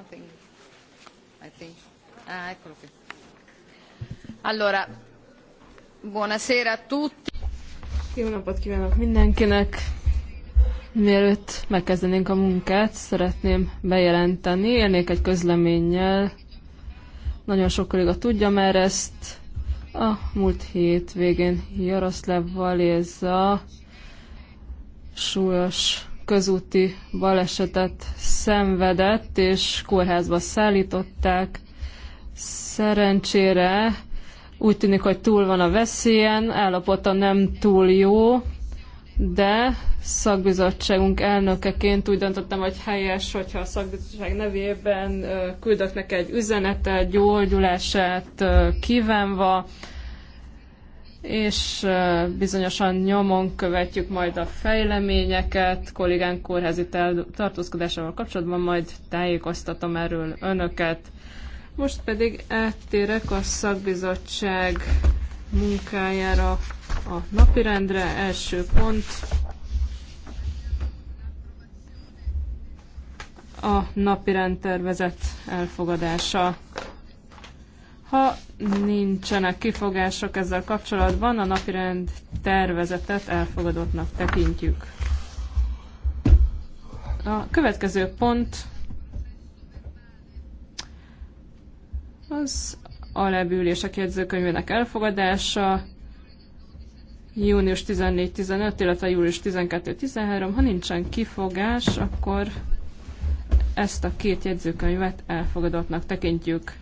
Nothing. I think. Ah, eccolo qui. Allora, buonasera a tutti. Jó napot kívánok mindenkinek! Mielőtt megkezdenénk a munkát, szeretném bejelenteni, élnék egy közleménnyel. Nagyon sok kolléga tudja már ezt. A múlt hét végén Jaroszláv Valéza súlyos közúti balesetet szenvedett, és kórházba szállították. Szerencsére úgy tűnik, hogy túl van a veszélyen, állapota nem túl jó, de szakbizottságunk elnökeként úgy döntöttem, hogy helyes, hogyha a szakbizottság nevében küldök neki egy üzenetet, gyógyulását kívánva, és bizonyosan nyomon követjük majd a fejleményeket, kollégán kórházi tartózkodásával kapcsolatban majd tájékoztatom erről önöket. Most pedig áttérek a szakbizottság munkájára a napirendre. Első pont a napirend tervezett elfogadása. Ha nincsenek kifogások ezzel kapcsolatban, a napirend tervezetet elfogadottnak tekintjük. A következő pont az a a jegyzőkönyvének elfogadása június 14-15, illetve július 12-13. Ha nincsen kifogás, akkor ezt a két jegyzőkönyvet elfogadottnak tekintjük.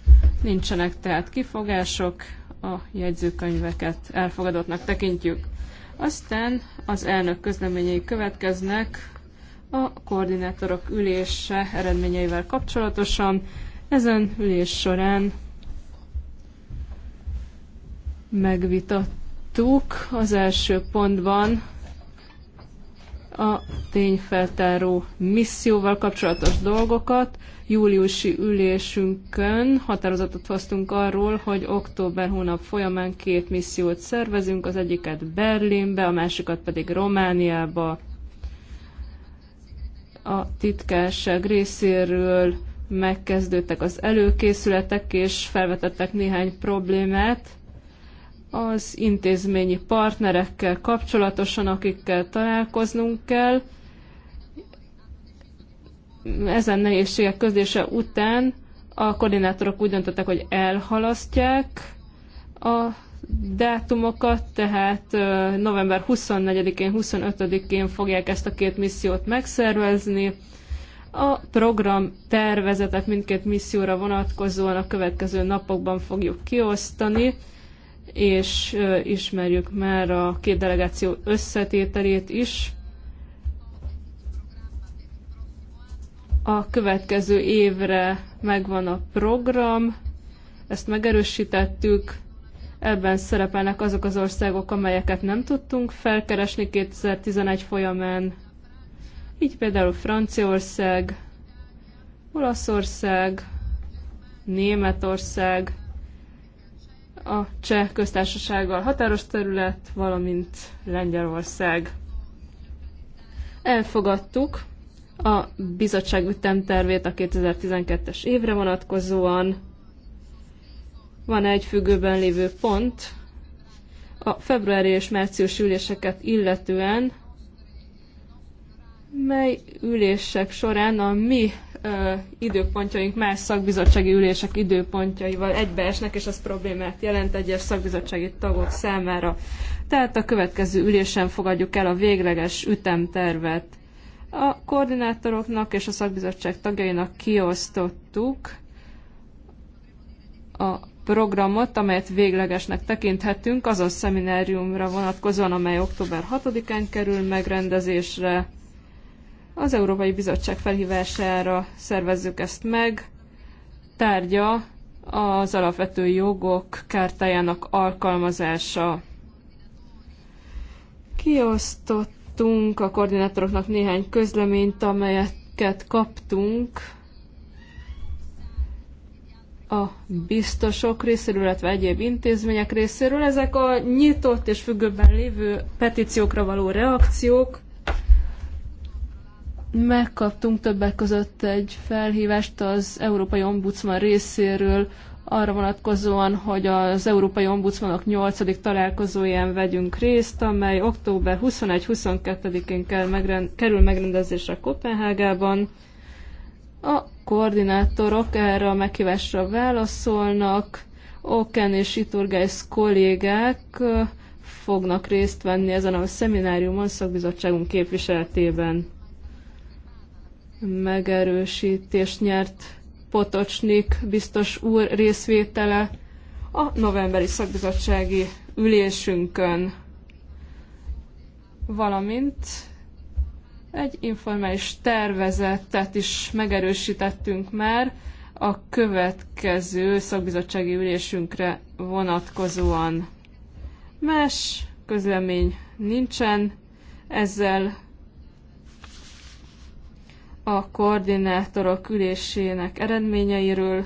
Nincsenek tehát kifogások, a jegyzőkönyveket elfogadottnak tekintjük. Aztán az elnök közleményei következnek a koordinátorok ülése eredményeivel kapcsolatosan. Ezen ülés során megvitattuk az első pontban a tényfeltáró misszióval kapcsolatos dolgokat. Júliusi ülésünkön határozatot hoztunk arról, hogy október hónap folyamán két missziót szervezünk, az egyiket Berlinbe, a másikat pedig Romániába. A titkárság részéről megkezdődtek az előkészületek, és felvetettek néhány problémát, az intézményi partnerekkel kapcsolatosan, akikkel találkoznunk kell. Ezen nehézségek közlése után a koordinátorok úgy döntöttek, hogy elhalasztják a dátumokat, tehát november 24-én, 25-én fogják ezt a két missziót megszervezni. A program tervezetet mindkét misszióra vonatkozóan a következő napokban fogjuk kiosztani és ismerjük már a két delegáció összetételét is. A következő évre megvan a program, ezt megerősítettük, ebben szerepelnek azok az országok, amelyeket nem tudtunk felkeresni 2011 folyamán, így például Franciaország, Olaszország, Németország, a Cseh köztársasággal határos terület, valamint Lengyelország. Elfogadtuk a bizottság ütemtervét a 2012-es évre vonatkozóan. Van egy függőben lévő pont, a februári és március üléseket illetően, mely ülések során a mi ö, időpontjaink más szakbizottsági ülések időpontjaival egybeesnek, és ez problémát jelent egyes szakbizottsági tagok számára. Tehát a következő ülésen fogadjuk el a végleges ütemtervet. A koordinátoroknak és a szakbizottság tagjainak kiosztottuk a programot, amelyet véglegesnek tekinthetünk, azon szemináriumra vonatkozóan, amely október 6-án kerül megrendezésre az Európai Bizottság felhívására szervezzük ezt meg. Tárgya az alapvető jogok kártájának alkalmazása. Kiosztottunk a koordinátoroknak néhány közleményt, amelyeket kaptunk a biztosok részéről, illetve egyéb intézmények részéről. Ezek a nyitott és függőben lévő petíciókra való reakciók. Megkaptunk többek között egy felhívást az Európai Ombudsman részéről arra vonatkozóan, hogy az Európai Ombudsmanok 8. találkozóján vegyünk részt, amely október 21-22-én megrend, kerül megrendezésre Kopenhágában. A koordinátorok erre a meghívásra válaszolnak, Oken és Iturgász kollégák fognak részt venni ezen a szemináriumon szakbizottságunk képviseletében megerősítést nyert Potocsnik biztos úr részvétele a novemberi szakbizottsági ülésünkön, valamint egy informális tervezetet is megerősítettünk már a következő szakbizottsági ülésünkre vonatkozóan. Más közlemény nincsen, ezzel a koordinátorok ülésének eredményeiről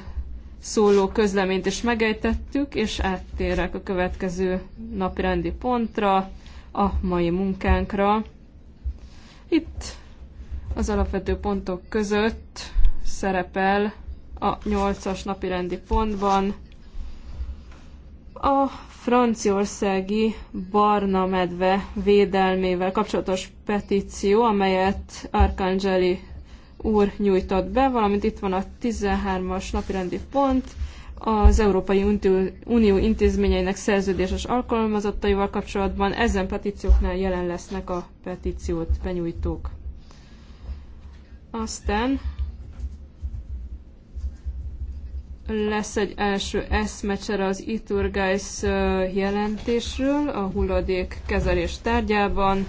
szóló közleményt is megejtettük, és áttérek a következő napirendi pontra, a mai munkánkra. Itt az alapvető pontok között szerepel a 8-as napirendi pontban a franciaországi barna medve védelmével kapcsolatos petíció, amelyet Arkangeli úr nyújtott be, valamint itt van a 13-as napirendi pont, az Európai Unió intézményeinek szerződéses alkalmazottaival kapcsolatban ezen petícióknál jelen lesznek a petíciót benyújtók. Aztán lesz egy első eszmecsere az Iturgais jelentésről a hulladék kezelés tárgyában,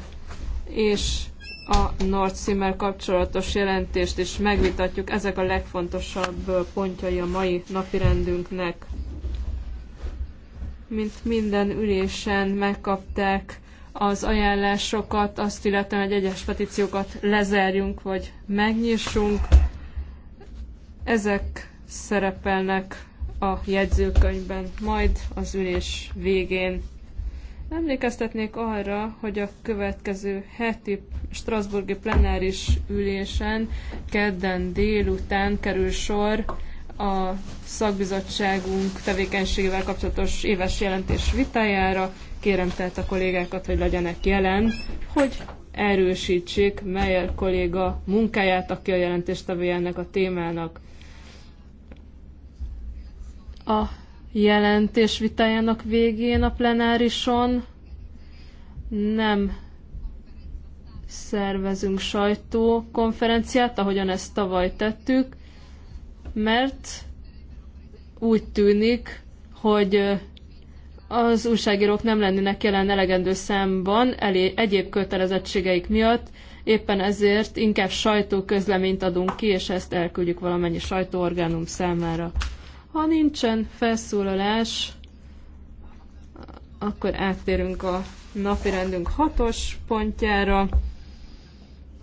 és a Nord Stream-mel kapcsolatos jelentést is megvitatjuk. Ezek a legfontosabb pontjai a mai napirendünknek. Mint minden ülésen megkapták az ajánlásokat, azt illetően, hogy egyes petíciókat lezárjunk vagy megnyissunk. Ezek szerepelnek a jegyzőkönyvben, majd az ülés végén Emlékeztetnék arra, hogy a következő heti Strasburgi plenáris ülésen kedden délután kerül sor a szakbizottságunk tevékenységével kapcsolatos éves jelentés vitájára. Kérem tehát a kollégákat, hogy legyenek jelen, hogy erősítsék Meyer kolléga munkáját, aki a jelentéstevője ennek a témának. A jelentés vitájának végén a plenárison nem szervezünk sajtókonferenciát, ahogyan ezt tavaly tettük, mert úgy tűnik, hogy az újságírók nem lennének jelen elegendő számban elé, egyéb kötelezettségeik miatt, éppen ezért inkább sajtóközleményt adunk ki, és ezt elküldjük valamennyi sajtóorgánum számára. Ha nincsen felszólalás, akkor áttérünk a napirendünk hatos pontjára.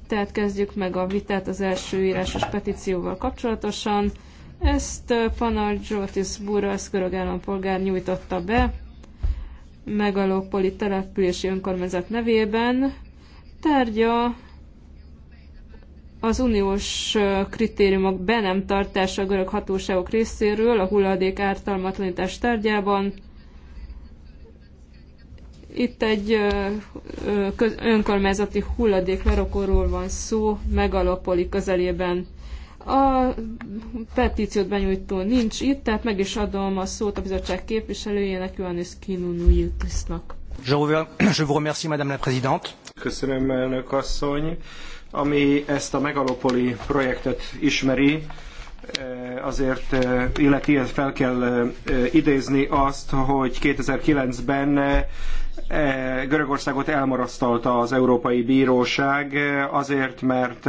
Tehát kezdjük meg a vitát az első írásos petícióval kapcsolatosan. Ezt Panagiotis Buras görög állampolgár nyújtotta be megalópoli települési önkormányzat nevében. Tárgya az uniós kritériumok be nem tartása a görög hatóságok részéről a hulladék ártalmatlanítás tárgyában. Itt egy önkormányzati lerokorról van szó, megalapoli közelében. A petíciót benyújtó nincs itt, tehát meg is adom a szót a bizottság képviselőjének, Ioannis Kinunuiltisnak. Je vous remercie, Madame la Présidente. Köszönöm, elnök asszony. Ami ezt a megalopoli projektet ismeri, eh, azért eh, illeti, fel kell eh, idézni azt, hogy 2009-ben Görögországot elmarasztalta az Európai Bíróság azért, mert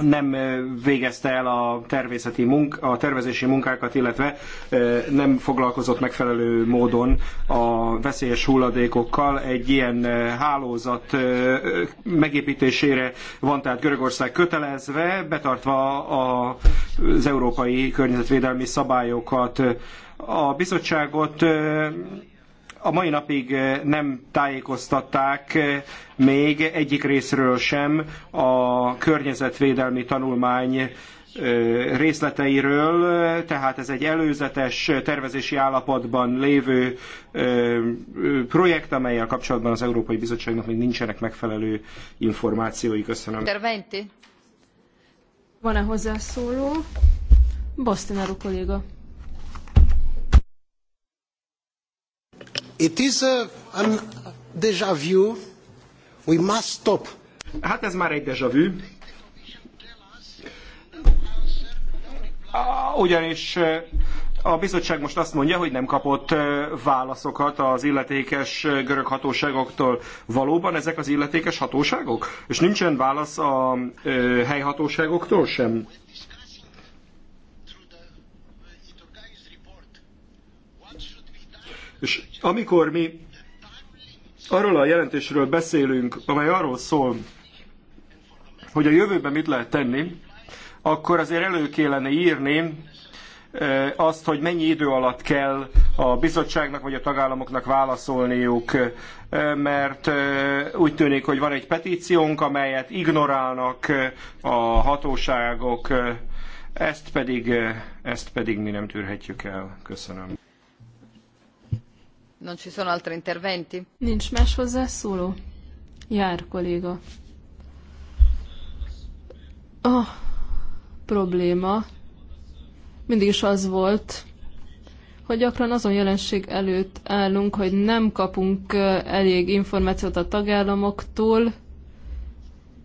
nem végezte el a, tervészeti munk, a tervezési munkákat, illetve nem foglalkozott megfelelő módon a veszélyes hulladékokkal. Egy ilyen hálózat megépítésére van tehát Görögország kötelezve, betartva az európai környezetvédelmi szabályokat. A bizottságot a mai napig eh, nem tájékoztatták eh, még egyik részről sem a környezetvédelmi tanulmány eh, részleteiről, tehát ez egy előzetes tervezési állapotban lévő projekt, amelyel kapcsolatban az Európai Bizottságnak még nincsenek megfelelő információi. Köszönöm. Interventi. Van-e hozzászóló? Bosztináró kolléga. It is a, a déjà vu. We must stop. Hát ez már egy déjà vu. Ah, ugyanis eh, a bizottság most azt mondja, hogy nem kapott eh, válaszokat az illetékes eh, görög hatóságoktól. Valóban ezek az illetékes hatóságok? És nincsen válasz a helyhatóságoktól sem? És amikor mi arról a jelentésről beszélünk, amely arról szól, hogy a jövőben mit lehet tenni, akkor azért elő kellene írni eh, azt, hogy mennyi idő alatt kell a bizottságnak vagy a tagállamoknak válaszolniuk, eh, mert eh, úgy tűnik, hogy van egy petíciónk, amelyet ignorálnak a hatóságok, ezt pedig, ezt pedig mi nem tűrhetjük el. Köszönöm. Non ci sono altri interventi? Nincs más hozzászóló? Jár, kolléga. A probléma mindig is az volt, hogy gyakran azon jelenség előtt állunk, hogy nem kapunk elég információt a tagállamoktól,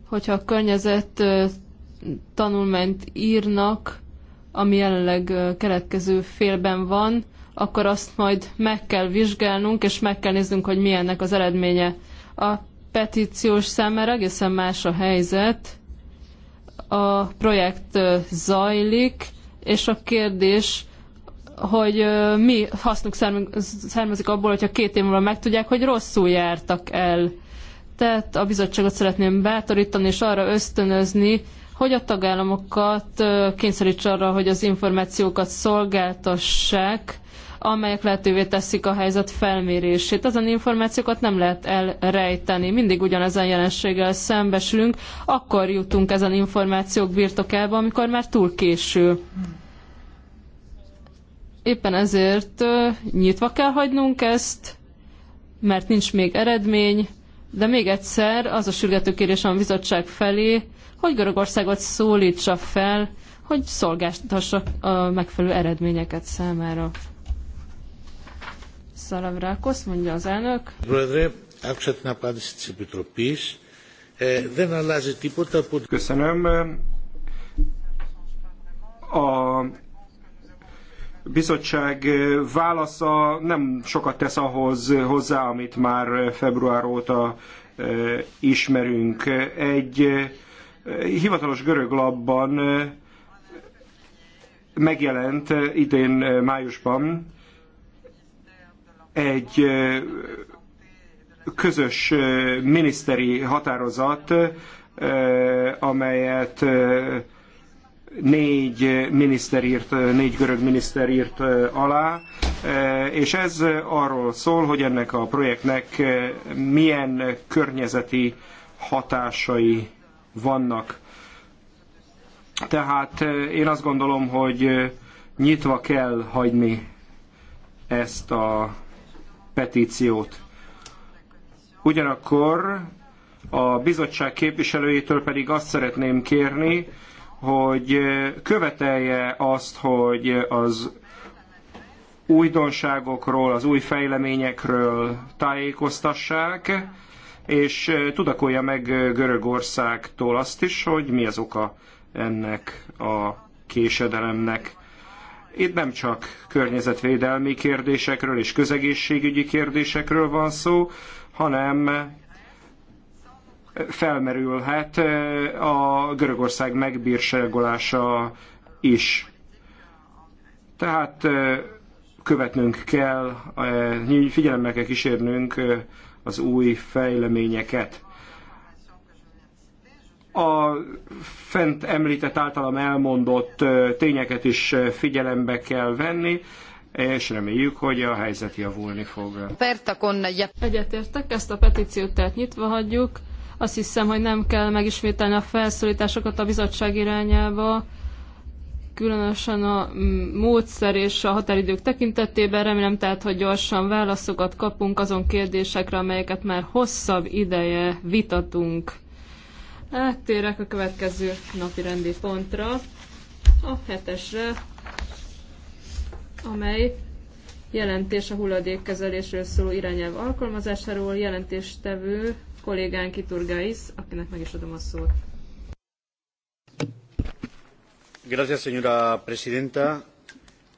hogyha a környezet tanulmányt írnak, ami jelenleg keletkező félben van, akkor azt majd meg kell vizsgálnunk, és meg kell néznünk, hogy milyennek az eredménye. A petíciós számára egészen más a helyzet. A projekt zajlik, és a kérdés, hogy mi hasznuk származik abból, hogyha két év múlva megtudják, hogy rosszul jártak el. Tehát a bizottságot szeretném bátorítani és arra ösztönözni, hogy a tagállamokat kényszeríts arra, hogy az információkat szolgáltassák amelyek lehetővé teszik a helyzet felmérését. Ezen információkat nem lehet elrejteni. Mindig ugyanezen jelenséggel szembesülünk, akkor jutunk ezen információk birtokába, amikor már túl késő. Éppen ezért nyitva kell hagynunk ezt, mert nincs még eredmény, de még egyszer az a sürgető kérésem a bizottság felé, hogy Görögországot szólítsa fel, hogy szolgáltassa a megfelelő eredményeket számára. Szalavrάκos, mondja az elnök. Brother, άκουσα την απάντηση της Επιτροπής. Ε, δεν αλλάζει τίποτα από... Köszönöm. A bizottság válasza nem sokat tesz ahhoz hozzá, amit már február óta e, ismerünk. Egy e, hivatalos görög labban e, megjelent idén májusban egy közös miniszteri határozat, amelyet négy miniszter írt, négy görög miniszter írt alá, és ez arról szól, hogy ennek a projektnek milyen környezeti hatásai vannak. Tehát én azt gondolom, hogy nyitva kell hagyni ezt a petíciót. Ugyanakkor a bizottság képviselőjétől pedig azt szeretném kérni, hogy követelje azt, hogy az újdonságokról, az új fejleményekről tájékoztassák, és tudakolja meg Görögországtól azt is, hogy mi az oka ennek a késedelemnek. Itt nem csak környezetvédelmi kérdésekről és közegészségügyi kérdésekről van szó, hanem felmerülhet a Görögország megbírságolása is. Tehát követnünk kell, figyelemmel kell kísérnünk az új fejleményeket a fent említett általam elmondott tényeket is figyelembe kell venni, és reméljük, hogy a helyzet javulni fog. Egyetértek, ezt a petíciót tehát nyitva hagyjuk. Azt hiszem, hogy nem kell megismételni a felszólításokat a bizottság irányába, különösen a módszer és a határidők tekintetében. Remélem tehát, hogy gyorsan válaszokat kapunk azon kérdésekre, amelyeket már hosszabb ideje vitatunk. Áttérek a következő napi rendi pontra, a hetesre, amely jelentés a hulladékkezelésről szóló irányelv alkalmazásáról, jelentéstevő kollégánk Iturgáis, akinek meg is adom a szót. Gracias, señora presidenta.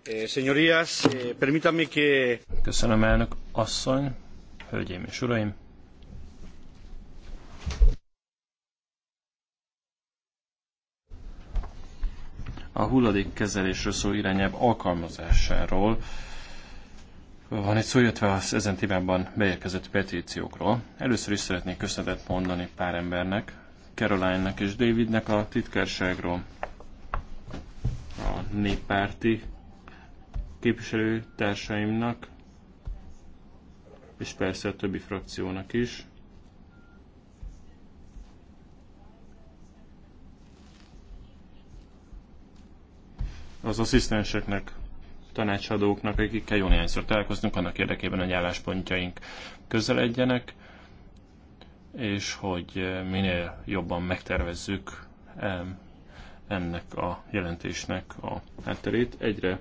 Eh, señorías, eh, permítanme que... Köszönöm, elnök asszony, hölgyeim és uraim. a hulladékkezelésről szóló irányelv alkalmazásáról van egy szó, illetve az ezen témában beérkezett petíciókról. Először is szeretnék köszönetet mondani pár embernek, caroline és Davidnek a titkárságról, a néppárti képviselőtársaimnak, és persze a többi frakciónak is. az asszisztenseknek, tanácsadóknak, akikkel jó néhányszor találkoztunk, annak érdekében, hogy álláspontjaink közeledjenek, és hogy eh, minél jobban megtervezzük ennek a jelentésnek a hátterét. Egyre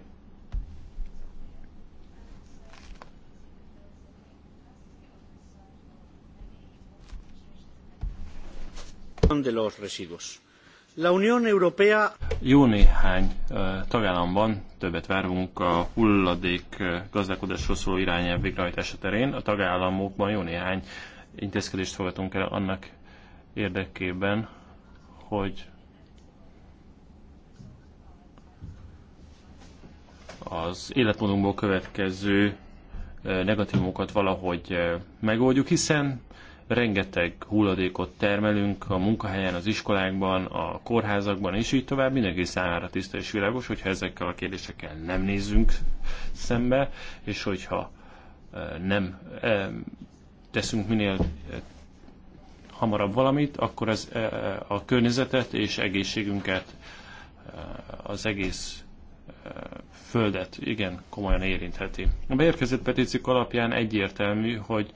de los residuos. Jó néhány tagállamban többet várunk a hulladék gazdálkodásról szóló irányelv végrehajtása terén. A tagállamokban jó néhány intézkedést fogadunk el annak érdekében, hogy az életmódunkból következő negatívumokat valahogy megoldjuk, hiszen rengeteg hulladékot termelünk a munkahelyen, az iskolákban, a kórházakban, és így tovább. Mindenki számára tiszta és világos, hogyha ezekkel a kérdésekkel nem nézzünk szembe, és hogyha e, nem e, teszünk minél e, hamarabb valamit, akkor ez a környezetet és egészségünket, az egész földet igen komolyan érintheti. A beérkezett petíciók alapján egyértelmű, hogy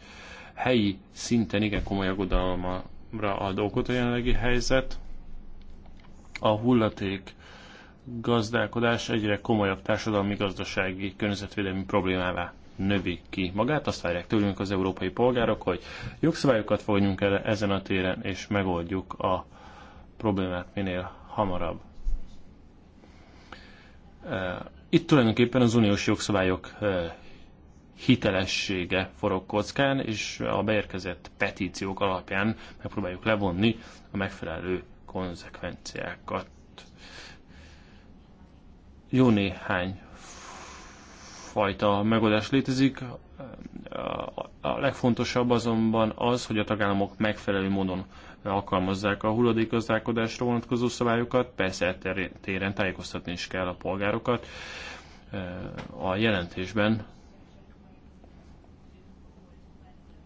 helyi szinten igen komoly aggodalomra ad okot a jelenlegi helyzet. A hullaték gazdálkodás egyre komolyabb társadalmi, gazdasági, környezetvédelmi problémává növi ki magát. Azt várják tőlünk az európai polgárok, hogy jogszabályokat fogjunk el ezen a téren, és megoldjuk a problémát minél hamarabb. Itt tulajdonképpen az uniós jogszabályok eh, hitelessége forog kockán, és a beérkezett petíciók alapján megpróbáljuk levonni a megfelelő konzekvenciákat. Jó néhány fajta megoldás létezik. A legfontosabb azonban az, hogy a tagállamok megfelelő módon alkalmazzák a hulladékgazdálkodásra vonatkozó szabályokat, persze téren tájékoztatni is kell a polgárokat. A jelentésben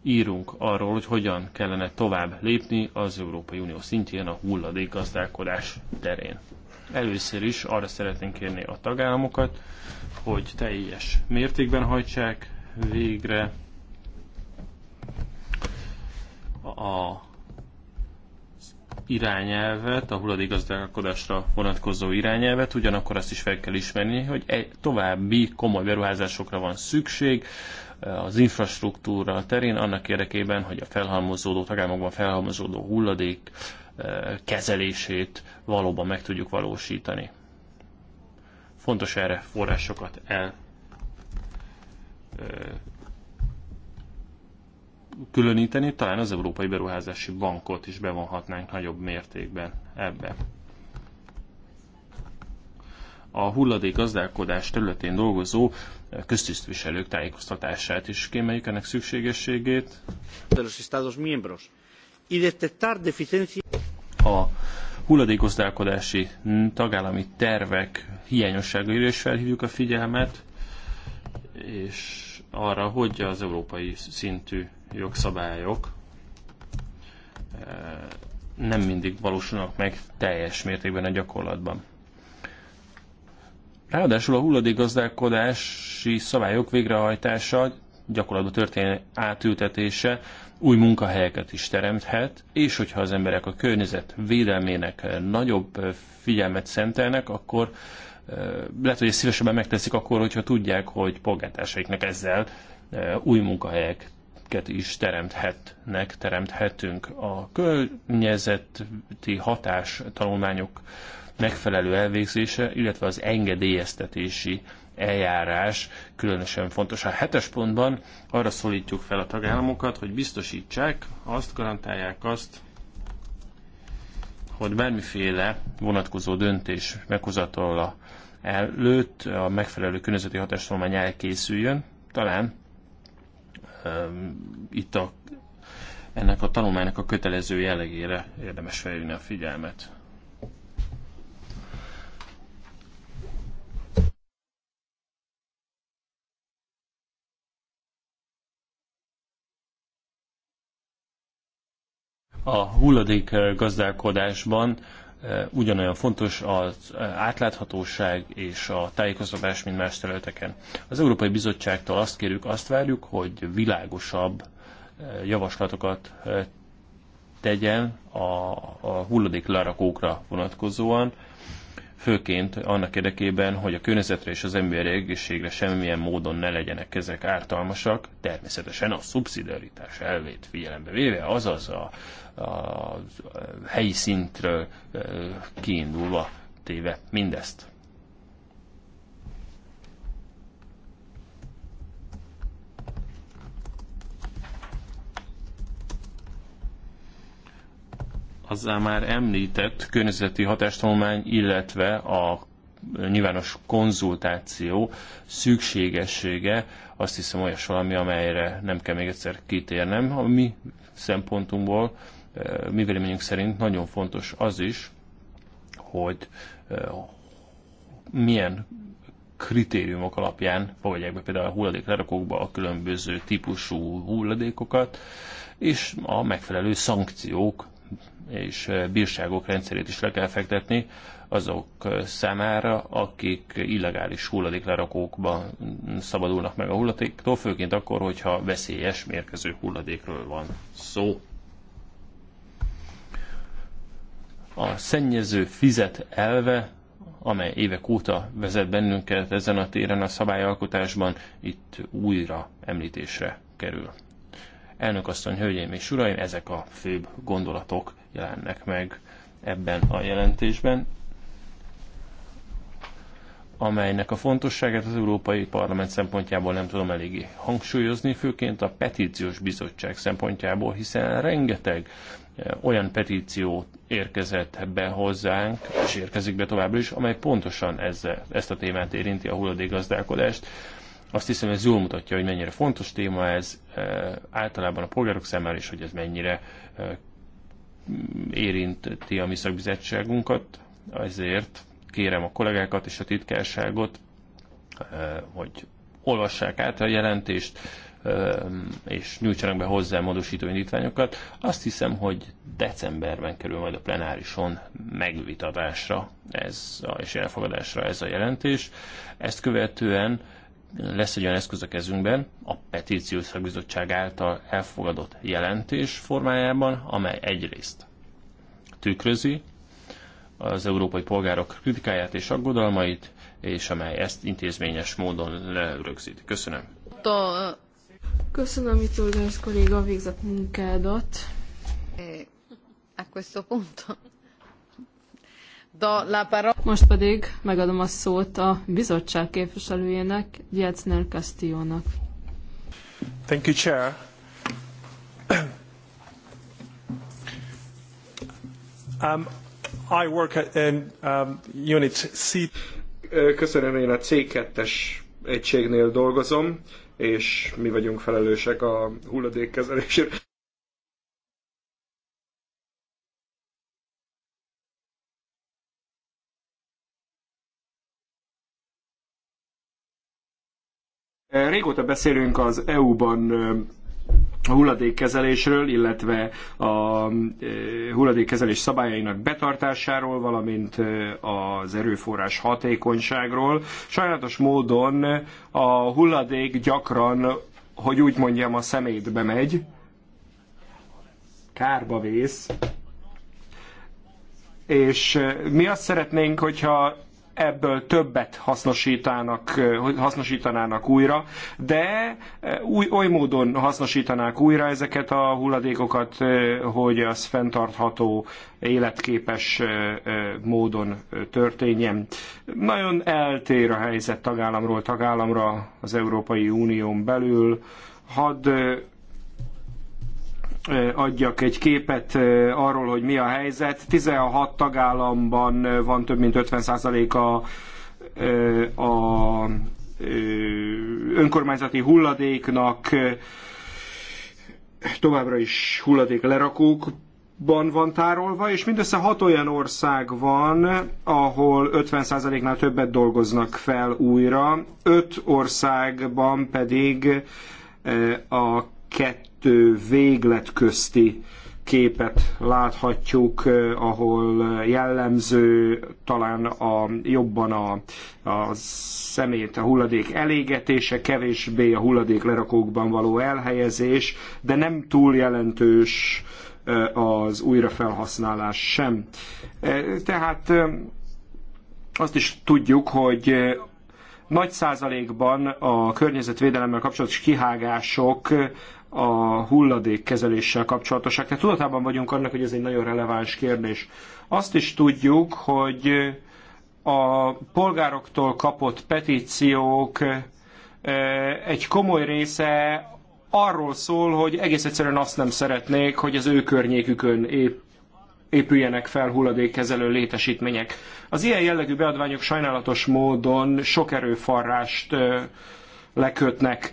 írunk arról, hogy hogyan kellene tovább lépni az Európai Unió szintjén a hulladék gazdálkodás terén. Először is arra szeretnénk kérni a tagállamokat, hogy teljes mértékben hajtsák végre a irányelvet, a hulladékgazdálkodásra vonatkozó irányelvet, ugyanakkor azt is fel kell ismerni, hogy további komoly beruházásokra van szükség, az infrastruktúra terén annak érdekében, hogy a felhalmozódó, tagállamokban felhalmozódó hulladék eh, kezelését valóban meg tudjuk valósítani. Fontos erre forrásokat el eh, különíteni, talán az Európai Beruházási Bankot is bevonhatnánk nagyobb mértékben ebbe. A hulladék gazdálkodás területén dolgozó köztisztviselők tájékoztatását is kiemeljük ennek szükségességét. A hulladékgazdálkodási tagállami tervek hiányosságaira is felhívjuk a figyelmet, és arra, hogy az európai szintű jogszabályok eh, nem mindig valósulnak meg teljes mértékben a gyakorlatban. Ráadásul a hulladékgazdálkodási szabályok végrehajtása, gyakorlatban történő átültetése új munkahelyeket is teremthet, és hogyha az emberek a környezet védelmének nagyobb figyelmet szentelnek, akkor lehet, hogy ezt szívesebben megteszik akkor, hogyha tudják, hogy polgártársaiknak ezzel új munkahelyeket is teremthetnek, teremthetünk. A környezeti hatás tanulmányok megfelelő elvégzése, illetve az engedélyeztetési eljárás különösen fontos. A hetes pontban arra szólítjuk fel a tagállamokat, hogy biztosítsák, azt garantálják azt, hogy bármiféle vonatkozó döntés meghozatala előtt a megfelelő környezeti hatástalomány elkészüljön. Talán um, itt a, ennek a tanulmánynak a kötelező jellegére érdemes felhívni a figyelmet. a hulladék eh, gazdálkodásban eh, ugyanolyan fontos az eh, átláthatóság és a tájékoztatás, mint más területeken. Az Európai Bizottságtól azt kérjük, azt várjuk, hogy világosabb javaslatokat tegyen a, a hulladék lerakókra vonatkozóan, főként annak érdekében, hogy a környezetre és az emberi egészségre semmilyen módon ne legyenek ezek ártalmasak, természetesen a szubszidiaritás elvét figyelembe véve, azaz a, a, a helyi szintről kiindulva téve mindezt. az már említett környezeti hatástanulmány, illetve a nyilvános konzultáció szükségessége, azt hiszem olyas valami, amelyre nem kell még egyszer kitérnem. A mi szempontunkból, eh, mi véleményünk szerint nagyon fontos az is, hogy eh, milyen kritériumok alapján fogadják be például a hulladéklerakókba a különböző típusú hulladékokat, és a megfelelő szankciók és eh, bírságok rendszerét is le kell fektetni azok eh, számára, akik illegális hulladéklerakókba mm, szabadulnak meg a hulladéktól, főként akkor, hogyha veszélyes, mérkező hulladékről van szó. A szennyező fizet elve amely évek óta vezet bennünket ezen a téren a szabályalkotásban, itt újra említésre kerül. Elnök asszony, hölgyeim és uraim, ezek a főbb gondolatok jelennek meg ebben a jelentésben, amelynek a fontosságát az Európai Parlament szempontjából nem tudom eléggé hangsúlyozni, főként a petíciós bizottság szempontjából, hiszen rengeteg eh, olyan petíció érkezett be hozzánk, és érkezik be továbbra is, amely pontosan ezzel, ezt a témát érinti, a hulladékgazdálkodást. Azt hiszem, ez jól mutatja, hogy mennyire fontos téma ez eh, általában a polgárok számára, és hogy ez mennyire eh, érinti a mi szakbizottságunkat, ezért kérem a kollégákat és a titkárságot, eh, hogy olvassák át a jelentést, eh, és nyújtsanak be hozzá módosító indítványokat. Azt hiszem, hogy decemberben kerül majd a plenárison megvitatásra ez a, és elfogadásra ez a jelentés. Ezt követően lesz egy olyan eszköz a kezünkben, a petíciós bizottság által elfogadott jelentés formájában, amely egyrészt tükrözi az európai polgárok kritikáját és aggodalmait, és amely ezt intézményes módon lerögzít. Köszönöm. Köszönöm, itt kolléga, a végzett munkádat. Eh, a questo punto most pedig megadom a szót a bizottság képviselőjének, Jetsner Castillo-nak. Thank you, Chair. Um, I work in um, Unit C. Köszönöm, én a C2-es egységnél dolgozom, és mi vagyunk felelősek a hulladékkezelésért. Régóta beszélünk az EU-ban a hulladékkezelésről, illetve a hulladékkezelés szabályainak betartásáról, valamint az erőforrás hatékonyságról. Sajnálatos módon a hulladék gyakran, hogy úgy mondjam, a szemétbe megy, kárba vész, és mi azt szeretnénk, hogyha ebből többet hasznosítanának, hasznosítanának újra, de e, új, oly módon hasznosítanák újra ezeket a hulladékokat, e, hogy az fenntartható, életképes e, módon történjen. Nagyon eltér a helyzet tagállamról tagállamra az Európai Unión belül. Hadd Eh, adjak egy képet eh, arról, hogy mi a helyzet. 16 tagállamban eh, van több mint 50% a, a önkormányzati hulladéknak továbbra is hulladék lerakókban van tárolva, és mindössze hat olyan ország van, ahol 50%-nál többet dolgoznak fel újra, öt országban pedig a kettő kettő véglet közti képet láthatjuk, eh, ahol jellemző talán a, jobban a, a szemét, a hulladék elégetése, kevésbé a hulladék lerakókban való elhelyezés, de nem túl jelentős eh, az újrafelhasználás sem. Eh, tehát azt is tudjuk, hogy nagy százalékban a környezetvédelemmel kapcsolatos kihágások a kezeléssel kapcsolatosak. Tehát tudatában vagyunk annak, hogy ez egy nagyon releváns kérdés. Azt is tudjuk, hogy a polgároktól kapott petíciók eh, egy komoly része arról szól, hogy egész egyszerűen azt nem szeretnék, hogy az ő környékükön épp épüljenek fel hulladékkezelő létesítmények. Az ilyen jellegű beadványok sajnálatos módon sok erőforrást eh, lekötnek.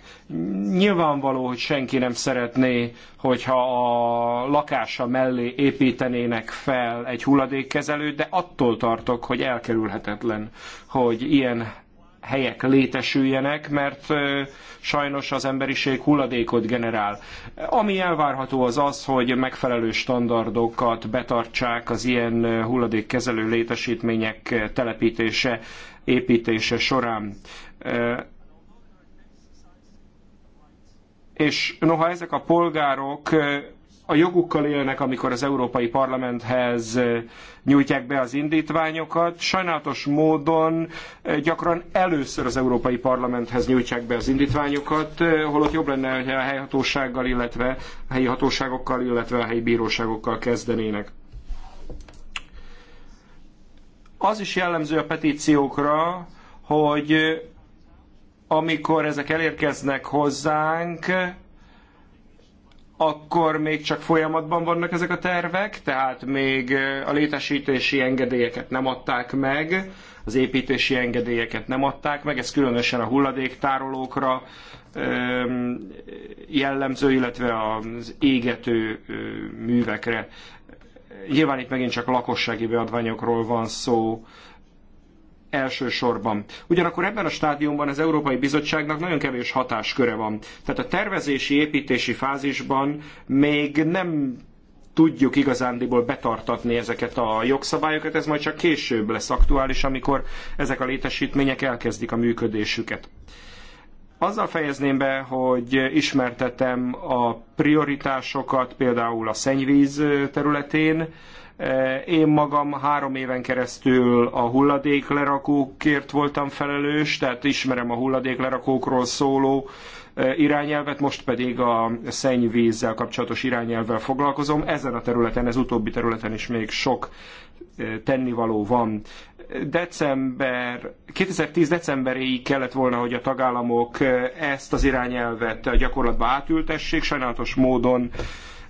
Nyilvánvaló, hogy senki nem szeretné, hogyha a lakása mellé építenének fel egy hulladékkezelőt, de attól tartok, hogy elkerülhetetlen, hogy ilyen helyek létesüljenek, mert sajnos az emberiség hulladékot generál. Ami elvárható az az, hogy megfelelő standardokat betartsák az ilyen hulladékkezelő létesítmények telepítése, építése során és noha ezek a polgárok a jogukkal élnek, amikor az Európai Parlamenthez nyújtják be az indítványokat. Sajnálatos módon gyakran először az Európai Parlamenthez nyújtják be az indítványokat, holott jobb lenne, hogy a helyhatósággal, illetve a helyi hatóságokkal, illetve a helyi bíróságokkal kezdenének. Az is jellemző a petíciókra, hogy amikor ezek elérkeznek hozzánk, akkor még csak folyamatban vannak ezek a tervek, tehát még a létesítési engedélyeket nem adták meg, az építési engedélyeket nem adták meg, ez különösen a hulladéktárolókra jellemző, illetve az égető művekre. Nyilván itt megint csak lakossági beadványokról van szó, elsősorban. Ugyanakkor ebben a stádiumban az Európai Bizottságnak nagyon kevés hatásköre van. Tehát a tervezési, építési fázisban még nem tudjuk igazándiból betartatni ezeket a jogszabályokat, ez majd csak később lesz aktuális, amikor ezek a létesítmények elkezdik a működésüket. Azzal fejezném be, hogy ismertetem a prioritásokat például a szennyvíz területén, Eh, én magam három éven keresztül a hulladéklerakókért voltam felelős, tehát ismerem a hulladéklerakókról szóló eh, irányelvet, most pedig a szennyvízzel kapcsolatos irányelvvel foglalkozom. Ezen a területen, ez utóbbi területen is még sok eh, tennivaló van. December, 2010 decemberéig kellett volna, hogy a tagállamok ezt az irányelvet a gyakorlatba átültessék, sajnálatos módon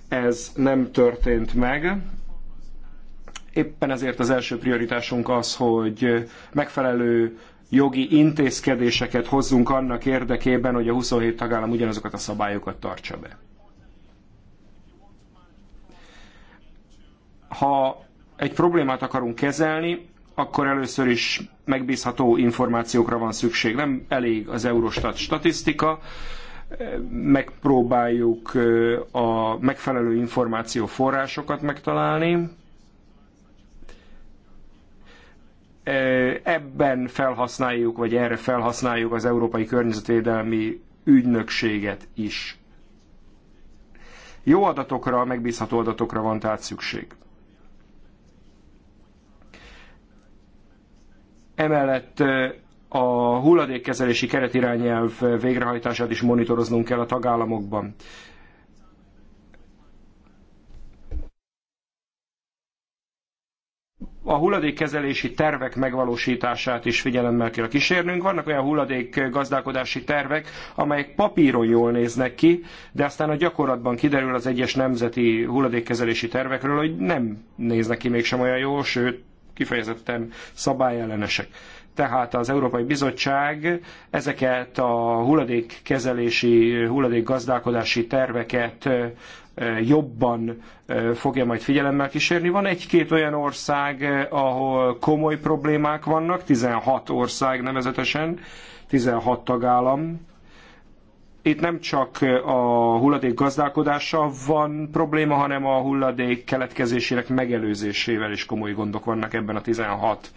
ez nem történt meg. Éppen ezért az első prioritásunk az, hogy megfelelő jogi intézkedéseket hozzunk annak érdekében, hogy a 27 tagállam ugyanazokat a szabályokat tartsa be. Ha egy problémát akarunk kezelni, akkor először is megbízható információkra van szükség. Nem elég az Eurostat statisztika, megpróbáljuk a megfelelő információforrásokat megtalálni, ebben felhasználjuk, vagy erre felhasználjuk az Európai Környezetvédelmi Ügynökséget is. Jó adatokra, megbízható adatokra van tehát szükség. Emellett a hulladékkezelési keretirányelv végrehajtását is monitoroznunk kell a tagállamokban. a hulladékkezelési tervek megvalósítását is figyelemmel kell kísérnünk. Vannak olyan hulladékgazdálkodási tervek, amelyek papíron jól néznek ki, de aztán a gyakorlatban kiderül az egyes nemzeti hulladékkezelési tervekről, hogy nem néznek ki mégsem olyan jól, sőt, kifejezetten szabályellenesek tehát az Európai Bizottság ezeket a hulladékkezelési, hulladékgazdálkodási terveket jobban fogja majd figyelemmel kísérni. Van egy-két olyan ország, ahol komoly problémák vannak, 16 ország nevezetesen, 16 tagállam. Itt nem csak a hulladék gazdálkodása van probléma, hanem a hulladék keletkezésének megelőzésével is komoly gondok vannak ebben a 16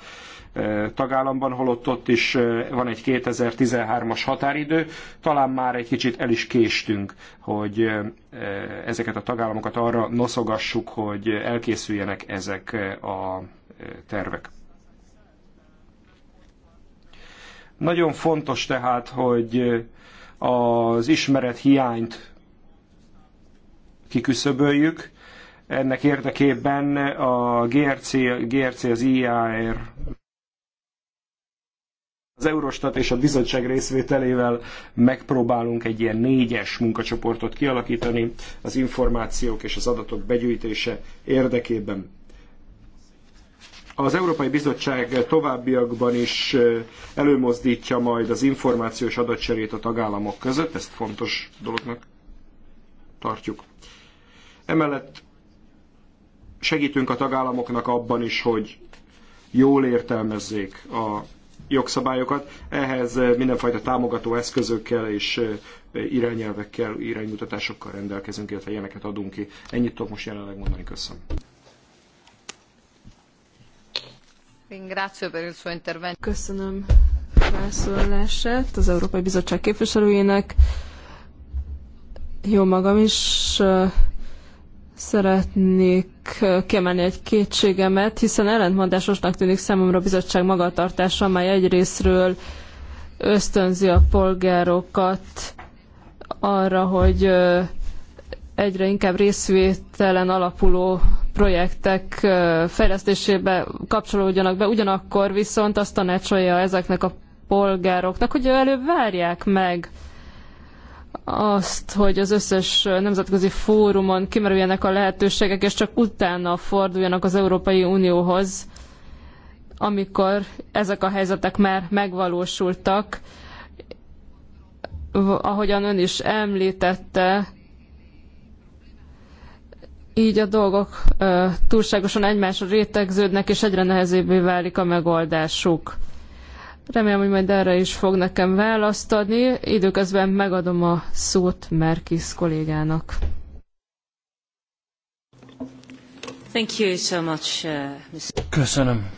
tagállamban, holott ott is van egy 2013-as határidő. Talán már egy kicsit el is késtünk, hogy ezeket a tagállamokat arra noszogassuk, hogy elkészüljenek ezek a tervek. Nagyon fontos tehát, hogy az ismeret hiányt kiküszöböljük. Ennek érdekében a GRC, GRC az IAR az Eurostat és a bizottság részvételével megpróbálunk egy ilyen négyes munkacsoportot kialakítani az információk és az adatok begyűjtése érdekében. Az Európai Bizottság továbbiakban is előmozdítja majd az információs adatcserét a tagállamok között, ezt fontos dolognak tartjuk. Emellett segítünk a tagállamoknak abban is, hogy jól értelmezzék a jogszabályokat, ehhez eh, mindenfajta támogató eszközökkel és eh, irányelvekkel, iránymutatásokkal rendelkezünk, illetve ilyeneket adunk ki. Ennyit tudok most jelenleg mondani, köszönöm. Köszönöm felszólalását az Európai Bizottság képviselőjének. Jó magam is eh, Szeretnék kiemelni egy kétségemet, hiszen ellentmondásosnak tűnik számomra a bizottság magatartása, amely egyrésztről ösztönzi a polgárokat arra, hogy egyre inkább részvételen alapuló projektek fejlesztésébe kapcsolódjanak be, ugyanakkor viszont azt tanácsolja ezeknek a polgároknak, hogy előbb várják meg azt, hogy az összes nemzetközi fórumon kimerüljenek a lehetőségek, és csak utána forduljanak az Európai Unióhoz, amikor ezek a helyzetek már megvalósultak. Ahogyan ön is említette, így a dolgok túlságosan egymásra rétegződnek, és egyre nehezébbé válik a megoldásuk. Remélem, hogy majd erre is fog nekem választ adni. Időközben megadom a szót Merkis kollégának. Thank you so much, uh, Köszönöm,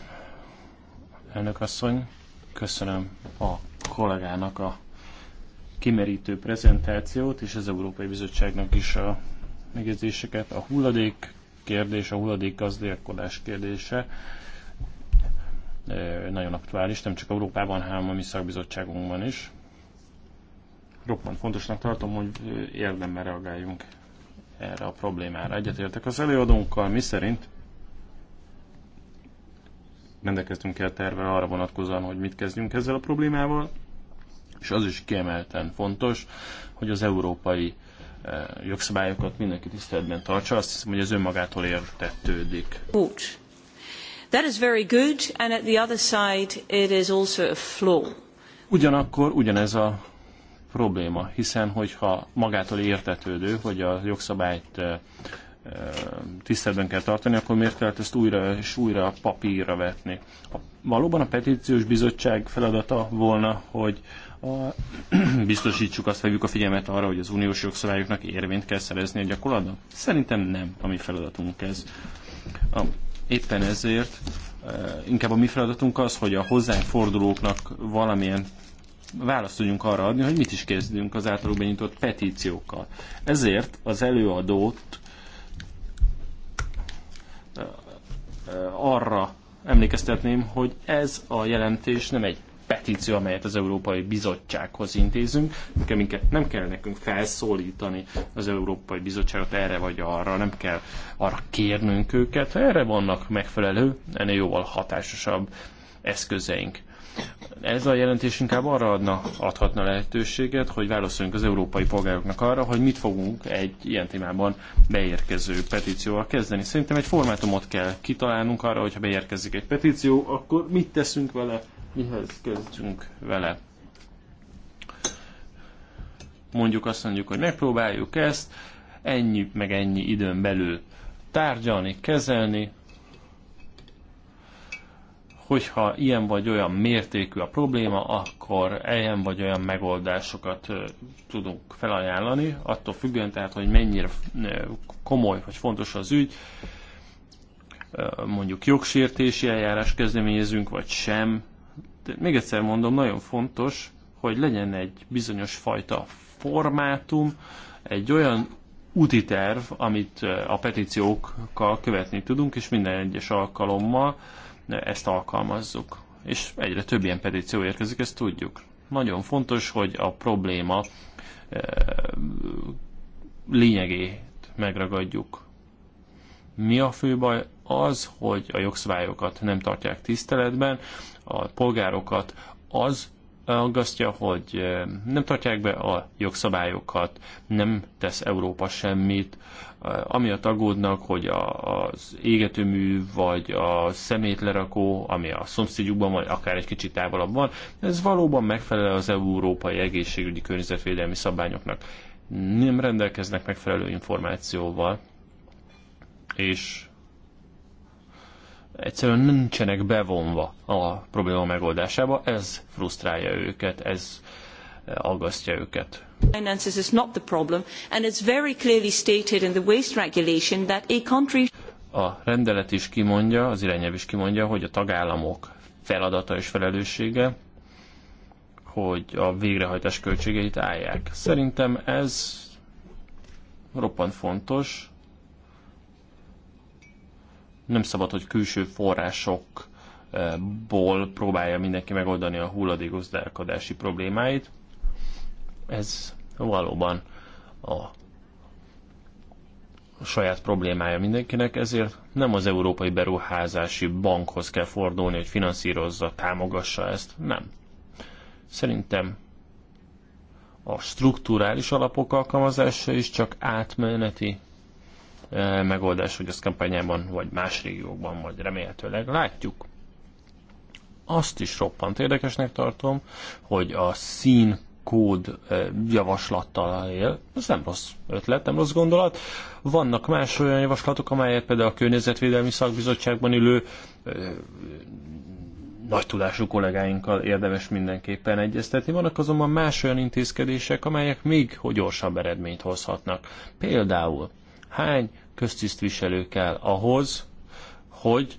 elnök asszony. Köszönöm a kollégának a kimerítő prezentációt, és az Európai Bizottságnak is a megjegyzéseket. A hulladék kérdés, a hulladék gazdálkodás kérdése nagyon aktuális, nem csak Európában, hanem a mi szakbizottságunkban is. Roppant fontosnak tartom, hogy érdemben reagáljunk erre a problémára. Egyetértek az előadónkkal, mi szerint rendelkeztünk el terve arra vonatkozóan, hogy mit kezdjünk ezzel a problémával, és az is kiemelten fontos, hogy az európai jogszabályokat mindenki tiszteletben tartsa. Azt hiszem, hogy ez önmagától értetődik. Búcs. That is very good, and at the other side it is also a flaw. Ugyanakkor ugyanez a probléma, hiszen hogyha magától értetődő, hogy a jogszabályt tiszteletben kell tartani, akkor miért kellett ezt újra és újra papírra vetni? valóban a petíciós bizottság feladata volna, hogy a, biztosítsuk azt, vegyük a figyelmet arra, hogy az uniós jogszabályoknak érvényt kell szerezni a gyakorlatban? Szerintem nem a mi feladatunk ez. A Éppen ezért eh, inkább a mi feladatunk az, hogy a hozzánk fordulóknak valamilyen választ tudjunk arra adni, hogy mit is kezdünk az általuk benyitott petíciókkal. Ezért az előadót eh, eh, arra emlékeztetném, hogy ez a jelentés nem egy petíció, amelyet az Európai Bizottsághoz intézünk. Minket nem kell nekünk felszólítani az Európai Bizottságot erre vagy arra, nem kell arra kérnünk őket. Ha erre vannak megfelelő, ennél jóval hatásosabb eszközeink. Ez a jelentés inkább arra adna, adhatna lehetőséget, hogy válaszoljunk az európai polgároknak arra, hogy mit fogunk egy ilyen témában beérkező petícióval kezdeni. Szerintem egy formátumot kell kitalálnunk arra, hogyha beérkezik egy petíció, akkor mit teszünk vele, mihez kezdjünk vele. Mondjuk azt mondjuk, hogy megpróbáljuk ezt, ennyi meg ennyi időn belül tárgyalni, kezelni, hogyha ilyen vagy olyan mértékű a probléma, akkor ilyen vagy olyan megoldásokat tudunk felajánlani, attól függően tehát, hogy mennyire komoly vagy fontos az ügy, mondjuk jogsértési eljárás kezdeményezünk, vagy sem, még egyszer mondom, nagyon fontos, hogy legyen egy bizonyos fajta formátum, egy olyan úti terv, amit a petíciókkal követni tudunk, és minden egyes alkalommal ezt alkalmazzuk. És egyre több ilyen petíció érkezik, ezt tudjuk. Nagyon fontos, hogy a probléma lényegét megragadjuk. Mi a fő baj? az, hogy a jogszabályokat nem tartják tiszteletben, a polgárokat az aggasztja, hogy eh, nem tartják be a jogszabályokat, nem tesz Európa semmit, eh, amiatt aggódnak, hogy az égetőmű vagy a szemétlerakó, ami a szomszédjukban vagy akár egy kicsit távolabb van, ez valóban megfelel az európai egészségügyi környezetvédelmi szabályoknak. Nem rendelkeznek megfelelő információval, és egyszerűen nincsenek bevonva a probléma megoldásába, ez frusztrálja őket, ez eh, aggasztja őket. Finances is not the problem, and it's very clearly stated in the waste regulation that a country a rendelet is kimondja, az irányelv is kimondja, hogy a tagállamok feladata és felelőssége, hogy a végrehajtás költségeit állják. Szerintem ez roppant fontos, nem szabad, hogy külső forrásokból próbálja mindenki megoldani a hulladékozdálkodási problémáit. Ez valóban a saját problémája mindenkinek, ezért nem az Európai Beruházási Bankhoz kell fordulni, hogy finanszírozza, támogassa ezt, nem. Szerintem a strukturális alapok alkalmazása is csak átmeneti megoldás, hogy az kampányában, vagy más régiókban, vagy remélhetőleg látjuk. Azt is roppant érdekesnek tartom, hogy a szín kód javaslattal él. Ez nem rossz ötlet, nem rossz gondolat. Vannak más olyan javaslatok, amelyet például a Környezetvédelmi Szakbizottságban ülő nagy tudású kollégáinkkal érdemes mindenképpen egyeztetni. Vannak azonban más olyan intézkedések, amelyek még hogy gyorsabb eredményt hozhatnak. Például hány köztisztviselő kell ahhoz, hogy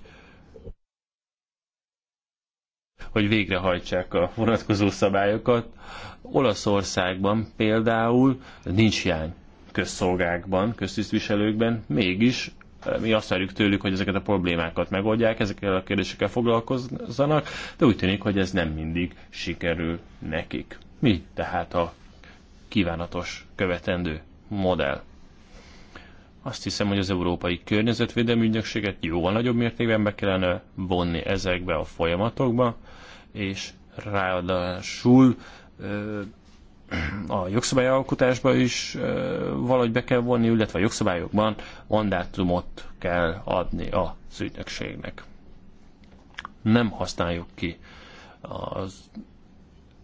hogy végrehajtsák a vonatkozó szabályokat. Olaszországban például nincs hiány közszolgákban, köztisztviselőkben, mégis eh, mi azt várjuk tőlük, hogy ezeket a problémákat megoldják, ezekkel a kérdésekkel foglalkozzanak, de úgy tűnik, hogy ez nem mindig sikerül nekik. Mi tehát a kívánatos követendő modell? Azt hiszem, hogy az Európai Környezetvédelmi Ügynökséget jóval nagyobb mértékben be kellene vonni ezekbe a folyamatokba, és ráadásul a jogszabályalkotásba is valahogy be kell vonni, illetve a jogszabályokban mandátumot kell adni az ügynökségnek. Nem használjuk ki az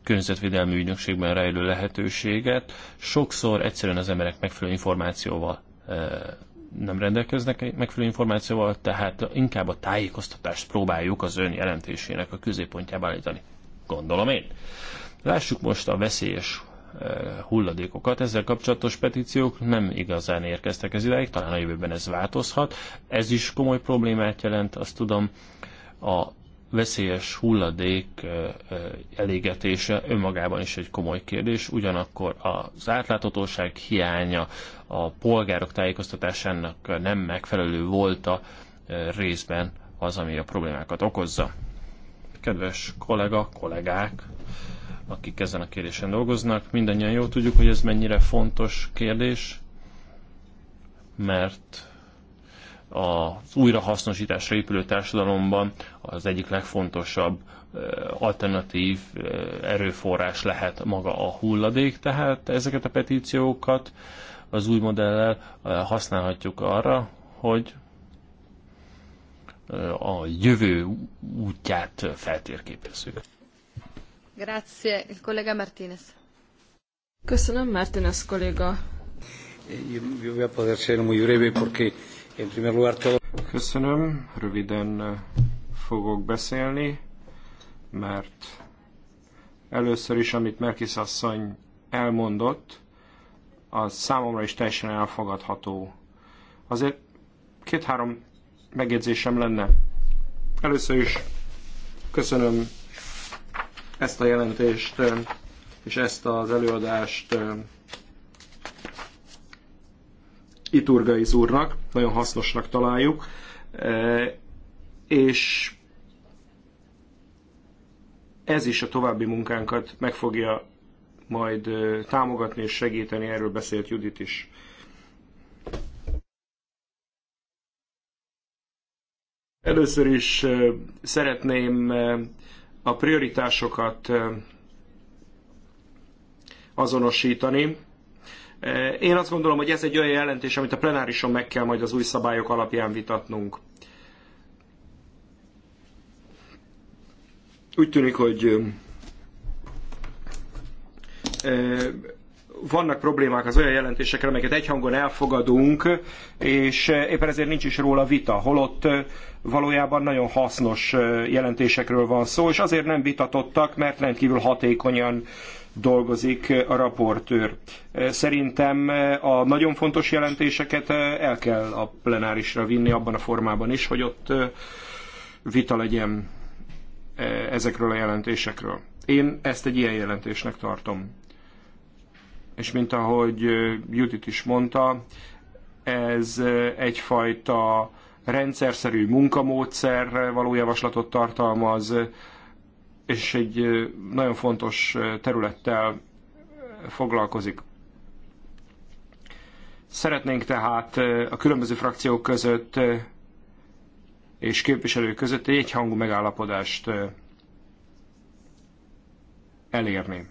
környezetvédelmi ügynökségben rejlő lehetőséget. Sokszor egyszerűen az emberek megfelelő információval nem rendelkeznek megfelelő információval, tehát inkább a tájékoztatást próbáljuk az ön jelentésének a középpontjába állítani. Gondolom én. Lássuk most a veszélyes hulladékokat. Ezzel kapcsolatos petíciók nem igazán érkeztek ez ideig, talán a jövőben ez változhat. Ez is komoly problémát jelent, azt tudom. A veszélyes hulladék elégetése önmagában is egy komoly kérdés, ugyanakkor az átláthatóság hiánya, a polgárok tájékoztatásának nem megfelelő volt a részben az, ami a problémákat okozza. Kedves kollega, kollégák, akik ezen a kérdésen dolgoznak, mindannyian jól tudjuk, hogy ez mennyire fontos kérdés, mert az újrahasznosításra épülő társadalomban az egyik legfontosabb alternatív erőforrás lehet maga a hulladék, tehát ezeket a petíciókat az új modellel használhatjuk arra, hogy a jövő útját feltérképezzük. Grazie, il collega Martínez. Köszönöm, Martínez kolléga. Io voy a poder ser breve porque Köszönöm, röviden eh, fogok beszélni, mert először is, amit Merkis asszony elmondott, az számomra is teljesen elfogadható. Azért két-három megjegyzésem lenne. Először is köszönöm ezt a jelentést eh, és ezt az előadást eh, Iturgaiz úrnak, nagyon hasznosnak találjuk, e, és ez is a további munkánkat meg fogja majd e, támogatni és segíteni, erről beszélt Judit is. Először is e, szeretném a prioritásokat azonosítani, Eh, én azt gondolom, hogy ez egy olyan jelentés, amit a plenárison meg kell majd az új szabályok alapján vitatnunk. Úgy tűnik, hogy eh, vannak problémák az olyan jelentésekkel, amelyeket egyhangon elfogadunk, és eh, éppen ezért nincs is róla vita, holott valójában nagyon hasznos jelentésekről van szó, és azért nem vitatottak, mert rendkívül hatékonyan dolgozik a raportőr. Szerintem a nagyon fontos jelentéseket el kell a plenárisra vinni abban a formában is, hogy ott vita legyen ezekről a jelentésekről. Én ezt egy ilyen jelentésnek tartom. És mint ahogy Judit is mondta, ez egyfajta rendszerszerű munkamódszer való javaslatot tartalmaz, és egy nagyon fontos területtel foglalkozik. Szeretnénk tehát a különböző frakciók között és képviselők között egy hangú megállapodást elérni.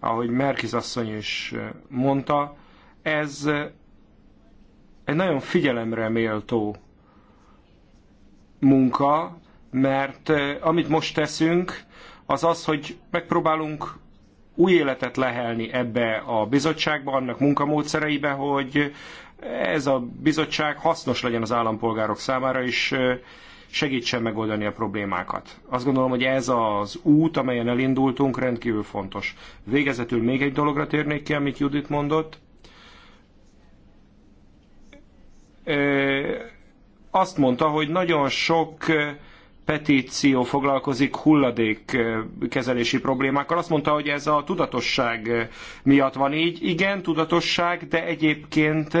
Ahogy Merkiz asszony is mondta, ez egy nagyon figyelemre méltó munka, mert amit most teszünk, az az, hogy megpróbálunk új életet lehelni ebbe a bizottságba, annak munkamódszereibe, hogy ez a bizottság hasznos legyen az állampolgárok számára, és segítsen megoldani a problémákat. Azt gondolom, hogy ez az út, amelyen elindultunk, rendkívül fontos. Végezetül még egy dologra térnék ki, amit Judit mondott. Azt mondta, hogy nagyon sok petíció foglalkozik hulladékkezelési eh, problémákkal. Azt mondta, hogy ez a tudatosság eh, miatt van így. Igen, tudatosság, de egyébként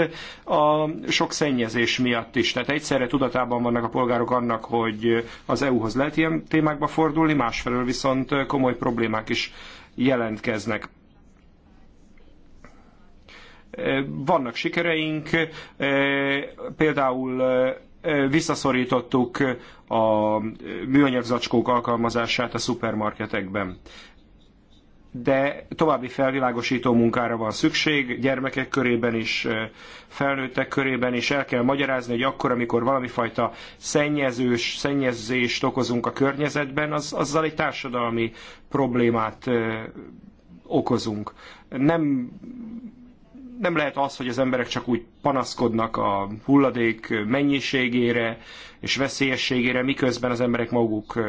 a sok szennyezés miatt is. Tehát egyszerre tudatában vannak a polgárok annak, hogy az EU-hoz lehet ilyen témákba fordulni, másfelől viszont eh, komoly problémák is jelentkeznek vannak sikereink, például visszaszorítottuk a műanyag zacskók alkalmazását a szupermarketekben. De további felvilágosító munkára van szükség, gyermekek körében is, felnőttek körében is el kell magyarázni, hogy akkor, amikor valami fajta szennyezős, szennyezést okozunk a környezetben, az, azzal egy társadalmi problémát okozunk. Nem nem lehet az, hogy az emberek csak úgy panaszkodnak a hulladék mennyiségére és veszélyességére, miközben az emberek maguk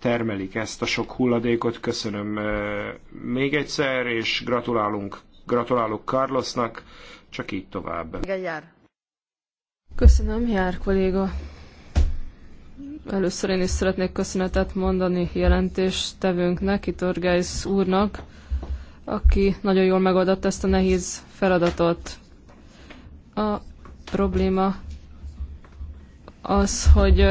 termelik ezt a sok hulladékot. Köszönöm még egyszer, és gratulálunk, gratulálok Carlosnak, csak így tovább. Igen, jár. Köszönöm, jár kolléga. Először én is szeretnék köszönetet mondani jelentéstevőnknek, Itorgáis úrnak aki nagyon jól megoldott ezt a nehéz feladatot. A probléma az, hogy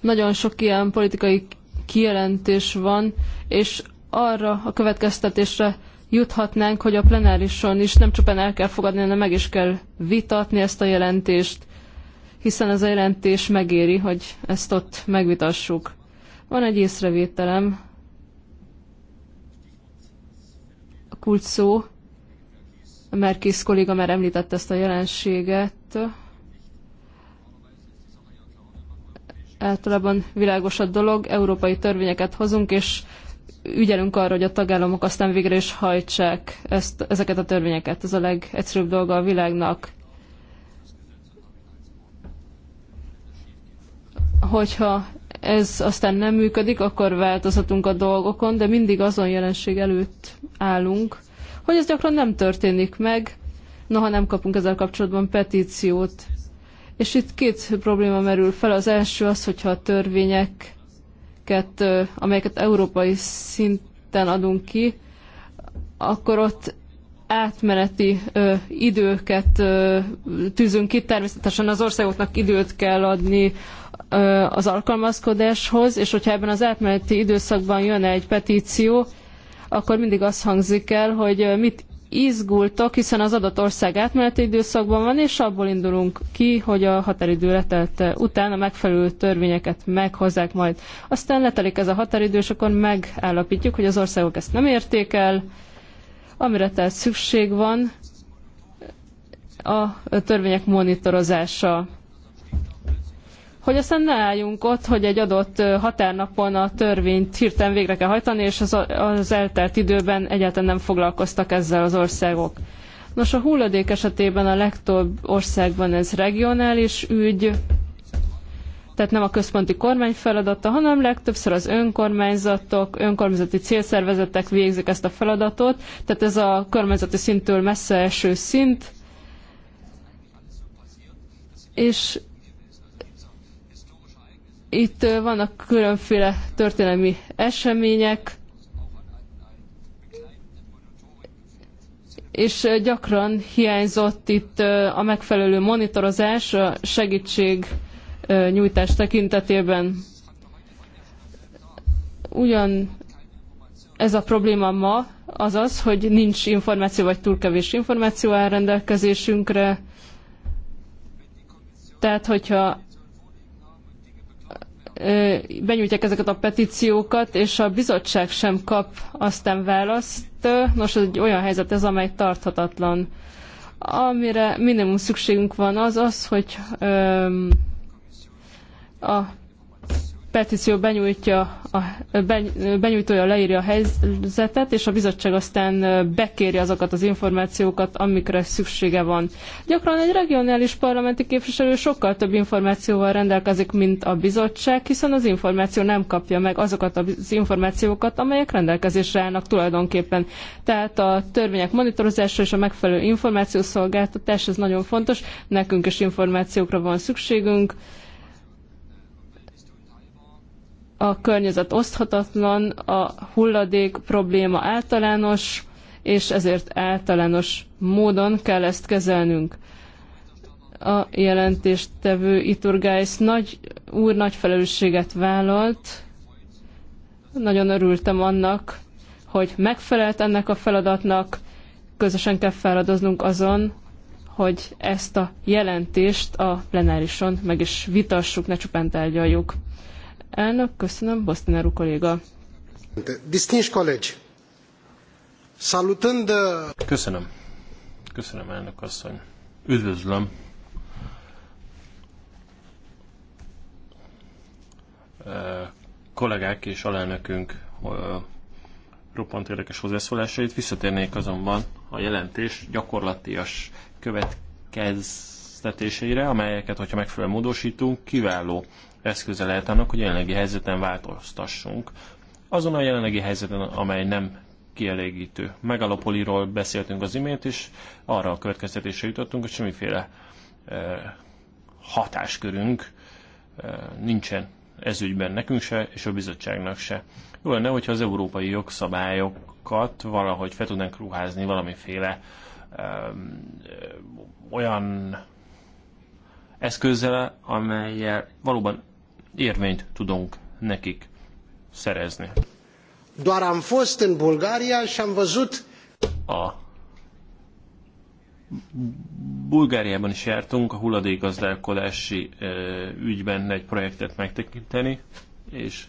nagyon sok ilyen politikai kijelentés van, és arra a következtetésre juthatnánk, hogy a plenárison is nem csupán el kell fogadni, hanem meg is kell vitatni ezt a jelentést, hiszen ez a jelentés megéri, hogy ezt ott megvitassuk. Van egy észrevételem, kult szó. Merkis kolléga már említette ezt a jelenséget. Általában világos a dolog, európai törvényeket hozunk, és ügyelünk arra, hogy a tagállamok aztán végre is hajtsák ezt, ezeket a törvényeket. Ez a legegyszerűbb dolga a világnak. Hogyha ez aztán nem működik, akkor változhatunk a dolgokon, de mindig azon jelenség előtt állunk, hogy ez gyakran nem történik meg, noha nem kapunk ezzel kapcsolatban petíciót. És itt két probléma merül fel. Az első az, hogyha a törvényeket, amelyeket európai szinten adunk ki, akkor ott átmeneti ö, időket ö, tűzünk ki. Természetesen az országoknak időt kell adni az alkalmazkodáshoz, és hogyha ebben az átmeneti időszakban jön egy petíció, akkor mindig azt hangzik el, hogy mit izgultok, hiszen az adott ország átmeneti időszakban van, és abból indulunk ki, hogy a határidő letelte után a megfelelő törvényeket meghozzák majd. Aztán letelik ez a határidő, és akkor megállapítjuk, hogy az országok ezt nem érték el, amire tehát szükség van a törvények monitorozása hogy aztán ne álljunk ott, hogy egy adott határnapon a törvényt hirtelen végre kell hajtani, és az, az eltelt időben egyáltalán nem foglalkoztak ezzel az országok. Nos, a hulladék esetében a legtöbb országban ez regionális ügy, tehát nem a központi kormány feladata, hanem legtöbbször az önkormányzatok, önkormányzati célszervezetek végzik ezt a feladatot, tehát ez a kormányzati szintől messze eső szint, és itt vannak különféle történelmi események, és gyakran hiányzott itt a megfelelő monitorozás a segítség nyújtás tekintetében. Ugyan ez a probléma ma az az, hogy nincs információ, vagy túl kevés információ áll rendelkezésünkre. Tehát, hogyha benyújtják ezeket a petíciókat, és a bizottság sem kap aztán választ. Nos, ez egy olyan helyzet ez, amely tarthatatlan. Amire minimum szükségünk van az az, hogy a petíció benyújtja a, benyújtója leírja a helyzetet, és a bizottság aztán bekéri azokat az információkat, amikre szüksége van. Gyakran egy regionális parlamenti képviselő sokkal több információval rendelkezik, mint a bizottság, hiszen az információ nem kapja meg azokat az információkat, amelyek rendelkezésre állnak tulajdonképpen. Tehát a törvények monitorozása és a megfelelő információszolgáltatás, ez nagyon fontos, nekünk is információkra van szükségünk, a környezet oszthatatlan, a hulladék probléma általános, és ezért általános módon kell ezt kezelnünk. A jelentéstevő Iturgáis nagy, úr nagy felelősséget vállalt. Nagyon örültem annak, hogy megfelelt ennek a feladatnak. Közösen kell feladoznunk azon, hogy ezt a jelentést a plenárison meg is vitassuk, ne csupán tárgyaljuk. Elnök, köszönöm, Bosztináru kolléga. Distinși College. salutând... Köszönöm. Köszönöm, elnök asszony. Üdvözlöm. kollégák és alelnökünk roppant érdekes hozzászólásait. Visszatérnék azonban a jelentés gyakorlatias következtetéseire, amelyeket, hogyha megfelelően módosítunk, kiváló eszköze lehet annak, hogy a jelenlegi helyzeten változtassunk. Azon a jelenlegi helyzeten, amely nem kielégítő. Megalopoliról beszéltünk az imént, és arra a következtetésre jutottunk, hogy semmiféle e, hatáskörünk e, nincsen ezügyben nekünk se, és a bizottságnak se. Jó lenne, hogyha az európai jogszabályokat valahogy fel tudnánk ruházni valamiféle ö, olyan eszközzel, amelyel valóban érvényt tudunk nekik szerezni. Doar am fost în Bulgária și am văzut... A Bulgáriában is jártunk a hulladékgazdálkodási eh, ügyben egy projektet megtekinteni, és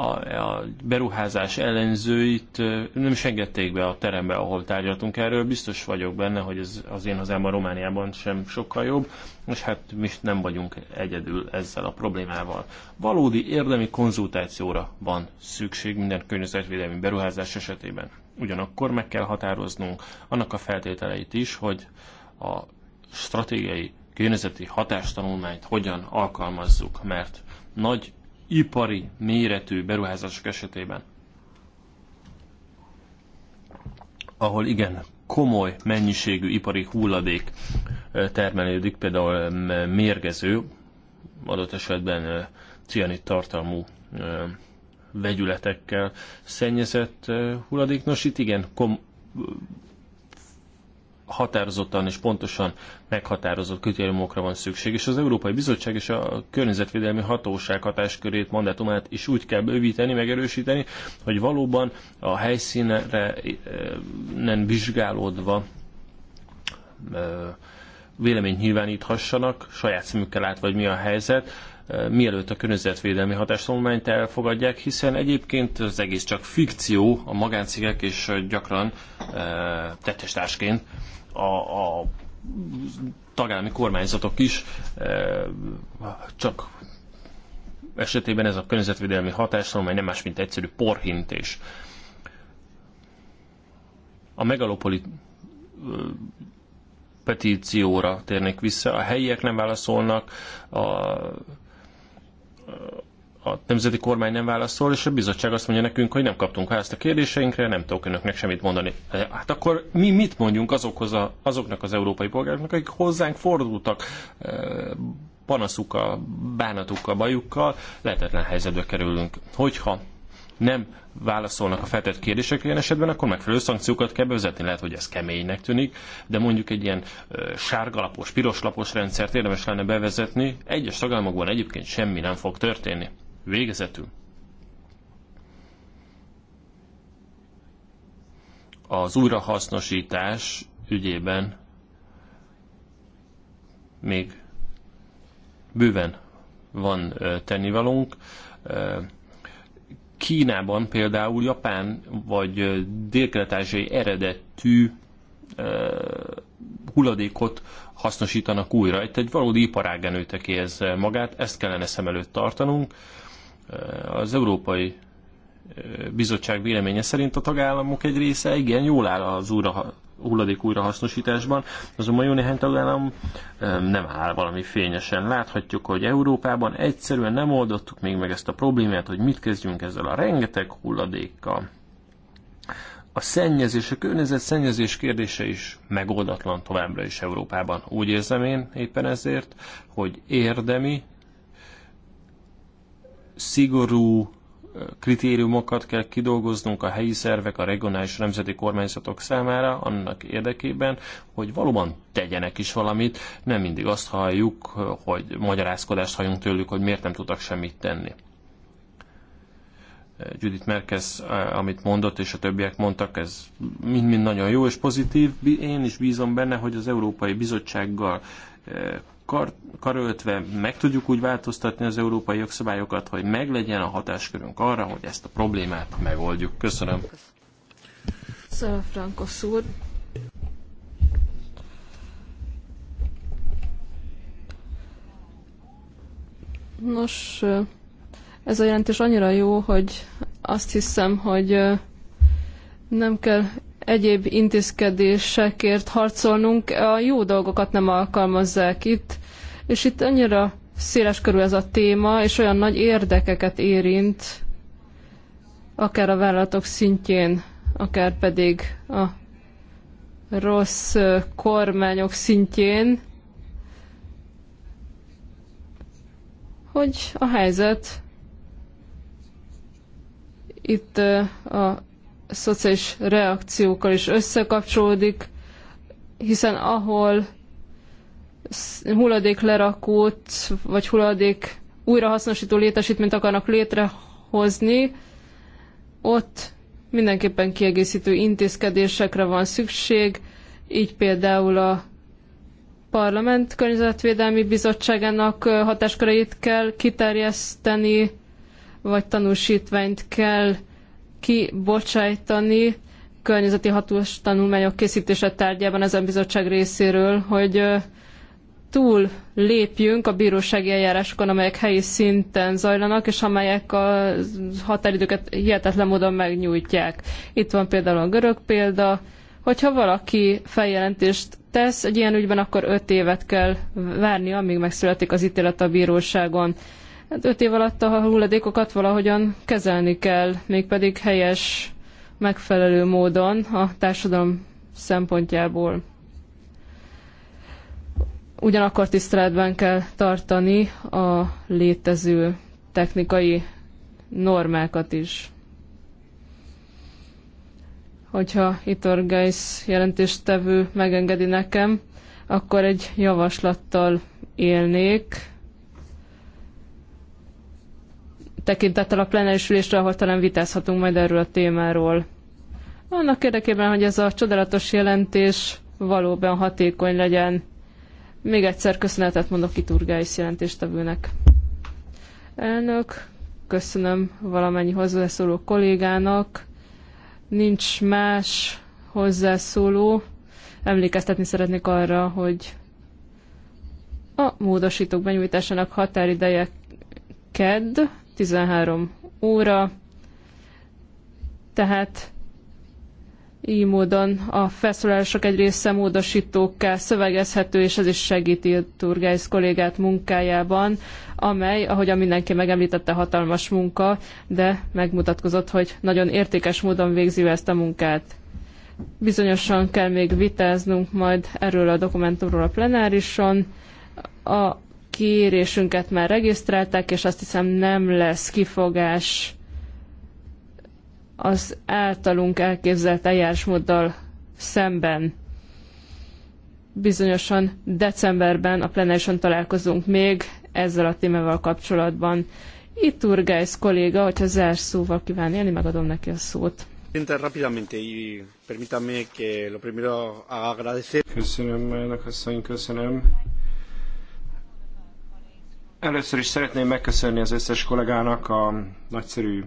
a, a beruházás ellenzőit nem is engedték be a terembe, ahol tárgyaltunk erről. Biztos vagyok benne, hogy ez az én hazámban, Romániában sem sokkal jobb, és hát mi nem vagyunk egyedül ezzel a problémával. Valódi érdemi konzultációra van szükség minden környezetvédelmi beruházás esetében. Ugyanakkor meg kell határoznunk annak a feltételeit is, hogy a stratégiai környezeti hatástanulmányt hogyan alkalmazzuk, mert nagy ipari méretű beruházások esetében, ahol igen, komoly mennyiségű ipari hulladék termelődik, például mérgező, adott esetben cianit tartalmú vegyületekkel szennyezett hulladék. Nos, itt igen, kom- határozottan és pontosan meghatározott kritériumokra van szükség, és az Európai Bizottság és a Környezetvédelmi Hatóság hatáskörét, mandátumát is úgy kell bővíteni, megerősíteni, hogy valóban a helyszínre eh, nem vizsgálódva eh, véleményt nyilváníthassanak, saját szemükkel látva, hogy mi a helyzet, eh, mielőtt a környezetvédelmi hatásszolmányt elfogadják, hiszen egyébként az egész csak fikció, a magáncégek és gyakran tettestársként a, a tagállami kormányzatok is, e, csak esetében ez a környezetvédelmi hatástanulmány nem más, mint egyszerű porhintés. A megalopoli e, petícióra térnék vissza. A helyiek nem válaszolnak, a, a nemzeti kormány nem válaszol, és a bizottság azt mondja nekünk, hogy nem kaptunk választ a kérdéseinkre, nem tudok önöknek semmit mondani. Hát akkor mi mit mondjunk azokhoz a, azoknak az európai polgároknak, akik hozzánk fordultak e, panaszukkal, bánatukkal, bajukkal, lehetetlen helyzetbe kerülünk. Hogyha nem válaszolnak a feltett kérdésekre ilyen esetben, akkor megfelelő szankciókat kell bevezetni. Lehet, hogy ez keménynek tűnik, de mondjuk egy ilyen sárgalapos, piroslapos rendszert érdemes lenne bevezetni. Egyes tagállamokban egyébként semmi nem fog történni. Végezetül. Az újrahasznosítás ügyében még bőven van tennivalónk. Kínában például japán vagy délkelet eredetű hulladékot hasznosítanak újra. Itt egy valódi iparág nőtte ki ez magát, ezt kellene szem előtt tartanunk. Az Európai Bizottság véleménye szerint a tagállamok egy része igen jól áll az újra, hulladék újrahasznosításban, azonban jó néhány tagállam nem áll valami fényesen. Láthatjuk, hogy Európában egyszerűen nem oldottuk még meg ezt a problémát, hogy mit kezdjünk ezzel a rengeteg hulladékkal. A szennyezés, a környezet szennyezés kérdése is megoldatlan továbbra is Európában. Úgy érzem én éppen ezért, hogy érdemi szigorú kritériumokat kell kidolgoznunk a helyi szervek, a regionális nemzeti kormányzatok számára annak érdekében, hogy valóban tegyenek is valamit, nem mindig azt halljuk, hogy magyarázkodást halljunk tőlük, hogy miért nem tudtak semmit tenni. Judith Merkez, amit mondott, és a többiek mondtak, ez mind-mind nagyon jó és pozitív. Én is bízom benne, hogy az Európai Bizottsággal kar, karöltve meg tudjuk úgy változtatni az európai jogszabályokat, hogy meglegyen a hatáskörünk arra, hogy ezt a problémát megoldjuk. Köszönöm. Köszönöm, szóval, Frankos úr. Nos, ez a jelentés annyira jó, hogy azt hiszem, hogy nem kell egyéb intézkedésekért harcolnunk, a jó dolgokat nem alkalmazzák itt, és itt annyira széles körül ez a téma, és olyan nagy érdekeket érint, akár a vállalatok szintjén, akár pedig a rossz kormányok szintjén, hogy a helyzet itt a szociális reakciókkal is összekapcsolódik, hiszen ahol hulladék lerakót, vagy hulladék újrahasznosító létesítményt akarnak létrehozni, ott mindenképpen kiegészítő intézkedésekre van szükség, így például a Parlament Környezetvédelmi Bizottságának hatásköreit kell kiterjeszteni, vagy tanúsítványt kell kibocsájtani környezeti hatós tanulmányok készítése tárgyában ezen bizottság részéről, hogy túl lépjünk a bírósági eljárásokon, amelyek helyi szinten zajlanak, és amelyek a határidőket hihetetlen módon megnyújtják. Itt van például a görög példa, hogyha valaki feljelentést tesz egy ilyen ügyben, akkor öt évet kell várnia, amíg megszületik az ítélet a bíróságon. Hát öt év alatt a hulladékokat valahogyan kezelni kell, mégpedig helyes, megfelelő módon a társadalom szempontjából. Ugyanakkor tiszteletben kell tartani a létező technikai normákat is. Hogyha Itor Geis jelentéstevő megengedi nekem, akkor egy javaslattal élnék, tekintettel a plenáris ülésre, ahol talán vitázhatunk majd erről a témáról. Annak érdekében, hogy ez a csodálatos jelentés valóban hatékony legyen. Még egyszer köszönetet mondok Iturgáis jelentéstevőnek. Elnök, köszönöm valamennyi hozzászóló kollégának. Nincs más hozzászóló. Emlékeztetni szeretnék arra, hogy a módosítók benyújtásának határideje kedd, 13 óra, tehát így módon a felszólalások egy része módosítókkal szövegezhető, és ez is segíti Turgász kollégát munkájában, amely, a mindenki megemlítette, hatalmas munka, de megmutatkozott, hogy nagyon értékes módon végzi ezt a munkát. Bizonyosan kell még vitáznunk majd erről a dokumentumról a plenárison. A kérésünket már regisztrálták, és azt hiszem nem lesz kifogás az általunk elképzelt eljárásmóddal szemben. Bizonyosan decemberben a plenárison találkozunk még ezzel a témával kapcsolatban. Itt Urgász kolléga, hogyha zárszóval kíván élni, megadom neki a szót. Köszönöm, elnök asszony, köszönöm Először is szeretném megköszönni az összes kollégának a nagyszerű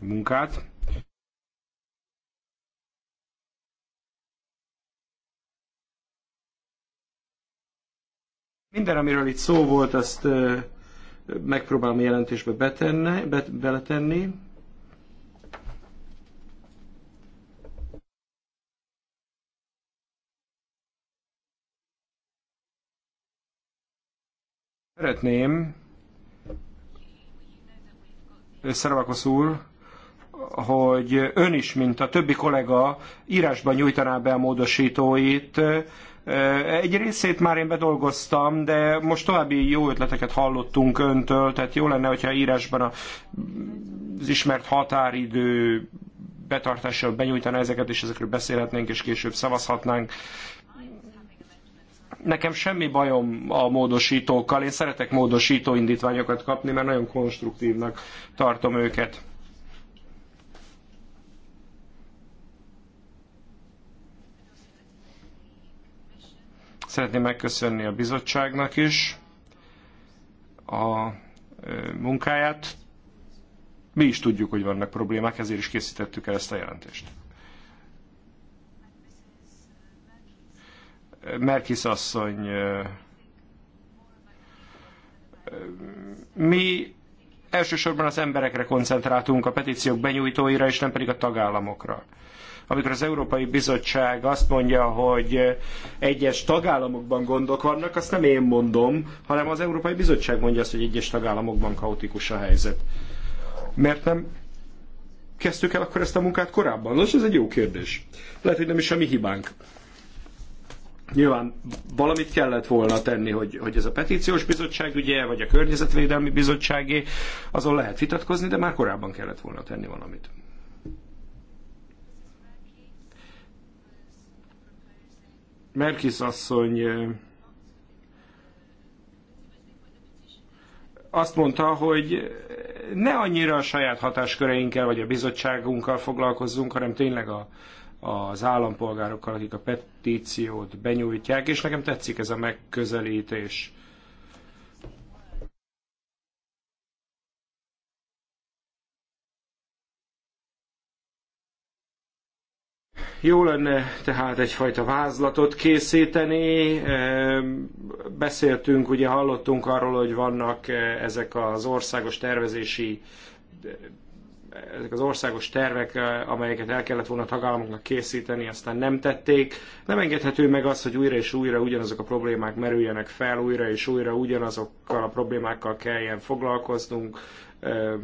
munkát. Minden, amiről itt szó volt, azt megpróbálom jelentésbe betenne, be, beletenni. Szeretném, Szervakosz úr, hogy ön is, mint a többi kollega, írásban nyújtaná be a módosítóit. Egy részét már én bedolgoztam, de most további jó ötleteket hallottunk öntől, tehát jó lenne, hogyha írásban az ismert határidő betartással benyújtaná ezeket, és ezekről beszélhetnénk, és később szavazhatnánk. Nekem semmi bajom a módosítókkal, én szeretek módosító indítványokat kapni, mert nagyon konstruktívnak tartom őket. Szeretném megköszönni a bizottságnak is a munkáját. Mi is tudjuk, hogy vannak problémák, ezért is készítettük el ezt a jelentést. Merkis asszony, mi elsősorban az emberekre koncentráltunk, a petíciók benyújtóira, és nem pedig a tagállamokra. Amikor az Európai Bizottság azt mondja, hogy egyes tagállamokban gondok vannak, azt nem én mondom, hanem az Európai Bizottság mondja azt, hogy egyes tagállamokban kaotikus a helyzet. Mert nem kezdtük el akkor ezt a munkát korábban? Nos, ez egy jó kérdés. Lehet, hogy nem is a mi hibánk. Nyilván valamit kellett volna tenni, hogy, hogy ez a petíciós bizottság ügye, vagy a környezetvédelmi bizottságé, azon lehet vitatkozni, de már korábban kellett volna tenni valamit. Merkis asszony eh, azt mondta, hogy ne annyira a saját hatásköreinkkel vagy a bizottságunkkal foglalkozzunk, hanem tényleg a, az állampolgárokkal, akik a petíciót benyújtják, és nekem tetszik ez a megközelítés. Jó lenne tehát egyfajta vázlatot készíteni. Beszéltünk, ugye hallottunk arról, hogy vannak eh, ezek az országos tervezési ezek az országos tervek, eh, amelyeket el kellett volna tagállamoknak készíteni, aztán nem tették. Nem engedhető meg az, hogy újra és újra ugyanazok a problémák merüljenek fel, újra és újra ugyanazokkal a problémákkal kelljen foglalkoznunk. Ehm,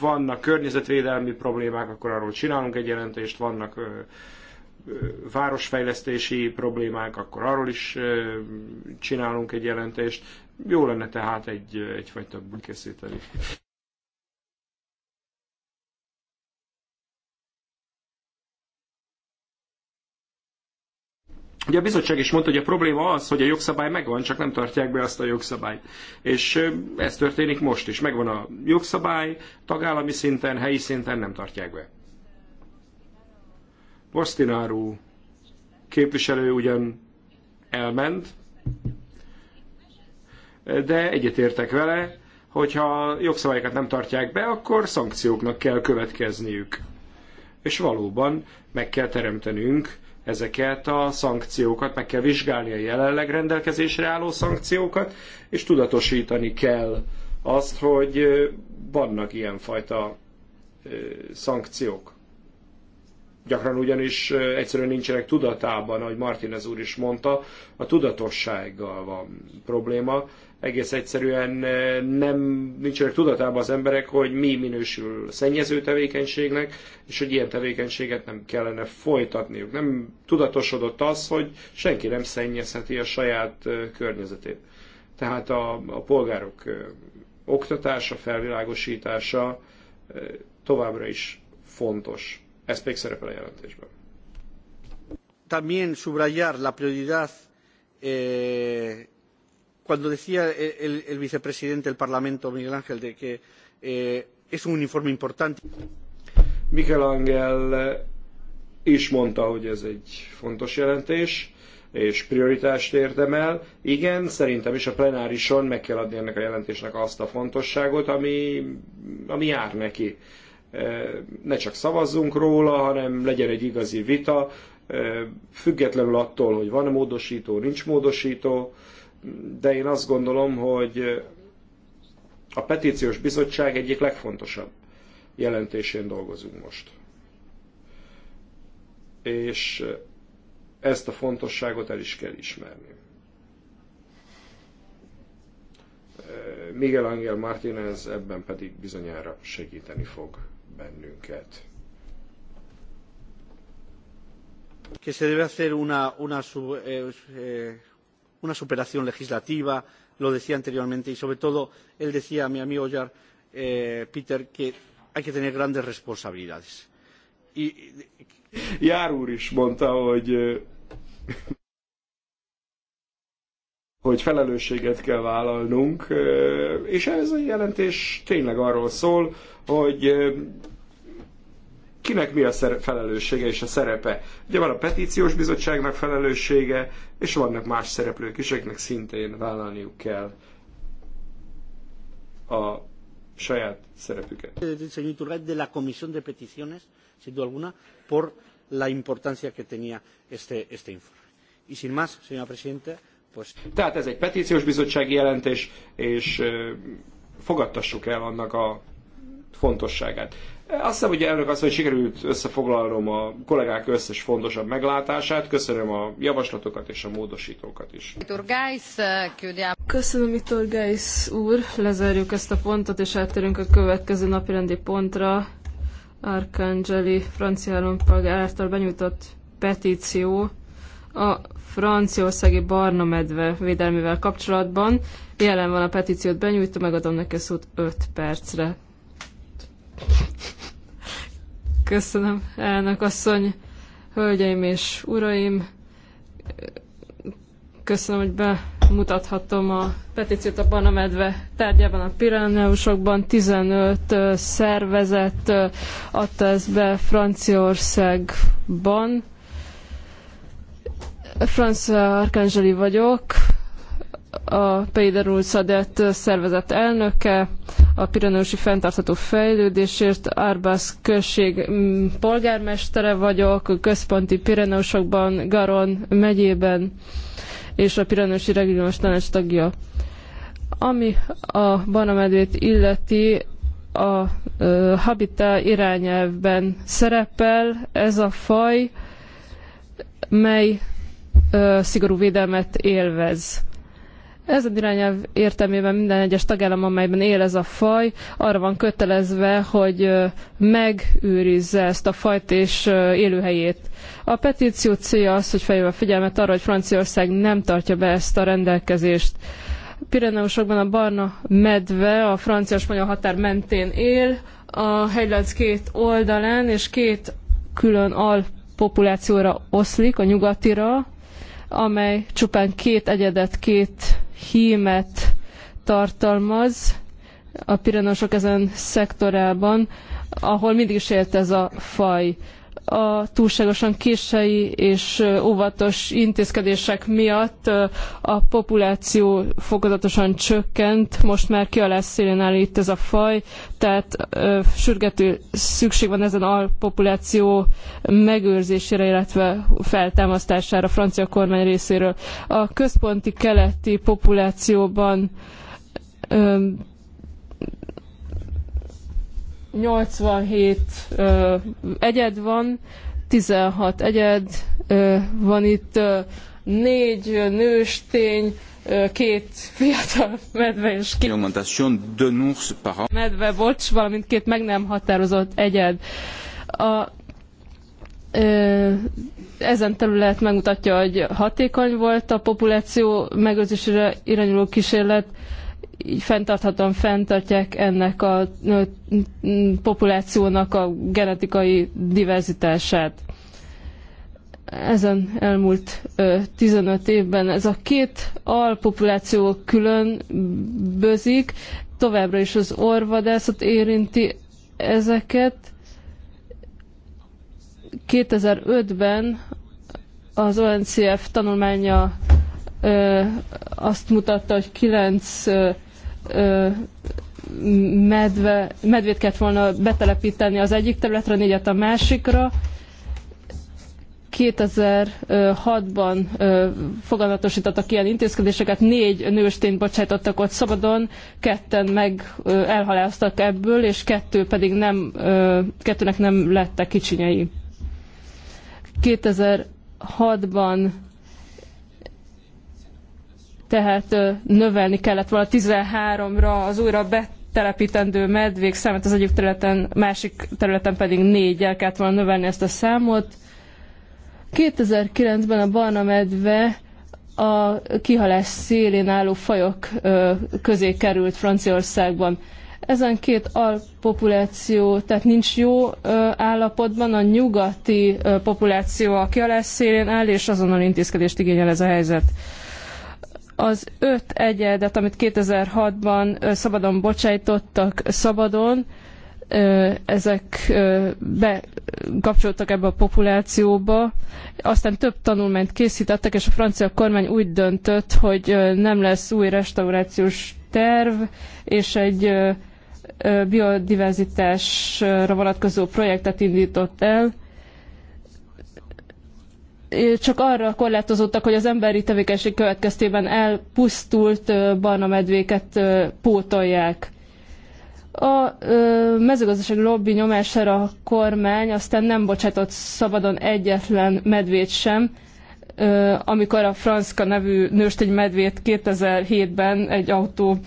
vannak környezetvédelmi problémák, akkor arról csinálunk egy jelentést, vannak eh, eh, városfejlesztési problémák, akkor arról is csinálunk egy jelentést. Jó lenne tehát egy, egyfajta készíteni. Ugye a bizottság is mondta, hogy a probléma az, hogy a jogszabály megvan, csak nem tartják be azt a jogszabályt. És ez történik most is. Megvan a jogszabály, tagállami szinten, helyi szinten nem tartják be. Bostináru képviselő ugyan elment, de egyetértek vele, hogyha jogszabályokat nem tartják be, akkor szankcióknak kell következniük. És valóban meg kell teremtenünk ezeket a szankciókat, meg kell vizsgálni a jelenleg rendelkezésre álló szankciókat, és tudatosítani kell azt, hogy vannak ilyenfajta szankciók. Gyakran ugyanis egyszerűen nincsenek tudatában, ahogy Martinez úr is mondta, a tudatossággal van probléma, egész egyszerűen nem nincsenek tudatában az emberek, hogy mi minősül szennyező tevékenységnek, és hogy ilyen tevékenységet nem kellene folytatniuk. Nem tudatosodott az, hogy senki nem szennyezheti a saját környezetét. Tehát a, a polgárok oktatása, felvilágosítása továbbra is fontos. Ez pedig szerepel a jelentésben. También subrayar la prioridad eh cuando decía el, vicepresidente del Parlamento, Miguel Ángel, de que eh, es un informe importante. Miguel Ángel is mondta, hogy ez egy fontos jelentés, és prioritást érdemel. Igen, szerintem is a plenárison meg kell adni ennek a jelentésnek azt a fontosságot, ami, ami jár neki. E, ne csak szavazzunk róla, hanem legyen egy igazi vita, e, függetlenül attól, hogy van módosító, nincs módosító, de én azt gondolom, hogy a petíciós bizottság egyik legfontosabb jelentésén dolgozunk most. És ezt a fontosságot el is kell ismerni. Miguel Angel Martínez ebben pedig bizonyára segíteni fog bennünket. Que se debe hacer una, una sub, eh, eh, una superación legislativa lo decía anteriormente y sobre todo él decía mi amigo Jar, eh, Peter que hay que tener grandes responsabilidades. Y... Jár úr is mondta, hogy, eh, hogy felelősséget kell vállalnunk, eh, és ez a jelentés tényleg arról szól, hogy kinek mi a felelőssége és a szerepe. Ugye van a petíciós bizottságnak felelőssége, és vannak más szereplők is, akiknek szintén vállalniuk kell a saját szerepüket. Señor de la Comisión de Peticiones, sin duda alguna, por la importancia que tenía este, este informe. Y sin más, Presidente, pues... Tehát ez egy petíciós bizottsági jelentés, és fogadtassuk el annak a fontosságát. Azt hiszem, hogy elnök azt, hogy sikerült összefoglalnom a kollégák összes fontosabb meglátását. Köszönöm a javaslatokat és a módosítókat is. Eh, Köszönöm, Mitor Geis úr. Lezárjuk ezt a pontot, és áttérünk a következő napirendi pontra. Arcangeli francia állampag által benyújtott petíció a franciaországi barna medve védelmével kapcsolatban. Jelen van a petíciót benyújtó, megadom neki szót 5 percre. Köszönöm, elnök asszony, hölgyeim és uraim. Köszönöm, hogy bemutathatom a petíciót a Banamedve tárgyában a Pireneusokban. 15 szervezet adta ezt be Franciaországban. Francia Arkangeli vagyok, a Peiderul Szadett szervezet elnöke a Pireneusi fentartató Fejlődésért, Árbász község mm, polgármestere vagyok, központi Pireneusokban, Garon megyében, és a Pireneusi Regionális Tanács tagja. Ami a banamedvét illeti, a Habitat irányelvben szerepel ez a faj, mely szigorú védelmet élvez. Ezen irányelv értelmében minden egyes tagállam, amelyben él ez a faj, arra van kötelezve, hogy megőrizze ezt a fajt és élőhelyét. A petíció célja az, hogy felhívja a figyelmet arra, hogy Franciaország nem tartja be ezt a rendelkezést. Pireneusokban a barna medve a francia-spanyol határ mentén él, a hegylánc két oldalán és két külön alpopulációra oszlik, a nyugatira, amely csupán két egyedet, két hímet tartalmaz a piranosok ezen szektorában, ahol mindig is élt ez a faj a túlságosan kései és óvatos intézkedések miatt a populáció fokozatosan csökkent, most már ki a leszélén áll itt ez a faj, tehát sürgető szükség van ezen a populáció megőrzésére, illetve feltámasztására a francia kormány részéről. A központi keleti populációban 87 egyed van, 16 egyed van itt, négy nőstény, két fiatal medve és két medve, bocs, valamint két meg nem határozott egyed. A, ezen terület megmutatja, hogy hatékony volt a populáció megőrzésére irányuló kísérlet, így fenntarthatóan fenntartják ennek a populációnak a genetikai diverzitását. Ezen elmúlt 15 évben ez a két alpopuláció külön bözik, továbbra is az orvadászat érinti ezeket. 2005-ben az ONCF tanulmánya azt mutatta, hogy 9 medve, medvét kellett volna betelepíteni az egyik területre, négyet a másikra. 2006-ban fogadatosítottak ilyen intézkedéseket, négy nőstényt bocsájtottak ott szabadon, ketten meg elhaláztak ebből, és kettő pedig nem, kettőnek nem lettek kicsinyei. 2006-ban tehát növelni kellett volna 13-ra az újra betelepítendő medvék számát az egyik területen, másik területen pedig el kellett volna növelni ezt a számot. 2009-ben a barna medve a kihalás szélén álló fajok közé került Franciaországban. Ezen két alpopuláció, tehát nincs jó állapotban, a nyugati populáció a kihalás szélén áll, és azonnal intézkedést igényel ez a helyzet. Az öt egyedet, amit 2006-ban szabadon bocsájtottak szabadon, ezek bekapcsoltak ebbe a populációba. Aztán több tanulmányt készítettek, és a francia kormány úgy döntött, hogy nem lesz új restaurációs terv, és egy biodiverzitásra vonatkozó projektet indított el, csak arra korlátozottak, hogy az emberi tevékenység következtében elpusztult barna medvéket pótolják. A mezőgazdasági lobby nyomására a kormány aztán nem bocsátott szabadon egyetlen medvét sem, amikor a Franska nevű nőstény medvét 2007-ben egy autó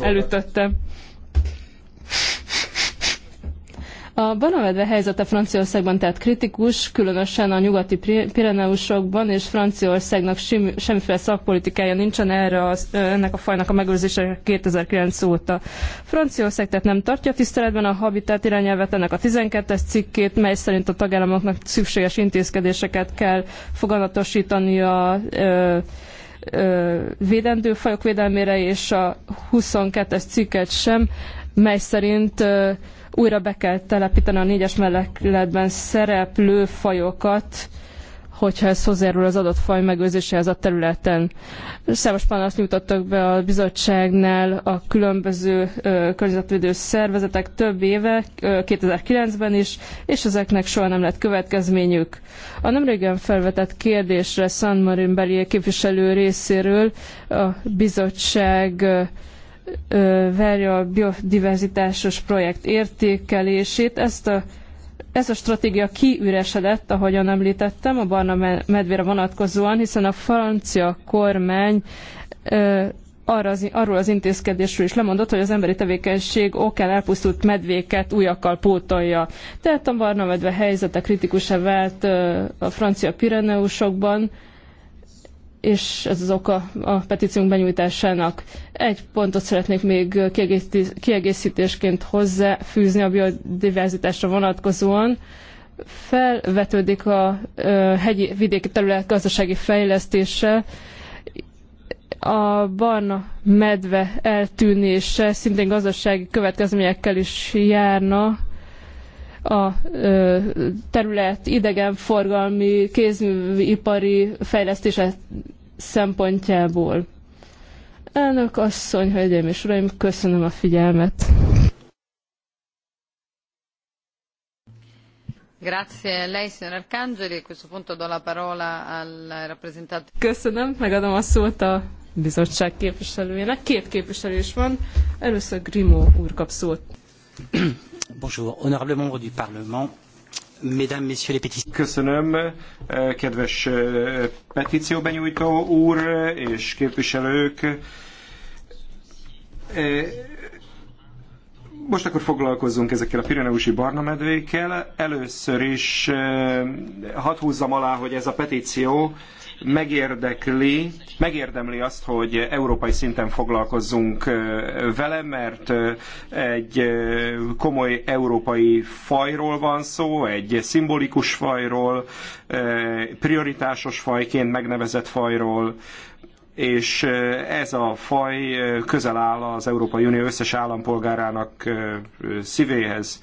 elütötte. A Banavedve helyzete Franciaországban tehát kritikus, különösen a nyugati Pireneusokban, és Franciaországnak semmiféle szakpolitikája nincsen erre a, ennek a fajnak a megőrzése 2009 óta. Franciaország tehát nem tartja tiszteletben a habitat irányelvet, ennek a 12-es cikkét, mely szerint a tagállamoknak szükséges intézkedéseket kell foganatosítani a ö, ö, védendő fajok védelmére, és a 22-es cikket sem, mely szerint ö, újra be kell telepíteni a négyes mellékletben szereplő fajokat, hogyha ez hozzájárul az adott faj megőrzéséhez a területen. Számos panaszt nyújtottak be a bizottságnál a különböző ö, környezetvédő szervezetek több éve, 2009-ben is, és ezeknek soha nem lett következményük. A nemrégen felvetett kérdésre San Marin beli képviselő részéről a bizottság ö, verje a biodiverzitásos projekt értékelését. Ezt a, ez a stratégia kiüresedett, ahogyan említettem, a barna medvére vonatkozóan, hiszen a francia kormány arra az, arról az intézkedésről is lemondott, hogy az emberi tevékenység okán elpusztult medvéket újakkal pótolja. Tehát a barna medve helyzete kritikusabb vált a francia Pireneusokban, és ez az oka a petíciónk benyújtásának. Egy pontot szeretnék még kiegészítésként hozzáfűzni a biodiverzitásra vonatkozóan. Felvetődik a hegyi vidéki terület gazdasági fejlesztése, a barna medve eltűnése szintén gazdasági következményekkel is járna, a terület idegenforgalmi, kézműipari fejlesztése szempontjából. Elnök asszony, hölgyeim és uraim, köszönöm a figyelmet. Köszönöm, megadom a szót a bizottság képviselőjének. Két képviselő is van. Először Grimó úr kap szót. Köszönöm, eh, kedves eh, petícióbenyújtó úr és képviselők. Eh, most akkor foglalkozzunk ezekkel a pireneusi barnamedvékkel. Először is hadd húzzam alá, hogy ez a petíció megérdekli, megérdemli azt, hogy európai szinten foglalkozzunk vele, mert egy komoly európai fajról van szó, egy szimbolikus fajról, prioritásos fajként megnevezett fajról, és ez a faj közel áll az Európai Unió összes állampolgárának szívéhez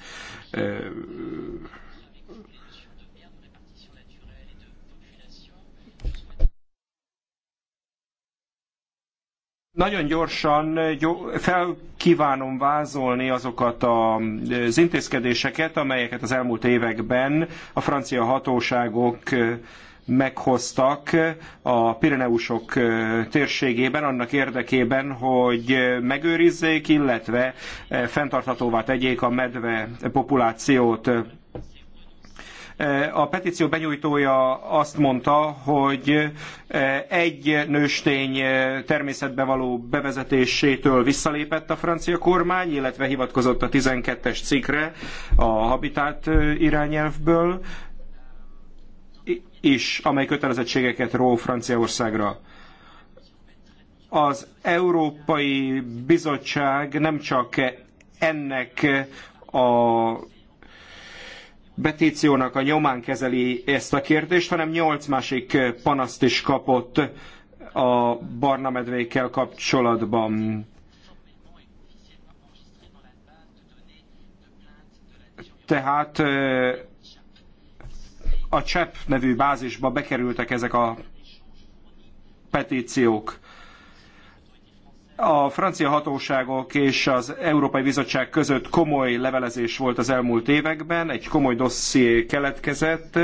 Nagyon gyorsan fel vázolni azokat az intézkedéseket, amelyeket az elmúlt években a francia hatóságok meghoztak a Pireneusok térségében annak érdekében, hogy megőrizzék, illetve fenntarthatóvá tegyék a medve populációt. Eh, a petíció benyújtója azt mondta, hogy eh, egy nőstény eh, természetbe való bevezetésétől visszalépett a francia kormány, illetve hivatkozott a 12-es cikkre a Habitat irányelvből, is, amely kötelezettségeket ró Franciaországra az Európai Bizottság nem csak ennek a petíciónak a nyomán kezeli ezt a kérdést, hanem nyolc másik panaszt is kapott a barna medvékkel kapcsolatban. Tehát a CSEP nevű bázisba bekerültek ezek a petíciók. A francia hatóságok és az Európai Bizottság között komoly levelezés volt az elmúlt években, egy komoly dosszié keletkezett.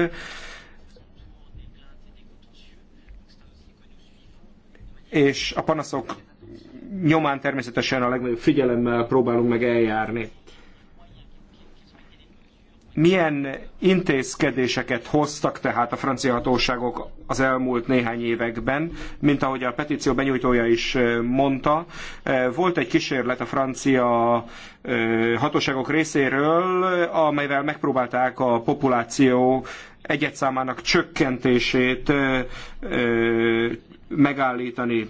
És a panaszok nyomán természetesen a legnagyobb figyelemmel próbálunk meg eljárni. Milyen intézkedéseket hoztak tehát a francia hatóságok az elmúlt néhány években, mint ahogy a petíció benyújtója is mondta, volt egy kísérlet a francia hatóságok részéről, amelyvel megpróbálták a populáció számának csökkentését megállítani.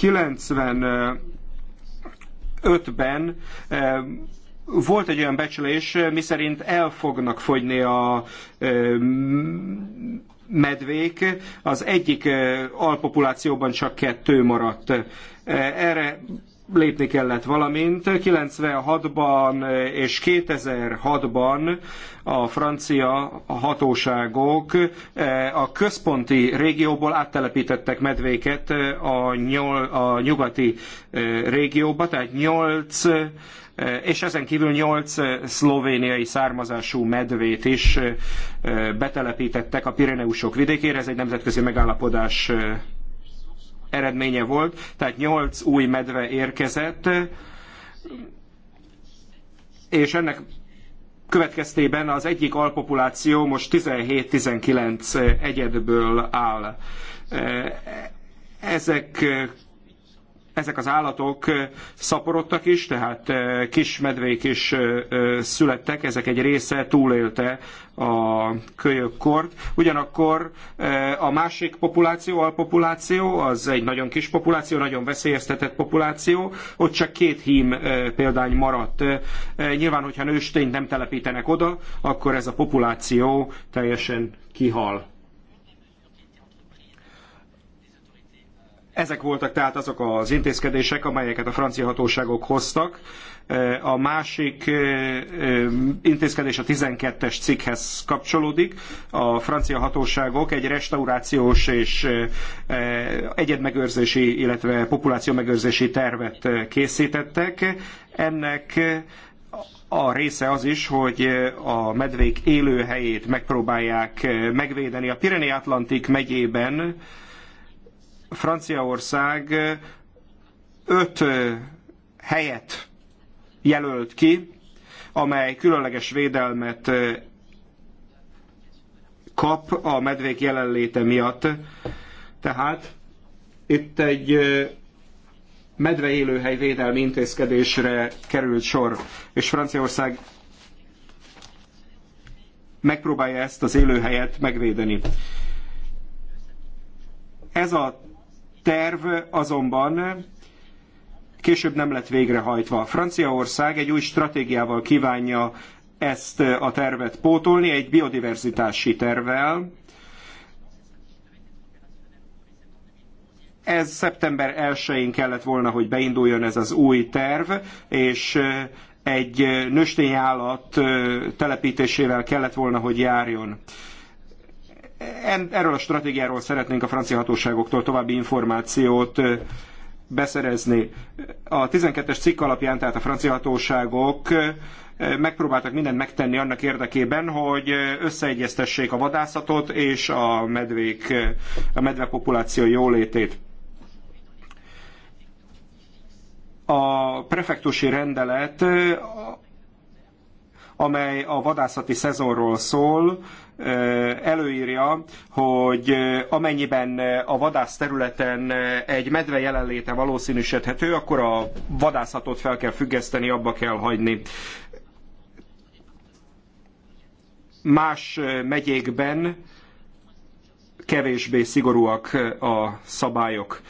95-ben volt egy olyan becslés, miszerint el fognak fogyni a medvék, az egyik alpopulációban csak kettő maradt. Erre lépni kellett valamint. 96-ban és 2006-ban a francia hatóságok a központi régióból áttelepítettek medvéket a, nyol, a nyugati régióba, tehát 8 Eh, és ezen kívül 8 eh, szlovéniai származású medvét is eh, betelepítettek a Pireneusok vidékére, ez egy nemzetközi megállapodás eredménye volt, tehát 8 új medve érkezett, és ennek következtében az egyik alpopuláció most 17-19 egyedből áll. Ezek ezek az állatok szaporodtak is, tehát kis medvék is születtek, ezek egy része túlélte a kölyökkort. Ugyanakkor a másik populáció, alpopuláció, az egy nagyon kis populáció, nagyon veszélyeztetett populáció, ott csak két hím példány maradt. Nyilván, hogyha nőstényt nem telepítenek oda, akkor ez a populáció teljesen kihal. Ezek voltak tehát azok az intézkedések, amelyeket a francia hatóságok hoztak. E, a másik e, e, intézkedés a 12-es cikkhez kapcsolódik. A francia hatóságok egy restaurációs és egyedmegőrzési, illetve populációmegőrzési tervet készítettek. Ennek a része az is, hogy a medvék élőhelyét megpróbálják megvédeni. A Pirene-Atlantik megyében Franciaország öt helyet jelölt ki, amely különleges védelmet kap a medvék jelenléte miatt. Tehát itt egy medveélőhely védelmi intézkedésre került sor, és Franciaország megpróbálja ezt az élőhelyet megvédeni. Ez a terv azonban később nem lett végrehajtva. Franciaország egy új stratégiával kívánja ezt a tervet pótolni, egy biodiverzitási tervvel. Ez szeptember 1-én kellett volna, hogy beinduljon ez az új terv, és egy nőstényállat telepítésével kellett volna, hogy járjon. Erről a stratégiáról szeretnénk a francia hatóságoktól további információt beszerezni. A 12-es cikk alapján, tehát a francia hatóságok megpróbáltak mindent megtenni annak érdekében, hogy összeegyeztessék a vadászatot és a medvék, a medvepopuláció jólétét. A prefektusi rendelet amely a vadászati szezonról szól, előírja, hogy amennyiben a vadász területen egy medve jelenléte valószínűsödhető, akkor a vadászatot fel kell függeszteni, abba kell hagyni. Más megyékben kevésbé szigorúak a szabályok.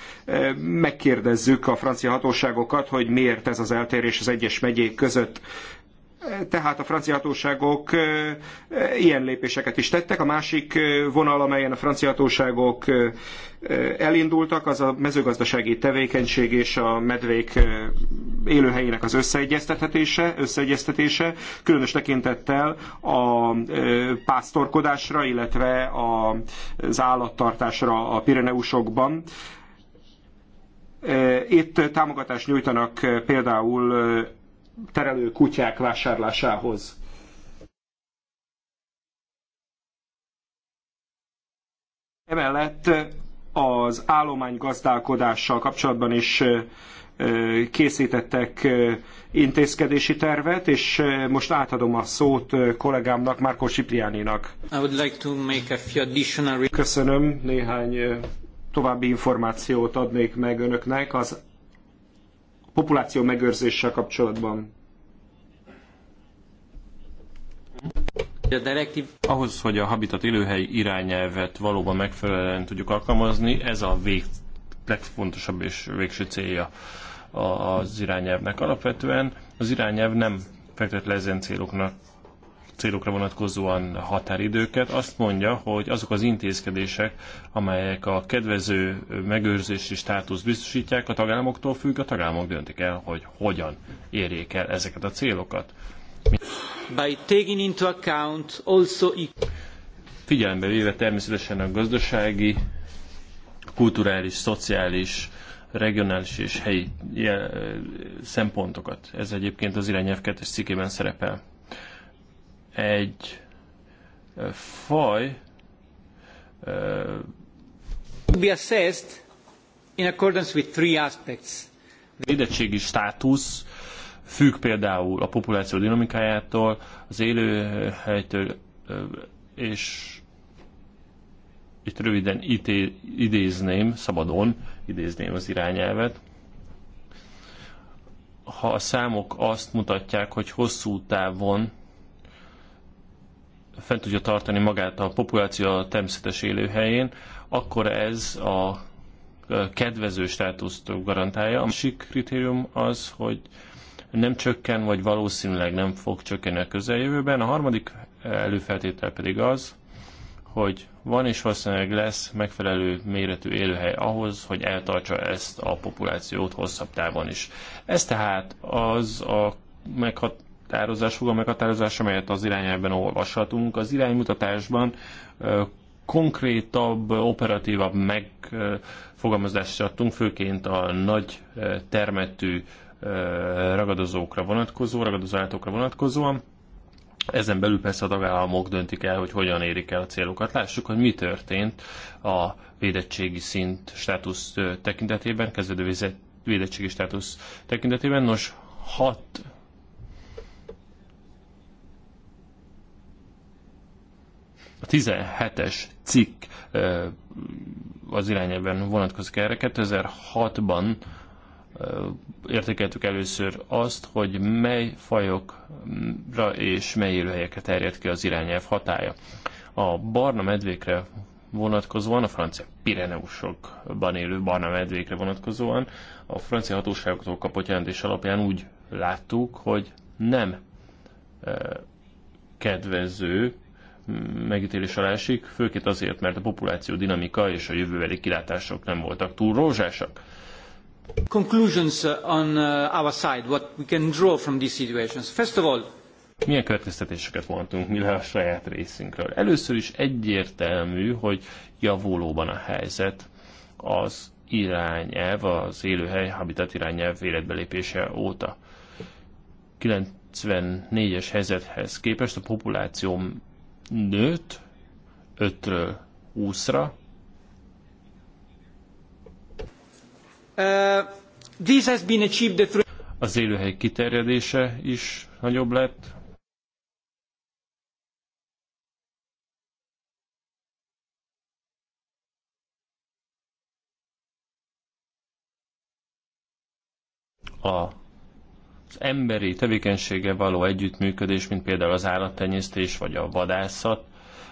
Megkérdezzük a francia hatóságokat, hogy miért ez az eltérés az egyes megyék között tehát a francia hatóságok ilyen lépéseket is tettek. A másik vonal, amelyen a francia hatóságok elindultak, az a mezőgazdasági tevékenység és a medvék élőhelyének az összeegyeztetése, összeegyeztetése különös tekintettel a pásztorkodásra, illetve az állattartásra a Pireneusokban. Itt támogatást nyújtanak például terelő kutyák vásárlásához. Emellett az állománygazdálkodással kapcsolatban is készítettek intézkedési tervet, és most átadom a szót kollégámnak, Márko Sipriáninak. Köszönöm, néhány további információt adnék meg önöknek az populáció megőrzéssel kapcsolatban? Ahhoz, hogy a habitat élőhely irányelvet valóban megfelelően tudjuk alkalmazni, ez a vég, legfontosabb és végső célja az irányelvnek. Alapvetően az irányelv nem fektet le ezen céloknak célokra vonatkozóan határidőket, azt mondja, hogy azok az intézkedések, amelyek a kedvező megőrzési státusz biztosítják a tagállamoktól függ, a tagállamok döntik el, hogy hogyan érjék el ezeket a célokat. By taking into account also... Figyelembe véve természetesen a gazdasági, kulturális, szociális, regionális és helyi eh, szempontokat. Ez egyébként az irányelv 2 cikkében szerepel egy faj be assessed in accordance with three aspects. Védettségi státusz függ például a populáció dinamikájától, az élőhelytől, és itt röviden ité, idézném, szabadon idézném az irányelvet. Ha a számok azt mutatják, hogy hosszú távon fent tudja tartani magát a populáció a természetes élőhelyén, akkor ez a kedvező státuszt garantálja. A másik kritérium az, hogy nem csökken, vagy valószínűleg nem fog csökkenni a közeljövőben. A harmadik előfeltétel pedig az, hogy van és valószínűleg lesz megfelelő méretű élőhely ahhoz, hogy eltartsa ezt a populációt hosszabb távon is. Ez tehát az a meghat meghatározás, fogalom meghatározás, amelyet az irányában olvashatunk. Az iránymutatásban konkrétabb, operatívabb megfogalmazást adtunk, főként a nagy termetű ragadozókra vonatkozó, ragadozóállatokra vonatkozóan. Ezen belül persze a tagállamok döntik el, hogy hogyan érik el a célokat. Lássuk, hogy mi történt a védettségi szint státusz tekintetében, kezdődő védettségi státusz tekintetében. Nos, hat A 17-es cikk az irányában vonatkozik erre. 2006-ban értékeltük először azt, hogy mely fajokra és mely élőhelyekre terjed ki az irányelv hatája. A barna medvékre vonatkozóan, a francia Pireneusokban élő barna medvékre vonatkozóan, a francia hatóságoktól kapott jelentés alapján úgy láttuk, hogy nem kedvező megítélés alá esik, főként azért, mert a populáció dinamika és a jövőbeli kilátások nem voltak túl rózsásak. Conclusions on uh, our side, what we can draw from these situations. First of all, milyen következtetéseket vontunk mi le a saját részünkről? Először is egyértelmű, hogy javulóban a helyzet az irányelv, az élőhely habitat irányelv életbelépése óta. 94-es helyzethez képest a populáció nőtt 5-ről 20-ra. Uh, this has been achieved through... Az élőhely kiterjedése is nagyobb lett, a emberi tevékenysége való együttműködés, mint például az állattenyésztés vagy a vadászat,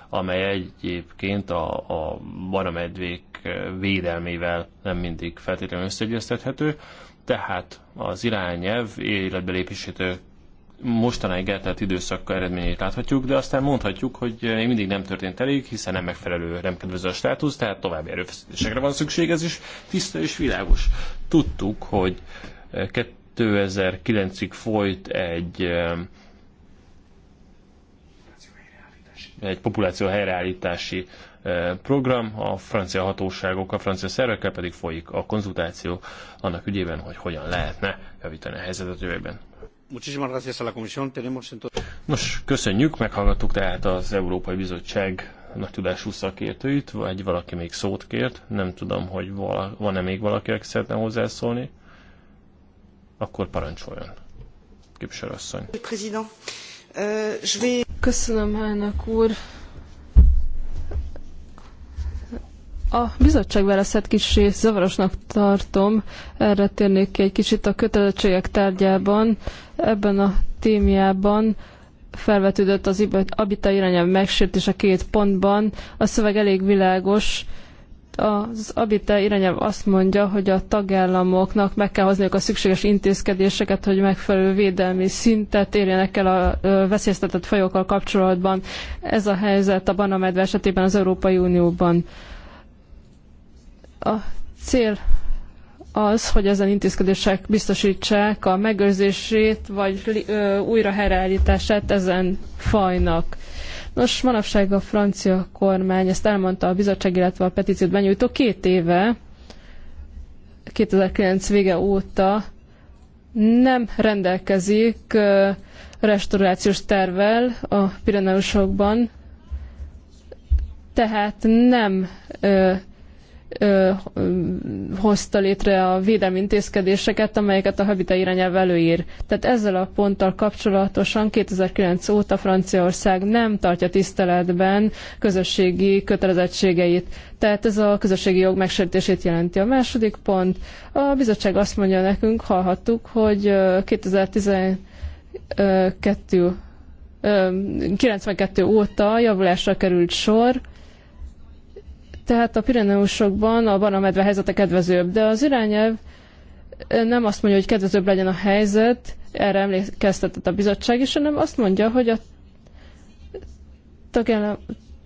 amely egyébként a, a baromedvék védelmével nem mindig feltétlenül összeegyeztethető, tehát az irányelv életbe lépését mostanáig eltelt időszak eredményét láthatjuk, de aztán mondhatjuk, hogy még mindig nem történt elég, hiszen nem megfelelő, nem kedvező a státusz, tehát további erőfeszítésekre van szükség, ez is tiszta és világos. Tudtuk, hogy 2009-ig folyt egy eh, egy populáció helyreállítási eh, program, a francia hatóságok, a francia szervekkel pedig folyik a konzultáció annak ügyében, hogy hogyan lehetne javítani a helyzetet jövőben. Nos, köszönjük, meghallgattuk tehát az Európai Bizottság nagy tudású szakértőit, vagy valaki még szót kért. Nem tudom, hogy van-e még valaki, aki szeretne hozzászólni akkor parancsoljon. Képviselőasszony. Euh, Köszönöm, elnök úr. A bizottság válaszát kicsi zavarosnak tartom, erre térnék ki egy kicsit a kötelezettségek tárgyában, ebben a témiában felvetődött az abita irányelv a két pontban. A szöveg elég világos, az ABITE irányelv azt mondja, hogy a tagállamoknak meg kell hozniuk a szükséges intézkedéseket, hogy megfelelő védelmi szintet érjenek el a veszélyeztetett fajokkal kapcsolatban. Ez a helyzet a banamedve esetében az Európai Unióban. A cél az, hogy ezen intézkedések biztosítsák a megőrzését vagy újra helyreállítását ezen fajnak. Nos, manapság a francia kormány, ezt elmondta a bizottság, illetve a petíciót benyújtó két éve, 2009 vége óta nem rendelkezik restaurációs tervel a Pireneusokban, tehát nem ö, hozta létre a védelmi intézkedéseket, amelyeket a Habita irányelv előír. Tehát ezzel a ponttal kapcsolatosan 2009 óta Franciaország nem tartja tiszteletben közösségi kötelezettségeit. Tehát ez a közösségi jog megsértését jelenti. A második pont, a bizottság azt mondja nekünk, hallhattuk, hogy 2012 92 óta javulásra került sor, tehát a Pireneusokban a barnamedve helyzete kedvezőbb, de az irányelv nem azt mondja, hogy kedvezőbb legyen a helyzet, erre emlékeztetett a bizottság is, hanem azt mondja, hogy a tagállam,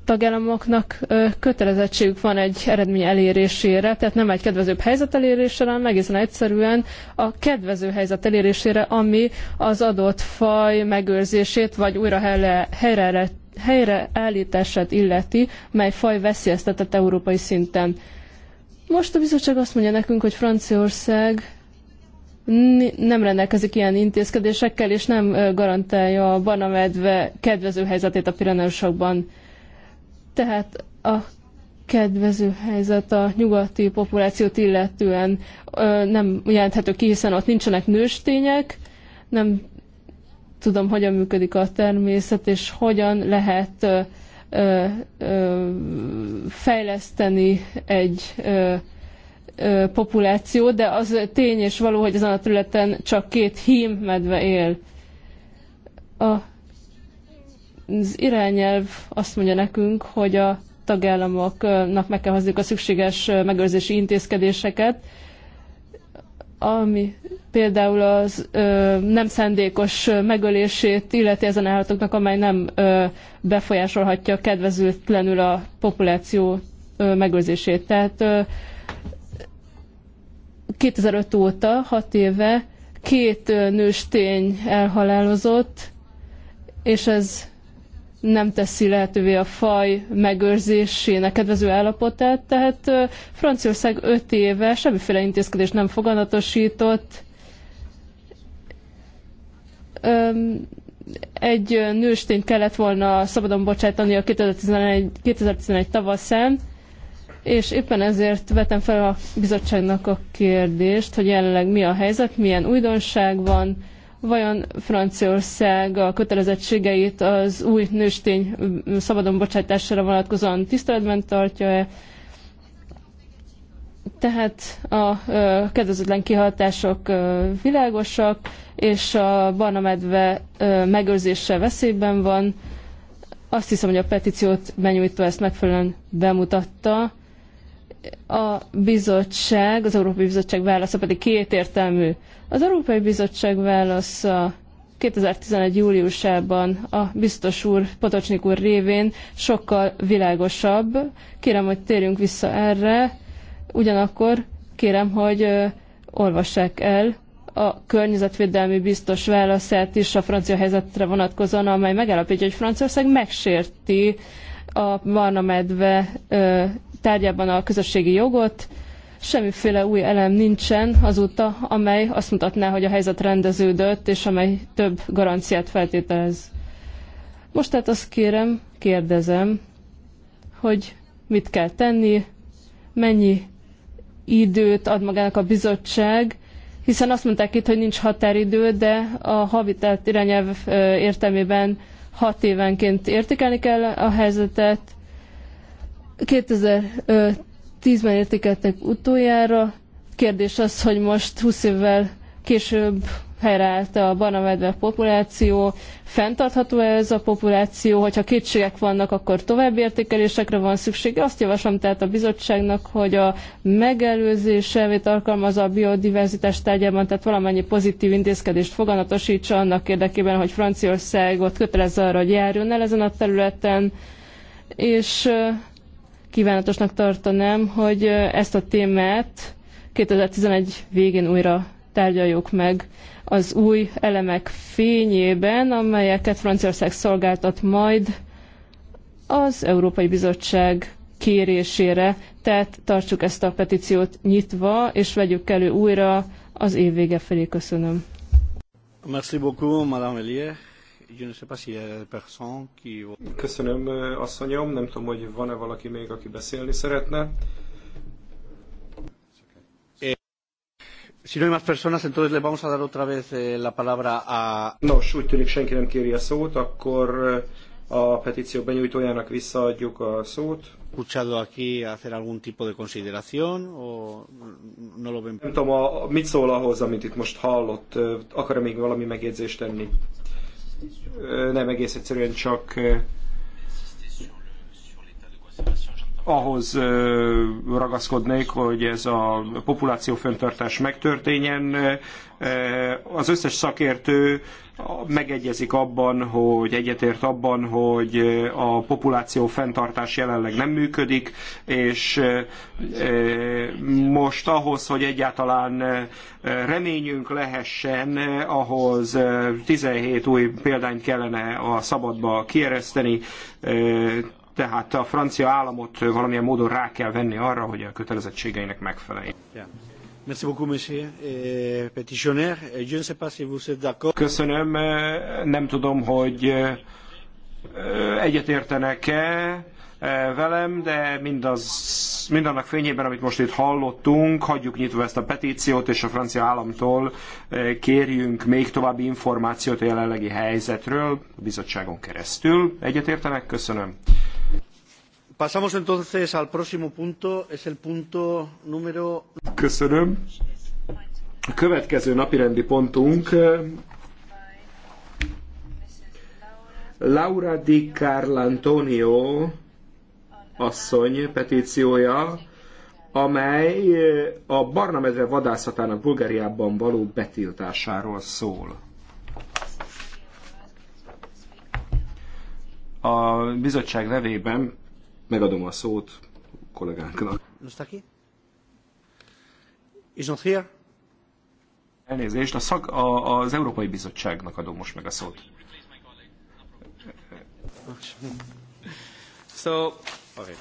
tagállamoknak kötelezettségük van egy eredmény elérésére, tehát nem egy kedvezőbb helyzet elérésére, hanem egészen egyszerűen a kedvező helyzet elérésére, ami az adott faj megőrzését vagy újra helyre, helyre helyreállítását illeti, mely faj veszélyeztetett európai szinten. Most a bizottság azt mondja nekünk, hogy Franciaország nem rendelkezik ilyen intézkedésekkel, és nem garantálja a banamedve kedvező helyzetét a Pireneusokban. Tehát a kedvező helyzet a nyugati populációt illetően ö, nem jelenthető ki, hiszen ott nincsenek nőstények, nem tudom, hogyan működik a természet, és hogyan lehet ö, ö, fejleszteni egy ö, ö, populációt, de az tény és való, hogy ezen a területen csak két hím medve él. A, az irányelv azt mondja nekünk, hogy a tagállamoknak meg kell hozniuk a szükséges megőrzési intézkedéseket, ami például az ö, nem szándékos megölését illeti ezen állatoknak, amely nem ö, befolyásolhatja kedvezőtlenül a populáció ö, megőrzését. Tehát ö, 2005 óta, 6 éve két nőstény elhalálozott, és ez nem teszi lehetővé a faj megőrzésének kedvező állapotát, tehát Franciaország öt éve semmiféle intézkedést nem foganatosított. Egy nőstényt kellett volna szabadon bocsátani a 2011, 2011 tavaszán, és éppen ezért vetem fel a bizottságnak a kérdést, hogy jelenleg mi a helyzet, milyen újdonság van, vajon Franciaország a kötelezettségeit az új nőstény szabadon bocsátására vonatkozóan tiszteletben tartja-e? Tehát a ö, kedvezőtlen kihatások ö, világosak, és a barna medve ö, megőrzése veszélyben van. Azt hiszem, hogy a petíciót benyújtó ezt megfelelően bemutatta a bizottság, az Európai Bizottság válasza pedig kétértelmű. Az Európai Bizottság válasza 2011. júliusában a biztos úr, Potocsnik úr révén sokkal világosabb. Kérem, hogy térjünk vissza erre, ugyanakkor kérem, hogy olvassák el a környezetvédelmi biztos válaszát is a francia helyzetre vonatkozóan, amely megállapítja, hogy Franciaország megsérti a barna medve tárgyában a közösségi jogot. Semmiféle új elem nincsen azóta, amely azt mutatná, hogy a helyzet rendeződött, és amely több garanciát feltételez. Most tehát azt kérem, kérdezem, hogy mit kell tenni, mennyi időt ad magának a bizottság, hiszen azt mondták itt, hogy nincs határidő, de a havitelt irányelv értelmében hat évenként értékelni kell a helyzetet, 2010-ben értékeltek utoljára. Kérdés az, hogy most 20 évvel később helyreállt a barnamedve populáció, fenntartható -e ez a populáció, hogyha kétségek vannak, akkor további értékelésekre van szükség? Azt javaslom tehát a bizottságnak, hogy a megelőzés elvét alkalmazza a biodiverzitás tárgyában, tehát valamennyi pozitív intézkedést foganatosítsa annak érdekében, hogy Franciaországot kötelezze arra, hogy járjon el ezen a területen, és kívánatosnak tartanám, hogy ezt a témát 2011 végén újra tárgyaljuk meg az új elemek fényében, amelyeket Franciaország szolgáltat majd az Európai Bizottság kérésére. Tehát tartsuk ezt a petíciót nyitva, és vegyük elő újra az év vége felé. Köszönöm. Merci beaucoup, Madame Elie. Köszönöm, asszonyom. Nem tudom, hogy van-e valaki még, aki beszélni szeretne. Eh, si no hay más personas, entonces le vamos a dar otra vez eh, la palabra a... Nos, úgy tűnik senki nem kéri a szót, akkor a petíció benyújtójának visszaadjuk a szót. Escuchado aquí hacer algún tipo de consideración o no lo ven. Nem tudom, a, mit szól ahhoz, amit itt most hallott. Akar-e még valami megjegyzést tenni? nem egész egyszerűen csak ahhoz ragaszkodnék, hogy ez a populáció megtörténjen. Eh, az összes szakértő megegyezik abban, hogy egyetért abban, hogy eh, a populáció fenntartás jelenleg nem működik, és eh, most ahhoz, hogy egyáltalán reményünk lehessen, ahhoz 17 új példányt kellene a szabadba kiereszteni, tehát a francia államot valamilyen módon rá kell venni arra, hogy a kötelezettségeinek megfeleljen. Euh, euh, Köszönöm. Euh, nem tudom, hogy egyetértenek-e velem, de mindaz, mindannak fényében, amit most itt hallottunk, hagyjuk nyitva ezt a petíciót, és a francia államtól kérjünk még további információt a jelenlegi helyzetről a bizottságon keresztül. Egyetértenek? Köszönöm. Pasamos entonces al próximo punto, es el punto número... Köszönöm. A következő napirendi pontunk eh, Laura Di Carlantonio asszony petíciója, amely eh, a barna medve vadászatának Bulgáriában való betiltásáról szól. A bizottság nevében Megadom a szót not here. Elnézést, a szak, a, az Európai Bizottságnak adom most meg a szót. So, okay.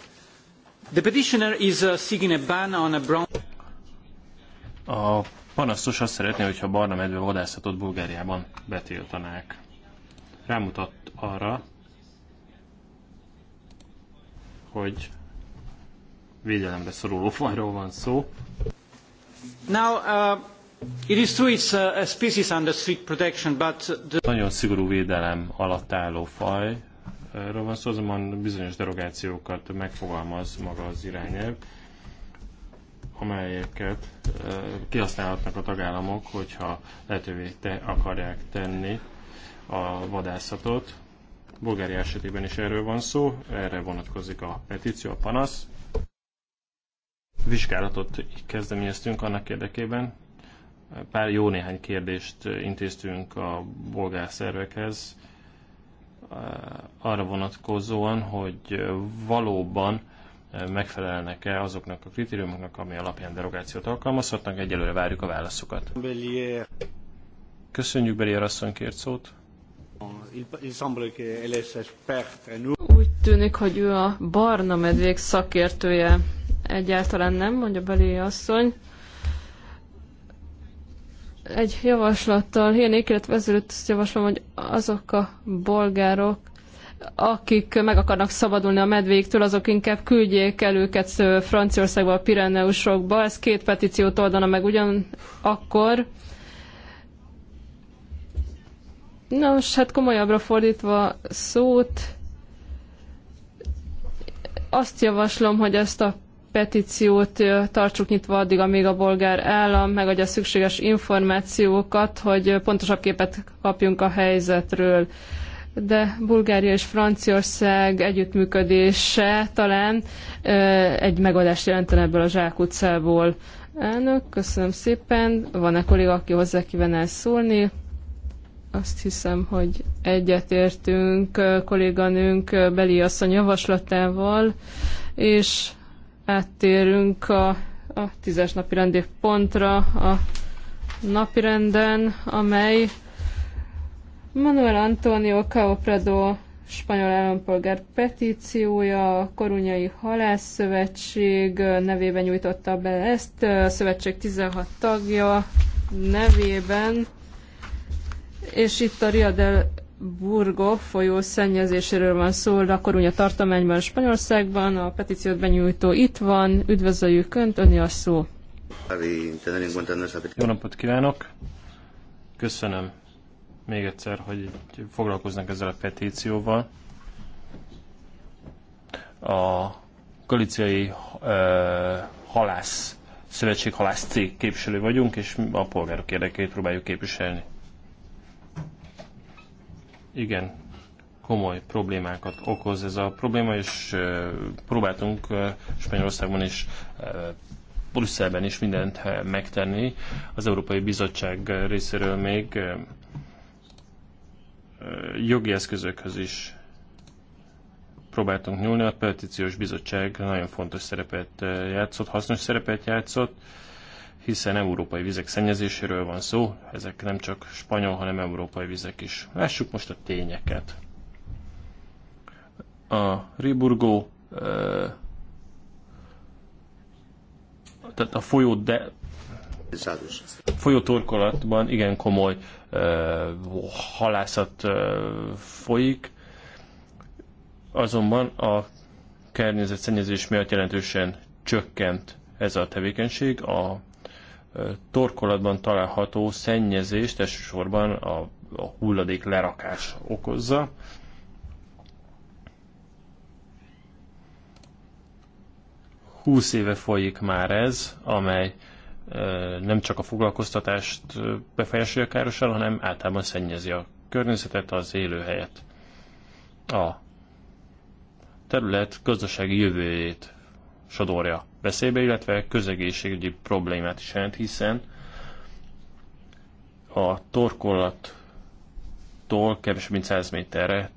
The petitioner is uh, seeking a ban on a brown... A panasztus azt szeretné, hogyha a barna medve vadászatot Bulgáriában betiltanák. Rámutat arra, hogy védelemre szoruló fajról van szó. Now, uh, it is true it's a, species under strict protection, but the... Nagyon szigorú védelem alatt álló faj, erről van szó, azonban bizonyos derogációkat megfogalmaz maga az irányelv, amelyeket uh, kihasználhatnak a tagállamok, hogyha lehetővé te akarják tenni a vadászatot. Bulgária esetében is erről van szó, erre vonatkozik a petíció, a panasz. Vizsgálatot kezdeményeztünk annak érdekében, pár jó néhány kérdést intéztünk a bolgár szervekhez, arra vonatkozóan, hogy valóban megfelelnek-e azoknak a kritériumoknak, ami alapján derogációt alkalmazhatnak. Egyelőre várjuk a válaszokat. Belier. Köszönjük Belier asszony kért szót. Úgy tűnik, hogy ő a barna medvék szakértője. Egyáltalán nem, mondja Beli asszony. Egy javaslattal, ilyen ékület vezetőt javaslom, hogy azok a bolgárok, akik meg akarnak szabadulni a medvéktől, azok inkább küldjék el őket Franciaországba, a Pireneusokba. Ez két petíciót oldana meg ugyanakkor. Nos, hát komolyabbra fordítva szót, azt javaslom, hogy ezt a petíciót tartsuk nyitva addig, amíg a bolgár állam megadja szükséges információkat, hogy pontosabb képet kapjunk a helyzetről. De Bulgária és Franciaország együttműködése talán egy megoldást jelentene ebből a zsákutcából. Elnök, köszönöm szépen. Van-e kolléga, aki hozzá kívánál szólni? Azt hiszem, hogy egyetértünk kolléganőnk Beli asszony javaslatával, és áttérünk a, a tízes napi pontra a napirenden, amely Manuel Antonio Caoprado spanyol állampolgár petíciója, a Korunyai Halászszövetség nevében nyújtotta be ezt, a szövetség 16 tagja nevében és itt a Ria del Burgo folyó szennyezéséről van szó, de akkor a tartományban, Spanyolországban, a petíciót benyújtó itt van, üdvözöljük Önt, Öni a szó. Jó napot kívánok! Köszönöm még egyszer, hogy foglalkoznak ezzel a petícióval. A galiciai uh, halász, szövetség halász cég képviselő vagyunk, és a polgárok érdekét próbáljuk képviselni igen komoly problémákat okoz ez a probléma, és próbáltunk Spanyolországban is Brüsszelben is mindent megtenni. Az Európai Bizottság részéről még jogi eszközökhöz is próbáltunk nyúlni. A Petíciós Bizottság nagyon fontos szerepet játszott, hasznos szerepet játszott hiszen európai vizek szennyezéséről van szó, ezek nem csak spanyol, hanem európai vizek is. Lássuk most a tényeket. A Riburgó, tehát a folyó de, folyótorkolatban igen komoly uh, halászat uh, folyik, azonban a környezetszennyezés miatt jelentősen csökkent ez a tevékenység. A torkolatban található szennyezést elsősorban a, a hulladék lerakás okozza. Húsz éve folyik már ez, amely nem csak a foglalkoztatást befolyásolja károsan, hanem általában szennyezi a környezetet, az élőhelyet. A terület gazdasági jövőjét sodorja veszélybe, illetve közegészségügyi problémát is jelent, hiszen a torkollattól kevesebb mint 100 méterre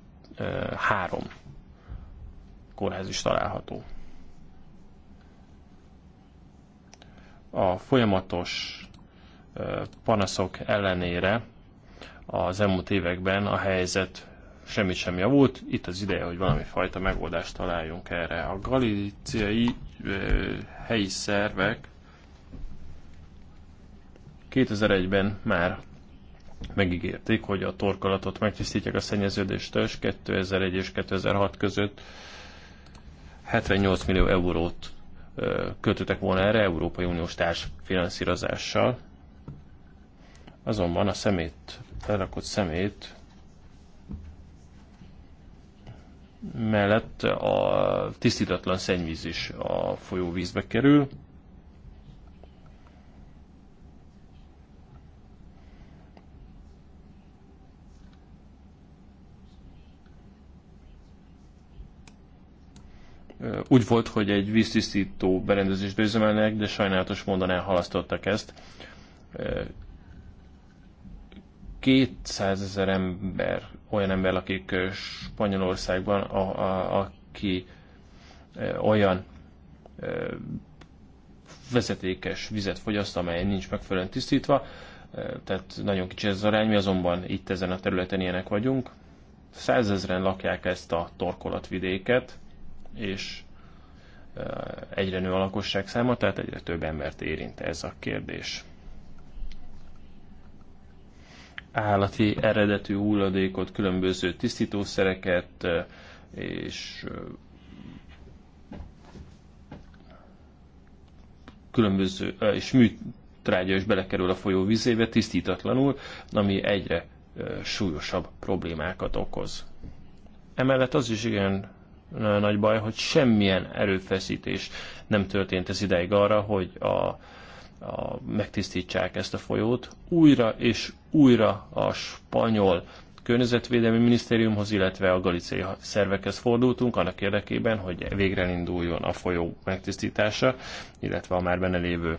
három kórház is található. A folyamatos panaszok ellenére az elmúlt években a helyzet semmit sem javult. Itt az ideje, hogy valami fajta megoldást találjunk erre. A galiciai helyi szervek 2001-ben már megígérték, hogy a torkolatot megtisztítják a szennyeződéstől, és 2001 és 2006 között 78 millió eurót kötöttek volna erre Európai Uniós társfinanszírozással. Azonban a szemét, felrakott szemét mellett a tisztítatlan szennyvíz is a folyóvízbe kerül. Úgy volt, hogy egy víztisztító berendezést üzemelnek, de sajnálatos módon elhalasztottak ezt 200 ezer ember, olyan ember, akik Spanyolországban, a, a, aki olyan vezetékes vizet fogyaszt, amely nincs megfelelően tisztítva, tehát nagyon kicsi ez az arány, mi azonban itt ezen a területen ilyenek vagyunk. Százezren lakják ezt a torkolatvidéket, és egyre nő a lakosság száma, tehát egyre több embert érint ez a kérdés állati eredetű hulladékot, különböző tisztítószereket és különböző, és műtrágya is belekerül a folyó vizébe tisztítatlanul, ami egyre súlyosabb problémákat okoz. Emellett az is igen nagy baj, hogy semmilyen erőfeszítés nem történt ez ideig arra, hogy a a, megtisztítsák ezt a folyót. Újra és újra a spanyol környezetvédelmi minisztériumhoz, illetve a galicai szervekhez fordultunk annak érdekében, hogy végre induljon a folyó megtisztítása, illetve a már benne lévő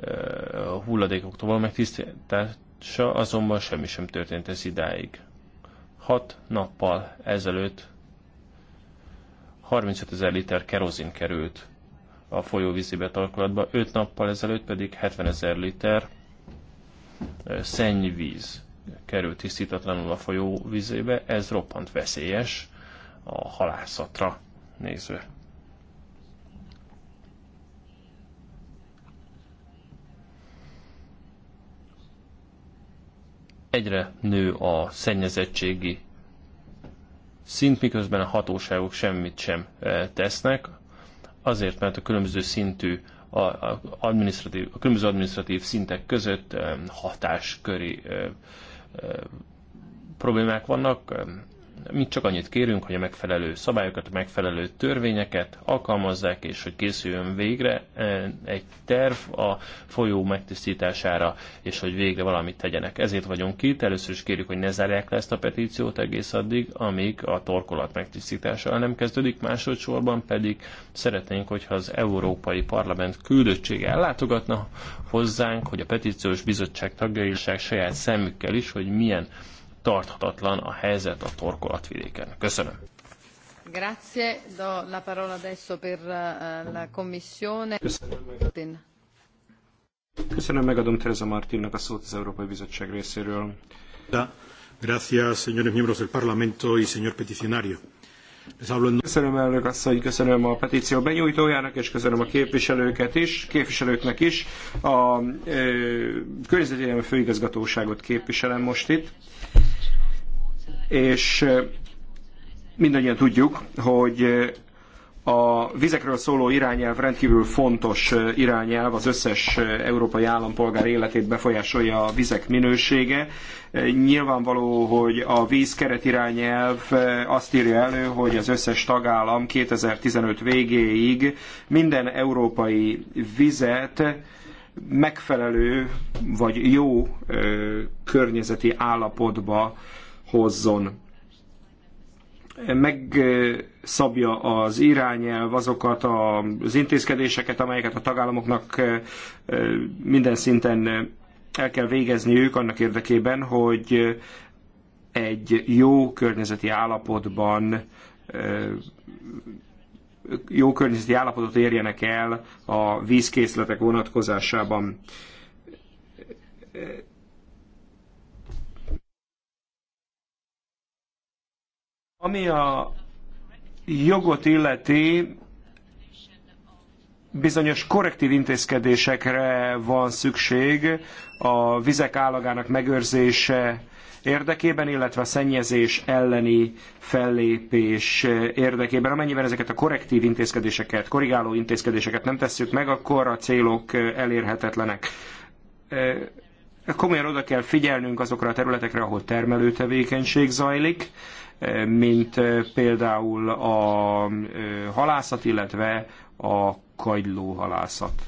uh, hulladékoktól való megtisztítása, azonban semmi sem történt ez idáig. Hat nappal ezelőtt 35 ezer liter kerozin került a folyóvízi betalkolatba, 5 nappal ezelőtt pedig 70 ezer liter szennyvíz került tisztítatlanul a folyóvízébe. ez roppant veszélyes a halászatra nézve. Egyre nő a szennyezettségi szint, miközben a hatóságok semmit sem tesznek. Azért, mert a különböző szintű a, a, a különböző adminisztratív szintek között hatásköri problémák vannak, mi csak annyit kérünk, hogy a megfelelő szabályokat, a megfelelő törvényeket alkalmazzák, és hogy készüljön végre e, egy terv a folyó megtisztítására, és hogy végre valamit tegyenek. Ezért vagyunk itt. Először is kérjük, hogy ne zárják le ezt a petíciót egész addig, amíg a torkolat megtisztítása nem kezdődik. Másodszorban pedig szeretnénk, hogyha az Európai Parlament küldöttsége ellátogatna hozzánk, hogy a petíciós bizottság tagjai saját szemükkel is, hogy milyen tarthatatlan a helyzet a torkolatvidéken. Köszönöm. Grazie, do la parola adesso per eh, la commissione. Köszönöm, Köszönöm megadom Teresa Martinnak a szót az Európai Bizottság részéről. Da. Gracias, señores miembros del Parlamento y señor peticionario. Köszönöm elnök asszony, köszönöm a petíció benyújtójának, és köszönöm a képviselőket is, képviselőknek is. A e, környezetvédelmi főigazgatóságot képviselem most itt és mindannyian tudjuk, hogy a vizekről szóló irányelv rendkívül fontos irányelv, az összes európai állampolgár életét befolyásolja a vizek minősége. Nyilvánvaló, hogy a víz keretirányelv azt írja elő, hogy az összes tagállam 2015 végéig minden európai vizet megfelelő vagy jó környezeti állapotba hozzon. Megszabja az irányelv azokat az intézkedéseket, amelyeket a tagállamoknak eh, eh, minden szinten eh, el kell végezni ők annak érdekében, hogy egy jó környezeti állapotban jó környezeti állapotot érjenek el a vízkészletek vonatkozásában Ami a jogot illeti, bizonyos korrektív intézkedésekre van szükség a vizek állagának megőrzése érdekében, illetve a szennyezés elleni fellépés érdekében. Amennyiben ezeket a korrektív intézkedéseket, korrigáló intézkedéseket nem tesszük meg, akkor a célok elérhetetlenek. Komolyan oda kell figyelnünk azokra a területekre, ahol termelő tevékenység zajlik, mint például a halászat, illetve a kagylóhalászat.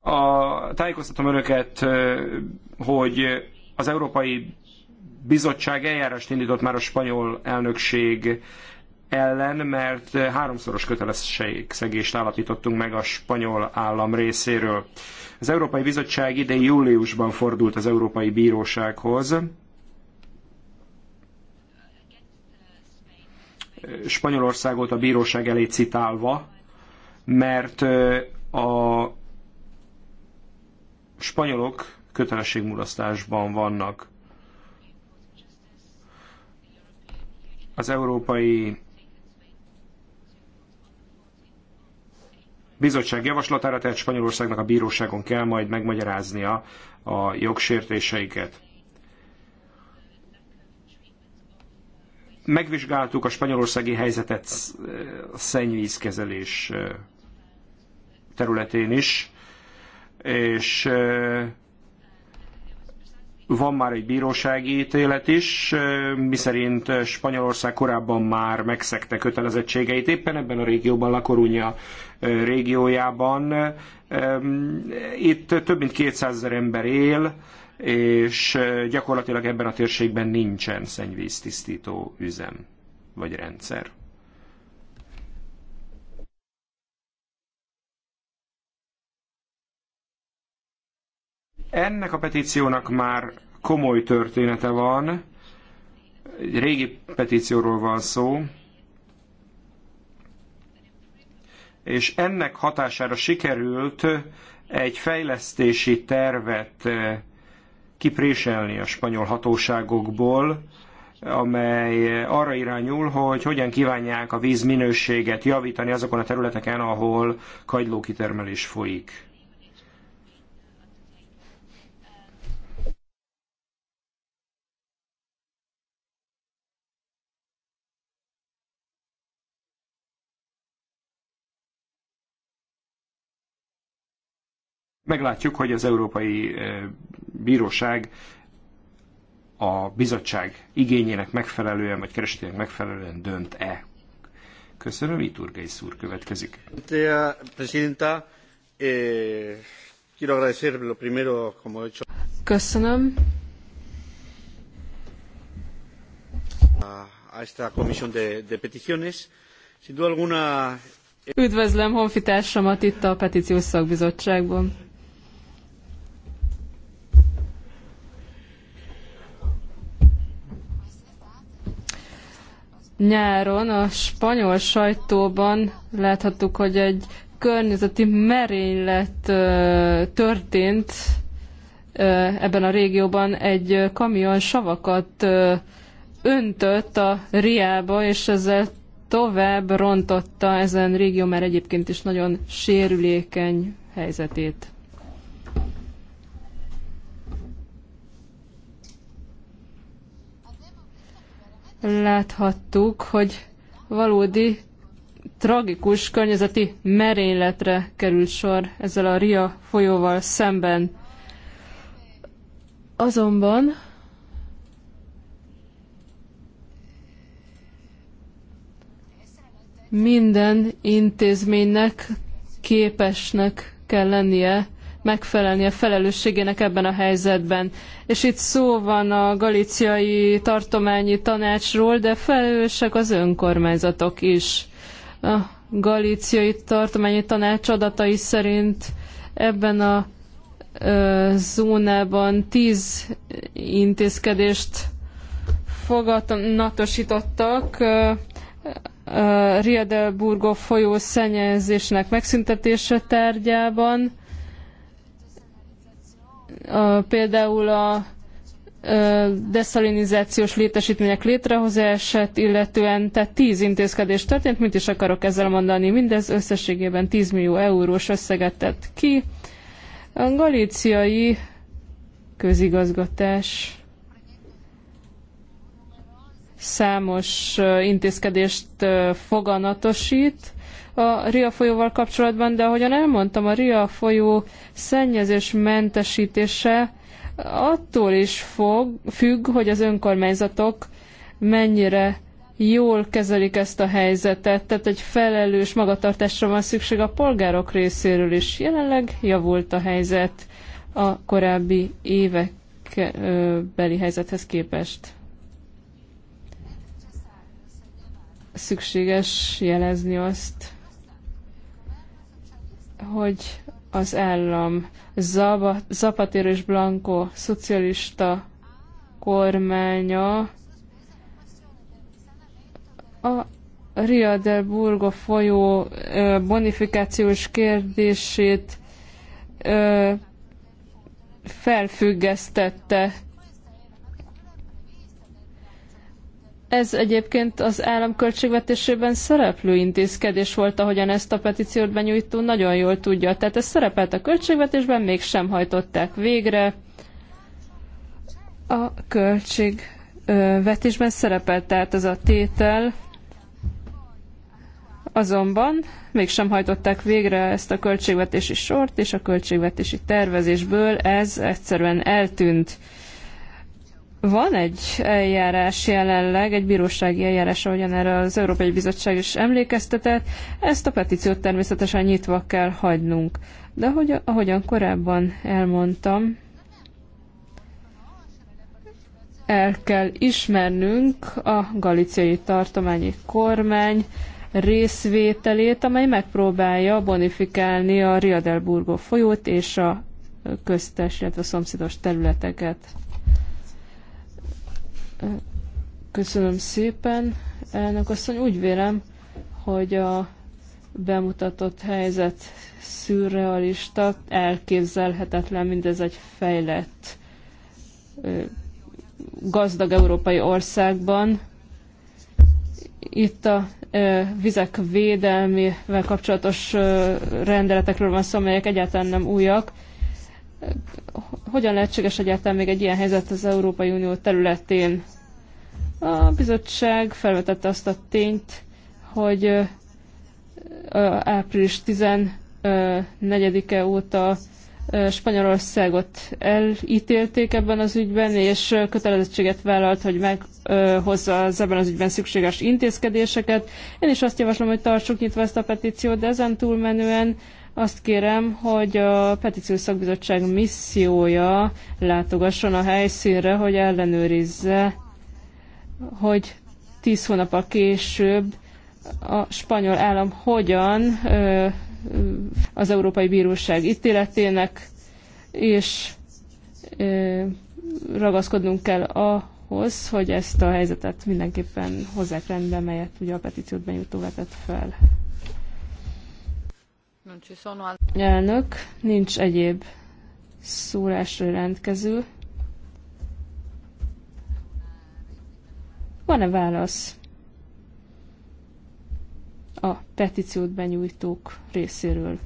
A, tájékoztatom önöket, hogy az Európai Bizottság eljárást indított már a spanyol elnökség ellen, mert háromszoros kötelességszegést állapítottunk meg a spanyol állam részéről. Az Európai Bizottság idén júliusban fordult az Európai Bírósághoz, Spanyolországot a bíróság elé citálva, mert a spanyolok kötelességmulasztásban vannak. Az Európai bizottság javaslatára, tehát Spanyolországnak a bíróságon kell majd megmagyaráznia a jogsértéseiket. Megvizsgáltuk a spanyolországi helyzetet eh, szennyvízkezelés eh, területén is, és eh, van már egy bírósági ítélet is, miszerint Spanyolország korábban már megszegte kötelezettségeit, éppen ebben a régióban, La Coruña régiójában. Itt több mint 200 ezer ember él, és gyakorlatilag ebben a térségben nincsen szennyvíztisztító üzem vagy rendszer. Ennek a petíciónak már komoly története van. Egy régi petícióról van szó. És ennek hatására sikerült egy fejlesztési tervet kipréselni a spanyol hatóságokból, amely arra irányul, hogy hogyan kívánják a víz minőséget javítani azokon a területeken, ahol kagylókitermelés folyik. Meglátjuk, hogy az Európai eh, Bíróság a bizottság igényének megfelelően, vagy keresetének megfelelően dönt-e. Köszönöm, Iturgei úr következik. Eh, Köszönöm. A esta comisión de, de peticiones. Sin duda alguna... Eh, Üdvözlöm honfitársamat itt a petíciós szakbizottságban. nyáron a spanyol sajtóban láthattuk, hogy egy környezeti merénylet történt ebben a régióban. Egy kamion savakat öntött a riába, és ezzel tovább rontotta ezen régió már egyébként is nagyon sérülékeny helyzetét. láthattuk, hogy valódi tragikus környezeti merényletre került sor ezzel a Ria folyóval szemben. Azonban minden intézménynek képesnek kell lennie megfelelni a felelősségének ebben a helyzetben. És itt szó van a galiciai tartományi tanácsról, de felelősek az önkormányzatok is. A galiciai tartományi tanács adatai szerint ebben a zónában tíz intézkedést fogatnatosítottak. Ö, Riedelburgo folyó szennyezésnek megszüntetése tárgyában a, például a deszalinizációs létesítmények létrehozását, illetően tehát tíz intézkedés történt, mit is akarok ezzel mondani, mindez összességében 10 millió eurós összeget tett ki. A galíciai közigazgatás számos intézkedést foganatosít, a Ria folyóval kapcsolatban, de ahogyan elmondtam, a Ria folyó szennyezés mentesítése attól is fog, függ, hogy az önkormányzatok mennyire jól kezelik ezt a helyzetet, tehát egy felelős magatartásra van szükség a polgárok részéről is. Jelenleg javult a helyzet a korábbi évek beli helyzethez képest. Szükséges jelezni azt, hogy az állam Zapatero és Blanco szocialista kormánya a Ria del Burgo folyó bonifikációs kérdését felfüggesztette Ez egyébként az állam költségvetésében szereplő intézkedés volt, ahogyan ezt a petíciót benyújtó nagyon jól tudja. Tehát ez szerepelt a költségvetésben, mégsem hajtották végre. A költségvetésben szerepelt tehát ez a tétel, azonban mégsem hajtották végre ezt a költségvetési sort, és a költségvetési tervezésből ez egyszerűen eltűnt. Van egy eljárás jelenleg, egy bírósági eljárás, ahogyan erre az Európai Bizottság is emlékeztetett. Ezt a petíciót természetesen nyitva kell hagynunk. De ahogy, ahogyan korábban elmondtam, el kell ismernünk a galiciai tartományi kormány részvételét, amely megpróbálja bonifikálni a Riadelburgo folyót és a köztes, illetve a szomszédos területeket. Köszönöm szépen. Elnök asszony, úgy vélem, hogy a bemutatott helyzet szürrealista, elképzelhetetlen, mindez egy fejlett gazdag európai országban. Itt a vizek védelmével kapcsolatos rendeletekről van szó, amelyek egyáltalán nem újak hogyan lehetséges egyáltalán még egy ilyen helyzet az Európai Unió területén? A bizottság felvetette azt a tényt, hogy április 14-e óta Spanyolországot elítélték ebben az ügyben, és kötelezettséget vállalt, hogy meghozza az ebben az ügyben szükséges intézkedéseket. Én is azt javaslom, hogy tartsuk nyitva ezt a petíciót, de ezen túlmenően azt kérem, hogy a petíciós szakbizottság missziója látogasson a helyszínre, hogy ellenőrizze, hogy tíz hónap a később a spanyol állam hogyan az Európai Bíróság ítéletének, és ragaszkodnunk kell ahhoz, hogy ezt a helyzetet mindenképpen hozzák rendbe, melyet ugye a petíciót benyújtó vetett fel. Elnök, nincs egyéb szólásra rendkező. Van-e válasz a petíciót benyújtók részéről?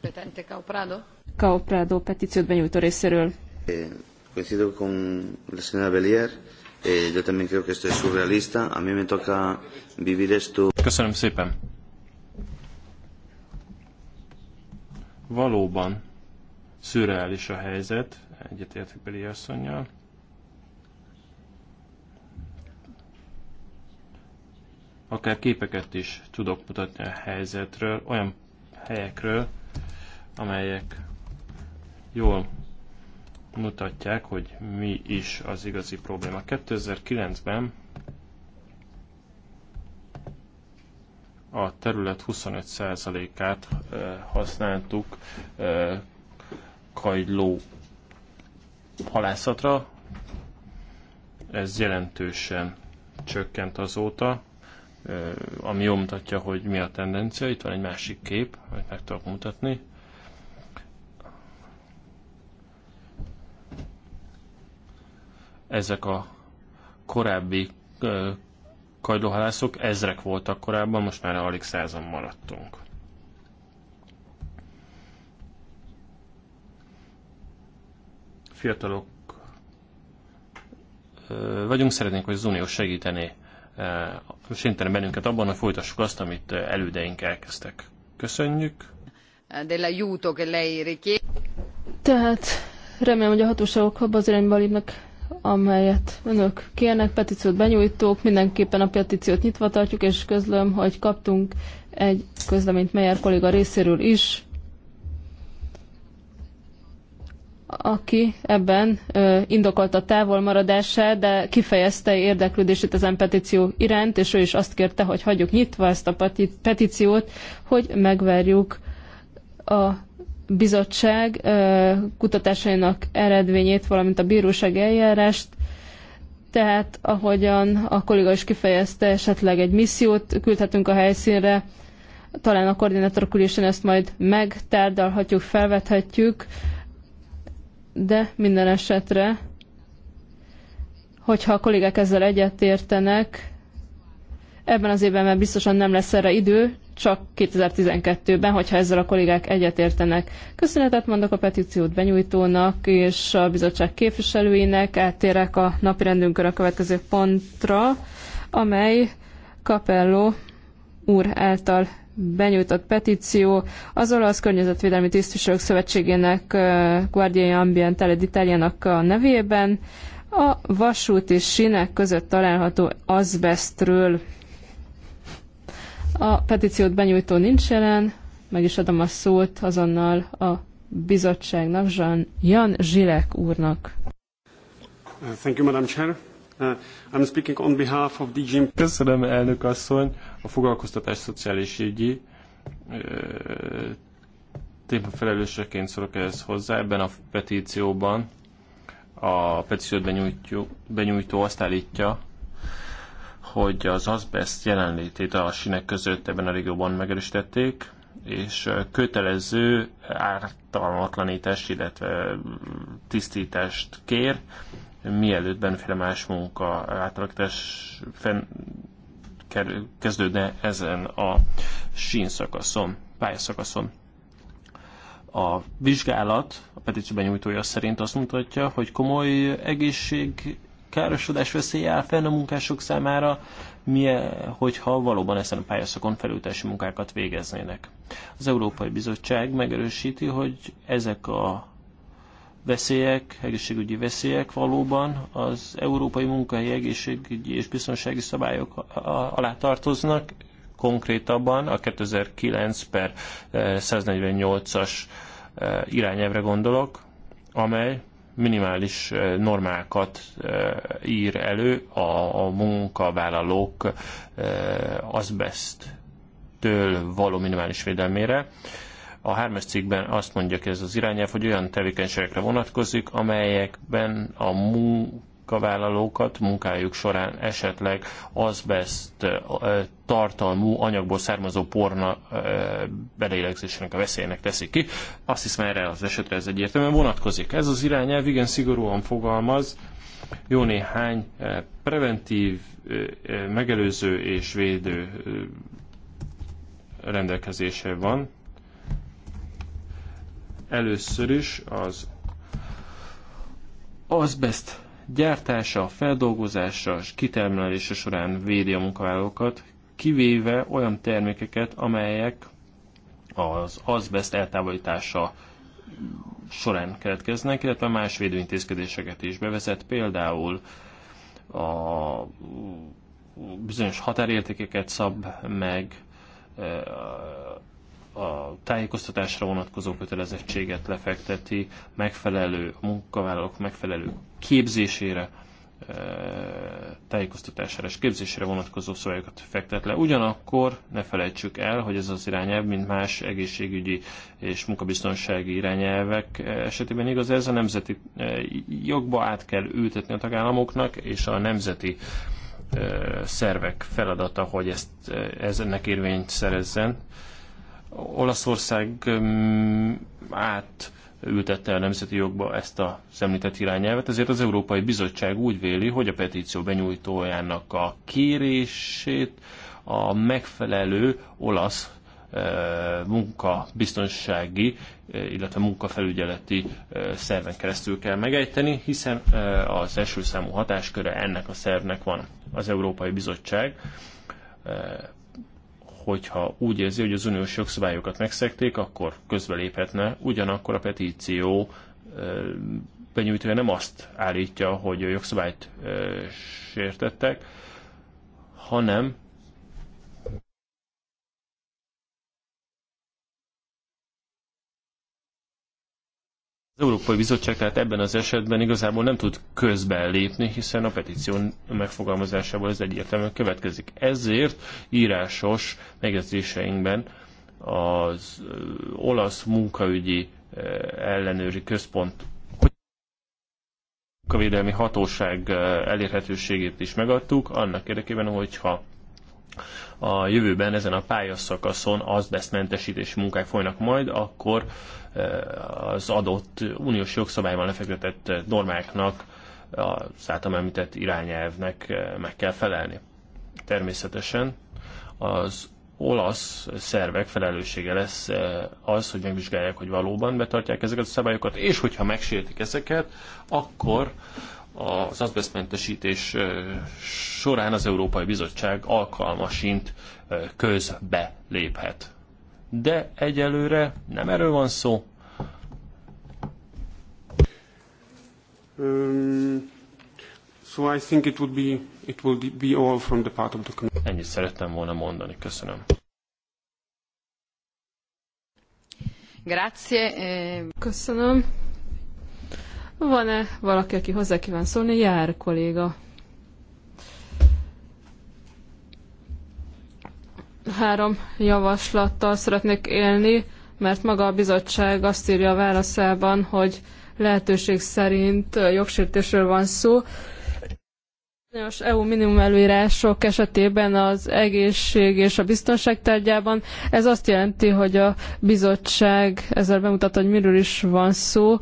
Petente Caoprado? Caoprado petíciót benyújtó részéről. Eh, coincido con la señora Belier. Eh, yo también creo que esto es surrealista. A mí me toca vivir esto. Köszönöm szépen. Valóban szürreális a helyzet, egyetértek Beli asszonynal. Akár képeket is tudok mutatni a helyzetről, olyan helyekről, amelyek jól mutatják, hogy mi is az igazi probléma. 2009-ben a terület 25%-át használtuk kajló halászatra. Ez jelentősen csökkent azóta, ami jól mutatja, hogy mi a tendencia. Itt van egy másik kép, amit meg tudok mutatni. Ezek a korábbi kajdóhalászok ezrek voltak korábban, most már alig százan maradtunk. Fiatalok vagyunk, szeretnénk, hogy az Unió segíteni bennünket abban, hogy folytassuk azt, amit elődeink elkezdtek. Köszönjük. De Tehát remélem, hogy a hatóságok abban az irányba lépnek amelyet önök kérnek, petíciót benyújtók, mindenképpen a petíciót nyitva tartjuk, és közlöm, hogy kaptunk egy közleményt Meyer kolléga részéről is, aki ebben ö, indokolta távolmaradását, de kifejezte érdeklődését ezen petíció iránt, és ő is azt kérte, hogy hagyjuk nyitva ezt a petíciót, hogy megverjük a bizottság kutatásainak eredményét, valamint a bíróság eljárást, tehát ahogyan a kolléga is kifejezte, esetleg egy missziót küldhetünk a helyszínre, talán a koordinátorok ülésen ezt majd megtárdalhatjuk, felvethetjük, de minden esetre, hogyha a kollégák ezzel egyetértenek, Ebben az évben már biztosan nem lesz erre idő, csak 2012-ben, hogyha ezzel a kollégák egyetértenek. Köszönetet mondok a petíciót benyújtónak és a bizottság képviselőinek. Áttérek a napirendünkön a következő pontra, amely Capello úr által benyújtott petíció az Olasz Környezetvédelmi Tisztviselők Szövetségének eh, Guardia Ambientale d'Italiának a nevében a vasút és sinek között található azbestről. A petíciót benyújtó nincs jelen, meg is adom a szót azonnal a bizottságnak, Jean, Jan Zsilek úrnak. Uh, thank you, Madam Chair. Uh, I'm speaking on behalf of DG... Köszönöm, elnök asszony, a foglalkoztatás szociális ügyi téma uh, témafelelőseként szorok ehhez hozzá. Ebben a petícióban a petíciót benyújtó, benyújtó azt állítja, hogy az azbest jelenlétét a sinek között ebben a régióban megerősítették, és kötelező ártalmatlanítást, illetve mm, tisztítást kér, mielőtt bennféle más munka átalakítás fenn kezdődne ezen a sín szakaszon pályaszakaszon. A vizsgálat a petícióben nyújtója szerint azt mutatja, hogy komoly egészség károsodás veszélye áll fenn a munkások számára, milyen, hogyha valóban ezen a pályaszakon felültesi munkákat végeznének. Az Európai Bizottság megerősíti, hogy ezek a veszélyek, egészségügyi veszélyek valóban az európai munkahelyi egészségügyi és biztonsági szabályok alá tartoznak, konkrétabban a 2009 per 148-as eh, eh, irányelvre gondolok, amely minimális eh, normákat eh, ír elő a, a munkavállalók eh, azbesttől való minimális védelmére. A hármas cikkben azt mondja ez az irányelv, hogy olyan tevékenységekre vonatkozik, amelyekben a mun munkavállalókat munkájuk során esetleg azbest tartalmú anyagból származó porna belélegzésének a veszélynek teszik ki. Azt hiszem erre az esetre ez egyértelműen vonatkozik. Ez az irányelv igen szigorúan fogalmaz, jó néhány preventív, megelőző és védő rendelkezése van. Először is az azbest gyártása, feldolgozása és kitermelése során védi a munkavállalókat, kivéve olyan termékeket, amelyek az azbest eltávolítása során keletkeznek, illetve más védőintézkedéseket is bevezet, például a bizonyos határértékeket szab meg, eh, a tájékoztatásra vonatkozó kötelezettséget lefekteti, megfelelő a munkavállalók megfelelő képzésére, e, tájékoztatására és képzésére vonatkozó szabályokat fektet le. Ugyanakkor ne felejtsük el, hogy ez az irányelv, mint más egészségügyi és munkabiztonsági irányelvek e, esetében igaz, ez a nemzeti e, jogba át kell ültetni a tagállamoknak, és a nemzeti szervek feladata, hogy ezt, ez ennek érvényt szerezzen. Olaszország át ültette a nemzeti jogba ezt a szemlített irányelvet, ezért az Európai Bizottság úgy véli, hogy a petíció benyújtójának a kérését a megfelelő olasz munkabiztonsági, illetve munkafelügyeleti szerven keresztül kell megejteni, hiszen az első számú hatásköre ennek a szervnek van az Európai Bizottság hogyha úgy érzi, hogy az uniós jogszabályokat megszekték, akkor közbeléphetne, ugyanakkor a petíció benyújtója nem azt állítja, hogy a jogszabályt sértettek, hanem Az Európai Bizottság tehát ebben az esetben igazából nem tud közben lépni, hiszen a petíció megfogalmazásából ez egyértelműen következik. Ezért írásos megjegyzéseinkben az olasz munkaügyi ellenőri központ munkavédelmi hatóság elérhetőségét is megadtuk, annak érdekében, hogyha a jövőben ezen a pályaszakaszon az beszmentesítési munkák folynak majd, akkor az adott uniós jogszabályban lefektetett normáknak, az általam említett irányelvnek eh, meg kell felelni. Természetesen az olasz szervek felelőssége lesz eh, az, hogy megvizsgálják, hogy valóban betartják ezeket a szabályokat, és hogyha megsértik ezeket, akkor az azbeszmentesítés eh, során az Európai Bizottság alkalmasint közbe léphet de egyelőre nem erről van szó. Um, so I think it would be it will be all from the part of the community. Ennyit szerettem volna mondani. Köszönöm. Grazie. Eh. Köszönöm. Van-e valaki, aki hozzá kíván szólni? Jár kolléga. három javaslattal szeretnék élni, mert maga a bizottság azt írja a válaszában, hogy lehetőség szerint jogsértésről van szó. Bizonyos EU minimum előírások esetében az egészség és a biztonság tárgyában. Ez azt jelenti, hogy a bizottság ezzel bemutat, hogy miről is van szó,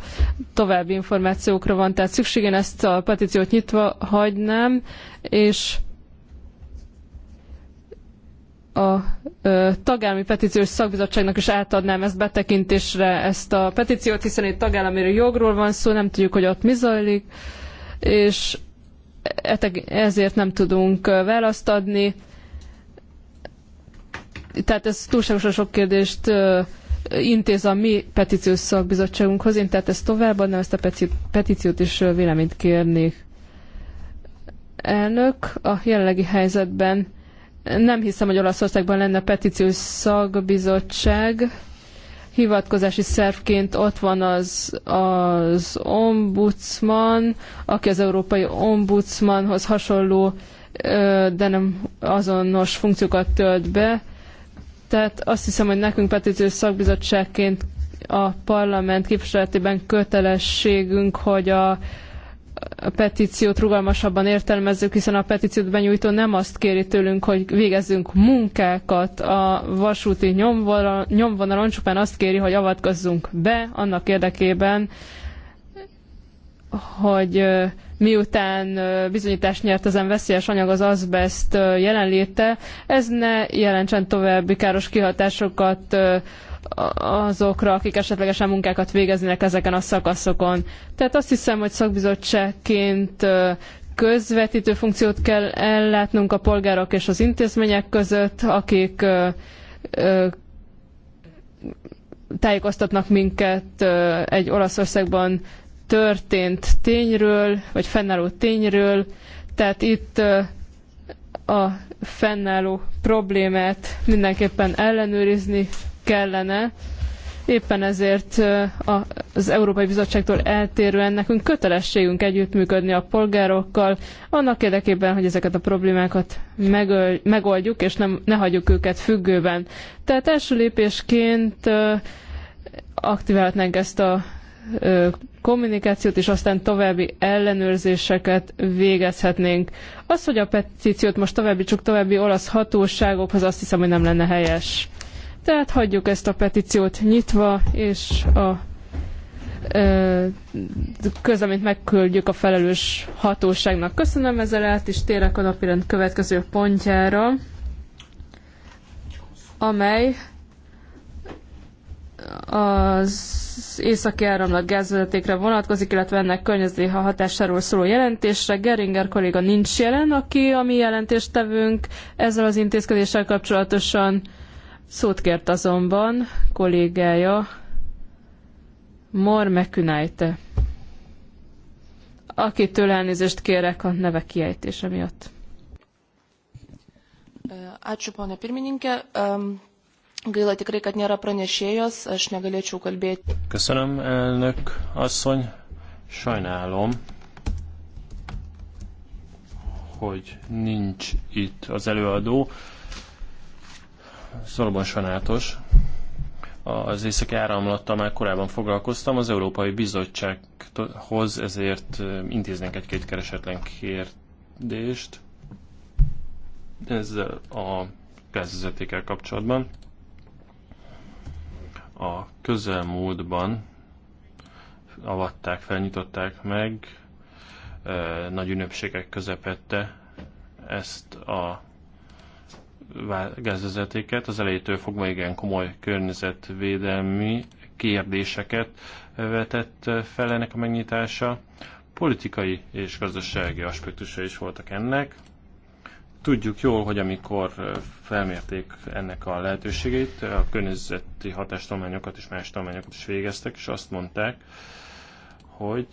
további információkra van tehát szükség. Én ezt a petíciót nyitva hagynám, és a tagállami petíciós szakbizottságnak is átadnám ezt betekintésre, ezt a petíciót, hiszen itt tagállami jogról van szó, nem tudjuk, hogy ott mi zajlik, és e ezért nem tudunk választ adni. Tehát ez túlságosan sok kérdést intéz a mi petíciós szakbizottságunkhoz, én tehát ezt továbbadnám, ezt a petíciót is véleményt kérnék. Elnök, a jelenlegi helyzetben nem hiszem, hogy Olaszországban lenne petíciós szakbizottság. Hivatkozási szervként ott van az, az ombudsman, aki az európai ombudsmanhoz hasonló, de nem azonos funkciókat tölt be. Tehát azt hiszem, hogy nekünk petíciós szakbizottságként a parlament képviseletében kötelességünk, hogy a a petíciót rugalmasabban értelmezzük, hiszen a petíciót benyújtó nem azt kéri tőlünk, hogy végezzünk munkákat a vasúti nyomvonalon, csupán azt kéri, hogy avatkozzunk be annak érdekében, hogy miután bizonyítást nyert ezen veszélyes anyag az azbest jelenléte, ez ne jelentsen további káros kihatásokat azokra, akik esetlegesen munkákat végeznének ezeken a szakaszokon. Tehát azt hiszem, hogy szakbizottságként közvetítő funkciót kell ellátnunk a polgárok és az intézmények között, akik tájékoztatnak minket egy Olaszországban történt tényről, vagy fennálló tényről. Tehát itt a fennálló problémát mindenképpen ellenőrizni kellene. Éppen ezért az Európai Bizottságtól eltérően nekünk kötelességünk együttműködni a polgárokkal, annak érdekében, hogy ezeket a problémákat megöl, megoldjuk, és nem, ne hagyjuk őket függőben. Tehát első lépésként aktiválhatnánk ezt a kommunikációt, és aztán további ellenőrzéseket végezhetnénk. Az, hogy a petíciót most csak további olasz hatóságokhoz, azt hiszem, hogy nem lenne helyes. Tehát hagyjuk ezt a petíciót nyitva, és a közleményt megküldjük a felelős hatóságnak. Köszönöm ezzel át, és térek a napirend következő pontjára, amely az északi áramlat gázvezetékre vonatkozik, illetve ennek környezeti hatásáról szóló jelentésre. Geringer kolléga nincs jelen, aki a mi jelentéstevünk ezzel az intézkedéssel kapcsolatosan Szót kért azonban kollégája Mor McUnite, akitől elnézést kérek a neve kiejtése miatt. Ačiū, ponė pirmininkė. Gaila tikrai, kad nėra pranešėjos, aš negalėčiau kalbėti. Köszönöm, elnök asszony. Sajnálom, hogy nincs itt az előadó szorban sanátos. Az északi áramlattal már korábban foglalkoztam, az Európai Bizottsághoz ezért intéznek egy-két keresetlen kérdést. Ez a gázvezetékkel kapcsolatban. A közelmúltban avatták, felnyitották meg nagy ünnepségek közepette ezt a gázvezetéket, az elejétől fogva igen komoly környezetvédelmi kérdéseket vetett fel ennek a megnyitása. Politikai és gazdasági aspektusa is voltak ennek. Tudjuk jól, hogy amikor felmérték ennek a lehetőségét, a környezeti hatástalmányokat és más tanulmányokat is végeztek, és azt mondták, hogy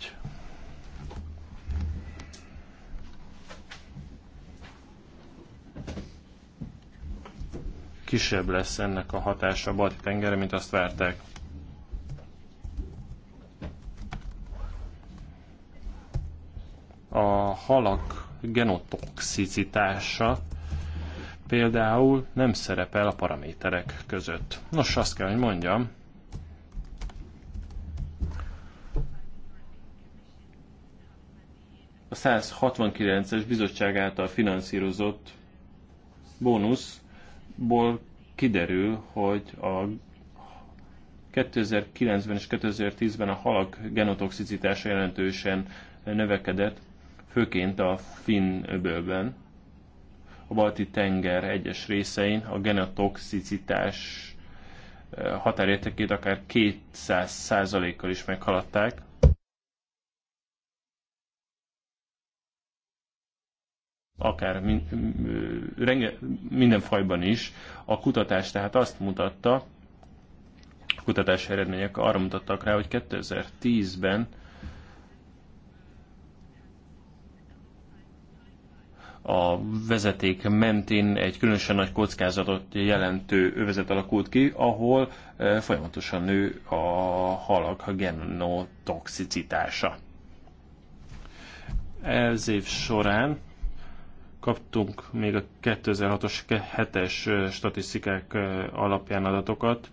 kisebb lesz ennek a hatása a balti tengerre, mint azt várták. A halak genotoxicitása például nem szerepel a paraméterek között. Nos, azt kell, hogy mondjam, a 169-es bizottság által finanszírozott bónusz ból kiderül, hogy a 2009-ben és 2010-ben a halak genotoxicitása jelentősen növekedett, főként a finn öbölben. A balti tenger egyes részein a genotoxicitás eh, határértékét akár 200 kal is meghaladták. akár minden fajban is. A kutatás tehát azt mutatta, a kutatás eredmények arra mutattak rá, hogy 2010-ben a vezeték mentén egy különösen nagy kockázatot jelentő övezet alakult ki, ahol folyamatosan nő a halak genotoxicitása. Ez év során kaptunk még a 2006-os 7-es statisztikák alapján adatokat.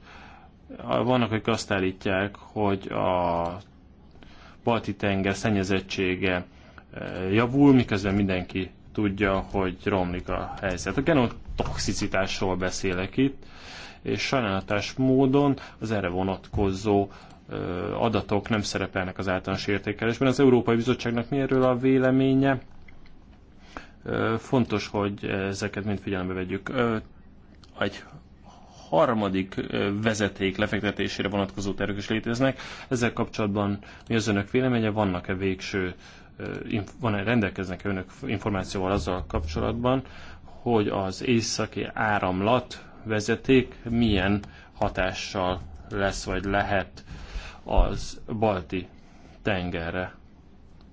Vannak, akik azt állítják, hogy a balti tenger szennyezettsége javul, miközben mindenki tudja, hogy romlik a helyzet. A genotoxicitásról beszélek itt, és sajnálatos módon az erre vonatkozó adatok nem szerepelnek az általános értékelésben. Az Európai Bizottságnak mi erről a véleménye? Fontos, hogy ezeket mind figyelembe vegyük. Egy harmadik vezeték lefektetésére vonatkozó tervek is léteznek. Ezzel kapcsolatban mi az önök véleménye? Vannak-e végső, van-e rendelkeznek-e önök információval azzal kapcsolatban, hogy az északi áramlat vezeték milyen hatással lesz vagy lehet az balti tengerre.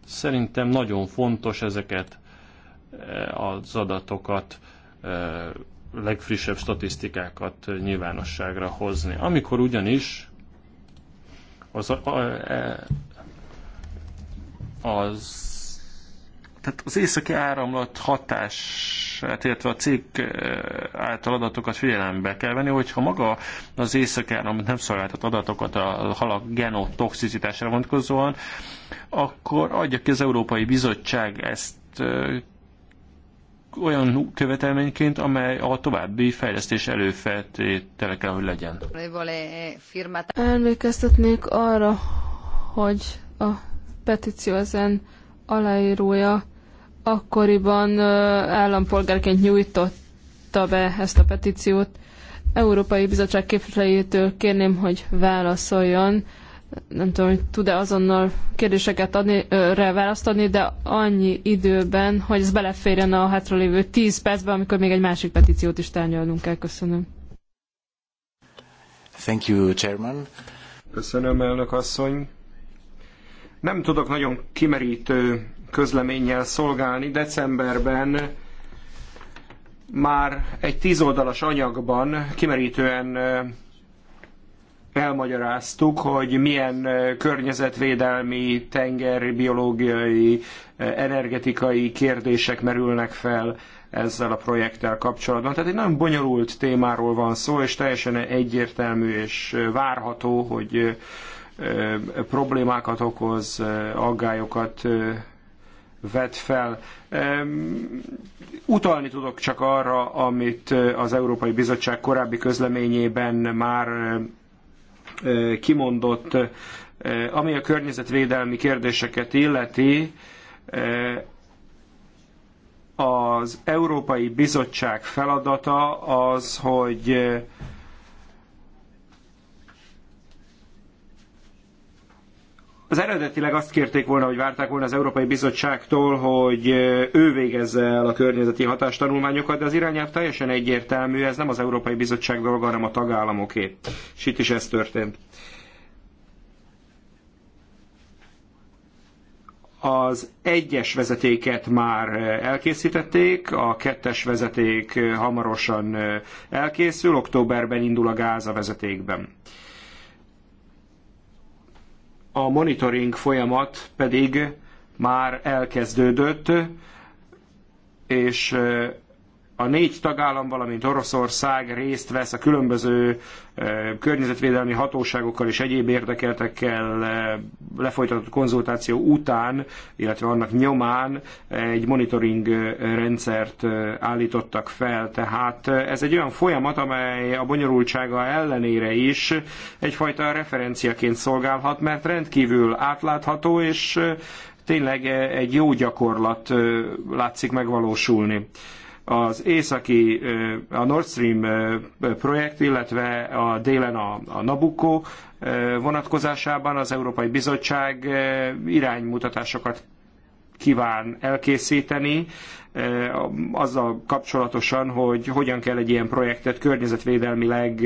Szerintem nagyon fontos ezeket Eh, az adatokat, eh, legfrissebb statisztikákat nyilvánosságra hozni. Amikor ugyanis az, e, az tehát az északi áramlat hatását, illetve a cég eh, által adatokat figyelembe kell venni, hogyha maga az északi áramlat nem szolgáltat adatokat a halak genotoxicitásra vonatkozóan, akkor adja ki az Európai Bizottság ezt olyan követelményként, amely a további fejlesztés előfeltétele kell, hogy legyen. Emlékeztetnék arra, hogy a petíció ezen aláírója akkoriban állampolgárként nyújtotta be ezt a petíciót. Európai Bizottság képviselőjétől kérném, hogy válaszoljon nem tudom, hogy tud-e azonnal kérdéseket adni, rá választ adni, de annyi időben, hogy ez beleférjen a hátralévő 10 percbe, amikor még egy másik petíciót is tárgyalnunk kell. Köszönöm. Thank you, Chairman. Köszönöm, elnök asszony. Nem tudok nagyon kimerítő közleménnyel szolgálni. Decemberben már egy tízoldalas anyagban kimerítően elmagyaráztuk, hogy milyen környezetvédelmi, tengeri, biológiai, energetikai kérdések merülnek fel ezzel a projekttel kapcsolatban. Tehát egy nagyon bonyolult témáról van szó, és teljesen egyértelmű és várható, hogy problémákat okoz, aggályokat vet fel. Utalni tudok csak arra, amit az Európai Bizottság korábbi közleményében már kimondott. Ami a környezetvédelmi kérdéseket illeti, az Európai Bizottság feladata az, hogy az eredetileg azt kérték volna, hogy várták volna az Európai Bizottságtól, hogy ő végezze el a környezeti hatástanulmányokat, de az irányelv teljesen egyértelmű, ez nem az Európai Bizottság dolga, hanem a tagállamoké. És itt is ez történt. Az egyes vezetéket már elkészítették, a kettes vezeték hamarosan elkészül, októberben indul a gáz a vezetékben a monitoring folyamat pedig már elkezdődött, és a négy tagállam, valamint Oroszország részt vesz a különböző eh, környezetvédelmi hatóságokkal és egyéb érdekeltekkel eh, lefolytatott konzultáció után, illetve annak nyomán eh, egy monitoring rendszert állítottak fel. Tehát ez egy olyan folyamat, amely a bonyolultsága ellenére is egyfajta referenciaként szolgálhat, mert rendkívül átlátható és tényleg egy jó gyakorlat látszik megvalósulni az északi, a Nord Stream projekt, illetve a délen a, a Nabucco vonatkozásában az Európai Bizottság iránymutatásokat kíván elkészíteni, azzal kapcsolatosan, hogy hogyan kell egy ilyen projektet környezetvédelmileg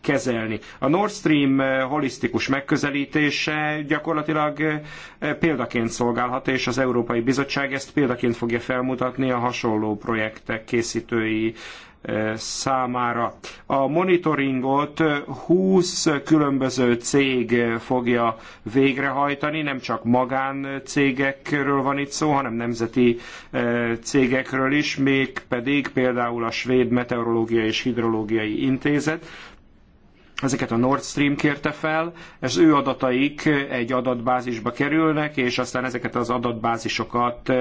kezelni. A Nord Stream holisztikus megközelítése gyakorlatilag példaként szolgálhat, és az Európai Bizottság ezt példaként fogja felmutatni a hasonló projektek készítői számára. A monitoringot 20 különböző cég fogja végrehajtani, nem csak magáncégekről van itt szó, hanem nemzeti cégekről is, még pedig például a Svéd Meteorológiai és Hidrológiai Intézet, ezeket a Nord Stream kérte fel, az ő adataik egy adatbázisba kerülnek, és aztán ezeket az adatbázisokat,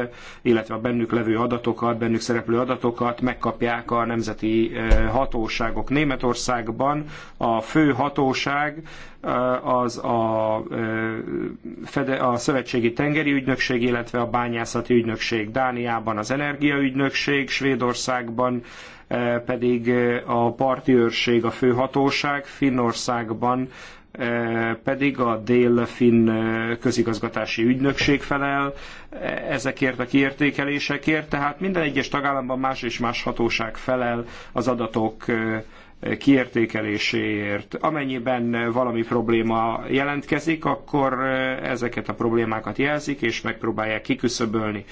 illetve a bennük levő adatokat, bennük szereplő adatokat megkapják a nemzeti eh, hatóságok. Németországban a fő hatóság eh, az a, eh, a Szövetségi Tengeri Ügynökség, illetve a Bányászati Ügynökség. Dániában az Energiaügynökség, Svédországban Eh, pedig eh, a parti őrség a főhatóság, Finnországban eh, pedig a dél-finn közigazgatási ügynökség felel ezekért a kiértékelésekért, tehát minden egyes tagállamban más és más hatóság felel az adatok kiértékeléséért. Amennyiben valami probléma jelentkezik, akkor ezeket a problémákat jelzik, és megpróbálják kiküszöbölni.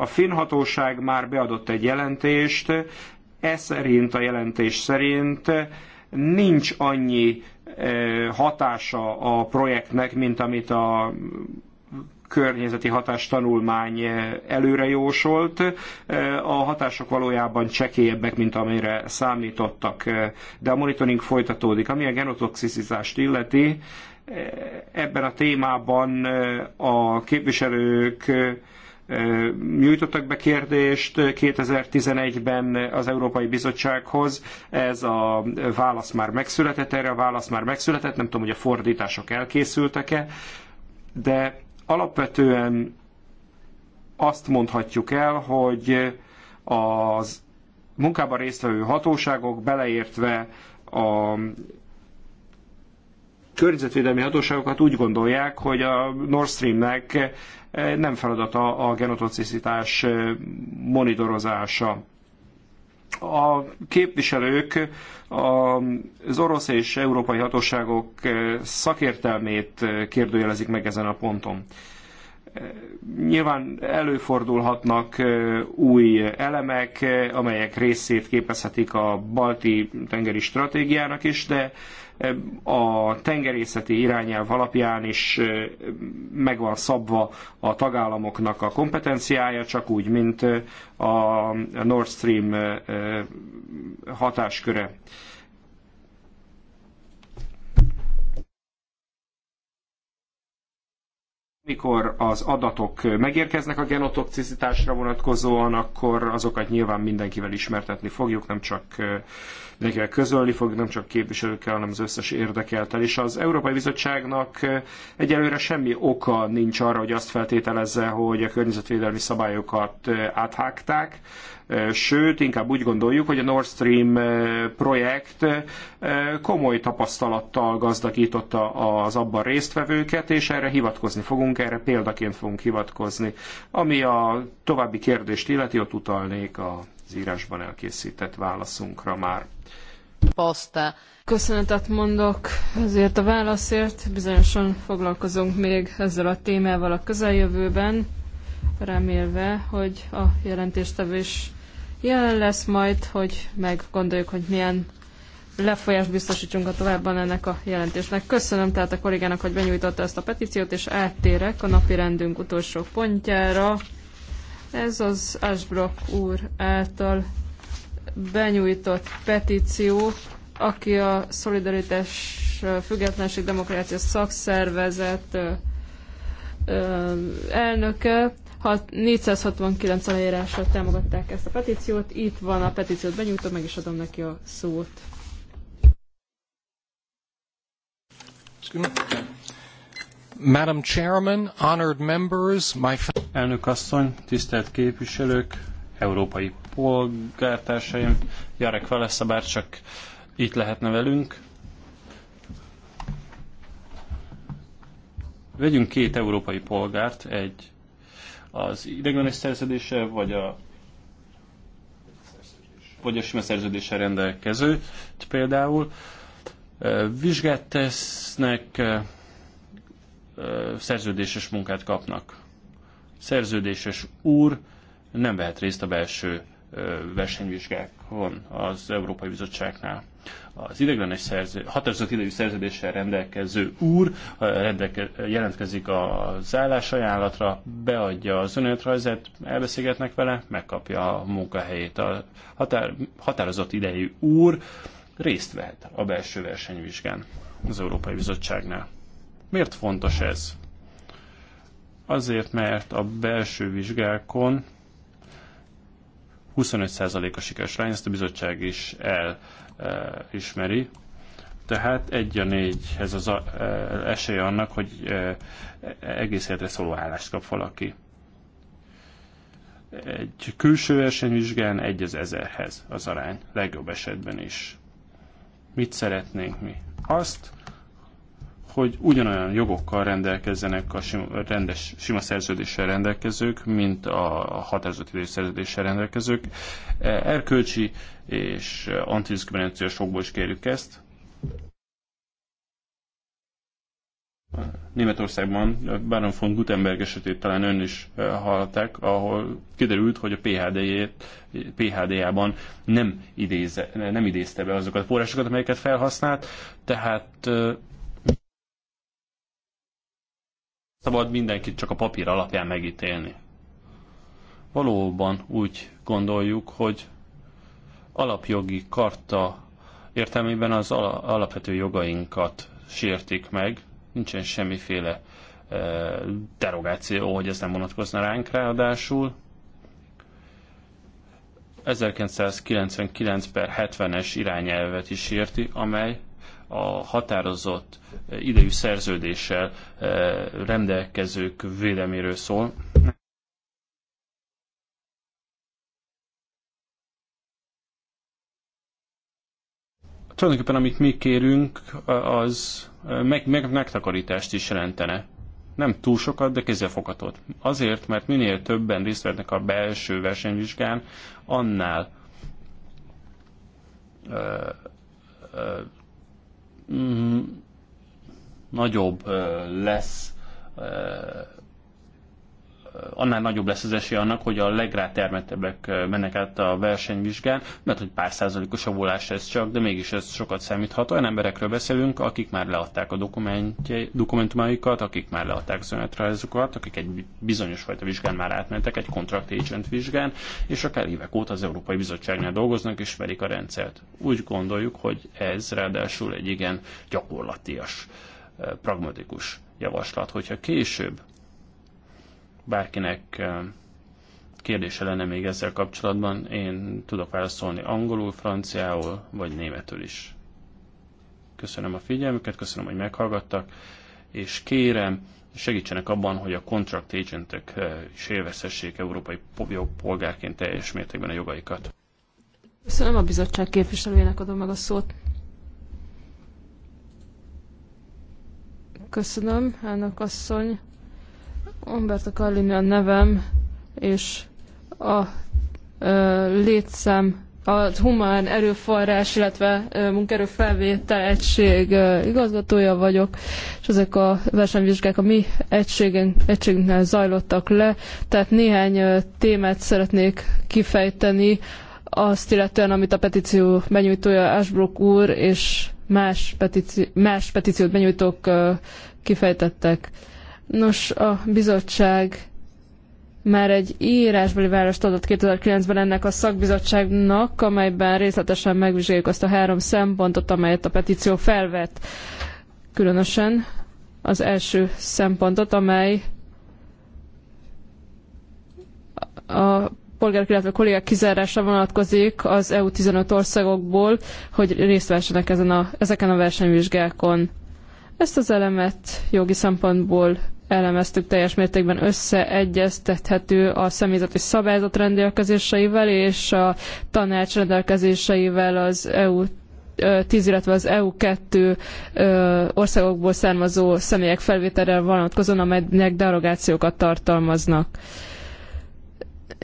A finn hatóság már beadott egy jelentést, E szerint, a jelentés szerint nincs annyi e, hatása a projektnek, mint amit a környezeti hatástanulmány előre jósolt. E, a hatások valójában csekélyebbek, mint amire számítottak, e, de a monitoring folytatódik. Ami a genotoxicizást illeti, ebben a témában a képviselők Nyújtottak be kérdést 2011-ben az Európai Bizottsághoz, ez a válasz már megszületett, erre a válasz már megszületett, nem tudom, hogy a fordítások elkészültek-e, de alapvetően azt mondhatjuk el, hogy az munkában résztvevő hatóságok, beleértve a környezetvédelmi hatóságokat úgy gondolják, hogy a Nord Streamnek eh, nem feladata a genotoxicitás eh, monitorozása. A képviselők az orosz és európai hatóságok eh, szakértelmét kérdőjelezik meg ezen a ponton. Nyilván előfordulhatnak új elemek, amelyek részét képezhetik a balti tengeri stratégiának is, de a tengerészeti irányelv alapján is megvan szabva a tagállamoknak a kompetenciája, csak úgy, mint a Nord Stream hatásköre. Amikor az adatok megérkeznek a genotoxicitásra vonatkozóan, akkor azokat nyilván mindenkivel ismertetni fogjuk, nem csak mindenkivel közölni fog, nem csak képviselőkkel, hanem az összes érdekeltel. És az Európai Bizottságnak egyelőre semmi oka nincs arra, hogy azt feltételezze, hogy a környezetvédelmi szabályokat áthágták, sőt, inkább úgy gondoljuk, hogy a Nord Stream projekt komoly tapasztalattal gazdagította az abban résztvevőket, és erre hivatkozni fogunk, erre példaként fogunk hivatkozni. Ami a további kérdést illeti, ott utalnék az írásban elkészített válaszunkra már. Posta. Köszönetet mondok ezért a válaszért. Bizonyosan foglalkozunk még ezzel a témával a közeljövőben, remélve, hogy a jelentéstevő is jelen lesz majd, hogy meggondoljuk, hogy milyen lefolyást biztosítsunk a továbban ennek a jelentésnek. Köszönöm tehát a kollégának, hogy benyújtotta ezt a petíciót, és áttérek a napi rendünk utolsó pontjára. Ez az Asbrock úr által benyújtott petíció, aki a Szolidaritás Függetlenség Demokrácia Szakszervezet elnöke, 469 aláírásra támogatták ezt a petíciót. Itt van a petíciót, benyújtom, meg is adom neki a szót. Madam Chairman, honored members, my... Elnök asszony, tisztelt képviselők, európai polgártársaim, Jarek Valesza, bár csak itt lehetne velünk. Vegyünk két európai polgárt, egy az ideglenes szerződése, vagy a vagy a sima szerződéssel rendelkező például. Vizsgát tesznek, szerződéses munkát kapnak. Szerződéses úr nem vehet részt a belső versenyvizsgákon az Európai Bizottságnál. Az ideiglenes szerző, határozott idejű szerződéssel rendelkező úr rendelke, jelentkezik az állásajánlatra, beadja az önéletrajzát, elbeszélgetnek vele, megkapja a munkahelyét. A határ, határozott idejű úr részt vehet a belső versenyvizsgán az Európai Bizottságnál. Miért fontos ez? Azért, mert a belső vizsgákon 25% a sikeres rány, ezt a bizottság is elismeri. E, Tehát egy a négyhez az a, e, esély annak, hogy e, egész életre szóló állást kap valaki. Egy külső versenyvizsgán egy az ezerhez az arány, legjobb esetben is. Mit szeretnénk mi? Azt, hogy ugyanolyan jogokkal rendelkezzenek a sima, rendes, sima szerződéssel rendelkezők, mint a határozott idő szerződéssel rendelkezők. E, erkölcsi és antidiszkriminációs okból is kérjük ezt. Németországban Baron von Gutenberg esetét talán ön is e, hallották, ahol kiderült, hogy a PHD-jét, PHD-jában nem, idéze, nem idézte be azokat a forrásokat, amelyeket felhasznált, tehát e, szabad mindenkit csak a papír alapján megítélni. Valóban úgy gondoljuk, hogy alapjogi karta értelmében az alapvető jogainkat sértik meg, nincsen semmiféle e, derogáció, hogy ez nem vonatkozna ránk ráadásul. 1999 per 70-es irányelvet is érti, amely a határozott eh, idejű szerződéssel eh, rendelkezők védelméről szól. Tulajdonképpen amit mi kérünk, az eh, meg, meg megtakarítást is jelentene. Nem túl sokat, de kézzelfoghatót. Azért, mert minél többen részt vesznek a belső versenyvizsgán, annál Mm-hmm. nagyobb lesz annál nagyobb lesz az esély annak, hogy a legrátermettebbek mennek át a versenyvizsgán, mert hogy pár százalékos a volás ez csak, de mégis ez sokat számíthat. Olyan emberekről beszélünk, akik már leadták a dokumentumaikat, akik már leadták az önetrajzokat, akik egy bizonyos fajta vizsgán már átmentek, egy contract agent vizsgán, és akár évek óta az Európai Bizottságnál dolgoznak, és verik a rendszert. Úgy gondoljuk, hogy ez ráadásul egy igen gyakorlatias, pragmatikus javaslat. Hogyha később bárkinek kérdése lenne még ezzel kapcsolatban, én tudok válaszolni angolul, franciául vagy németül is. Köszönöm a figyelmüket, köszönöm, hogy meghallgattak, és kérem, segítsenek abban, hogy a contract agentek is élvezhessék európai polgárként teljes mértékben a jogaikat. Köszönöm a bizottság képviselőjének adom meg a szót. Köszönöm, elnök asszony. Umberto Carlini a nevem, és a ö, létszám, a humán erőforrás, illetve munkerő felvétel egység ö, igazgatója vagyok, és ezek a versenyvizsgák a mi egységen, egységünknél zajlottak le, tehát néhány ö, témát szeretnék kifejteni, azt illetően, amit a petíció benyújtója Ashbrook úr és más, petíci más petíciót benyújtók ö, kifejtettek. Nos, a bizottság már egy írásbeli választ adott 2009-ben ennek a szakbizottságnak, amelyben részletesen megvizsgáljuk azt a három szempontot, amelyet a petíció felvet. Különösen az első szempontot, amely a polgárok, illetve kollégák kizárása vonatkozik az EU 15 országokból, hogy részt vessenek ezen a, ezeken a versenyvizsgákon. Ezt az elemet jogi szempontból elemeztük teljes mértékben összeegyeztethető a személyzeti szabályzat rendelkezéseivel és a tanács rendelkezéseivel az EU 10, illetve az EU2 országokból származó személyek felvételre vonatkozóan, amelynek derogációkat tartalmaznak.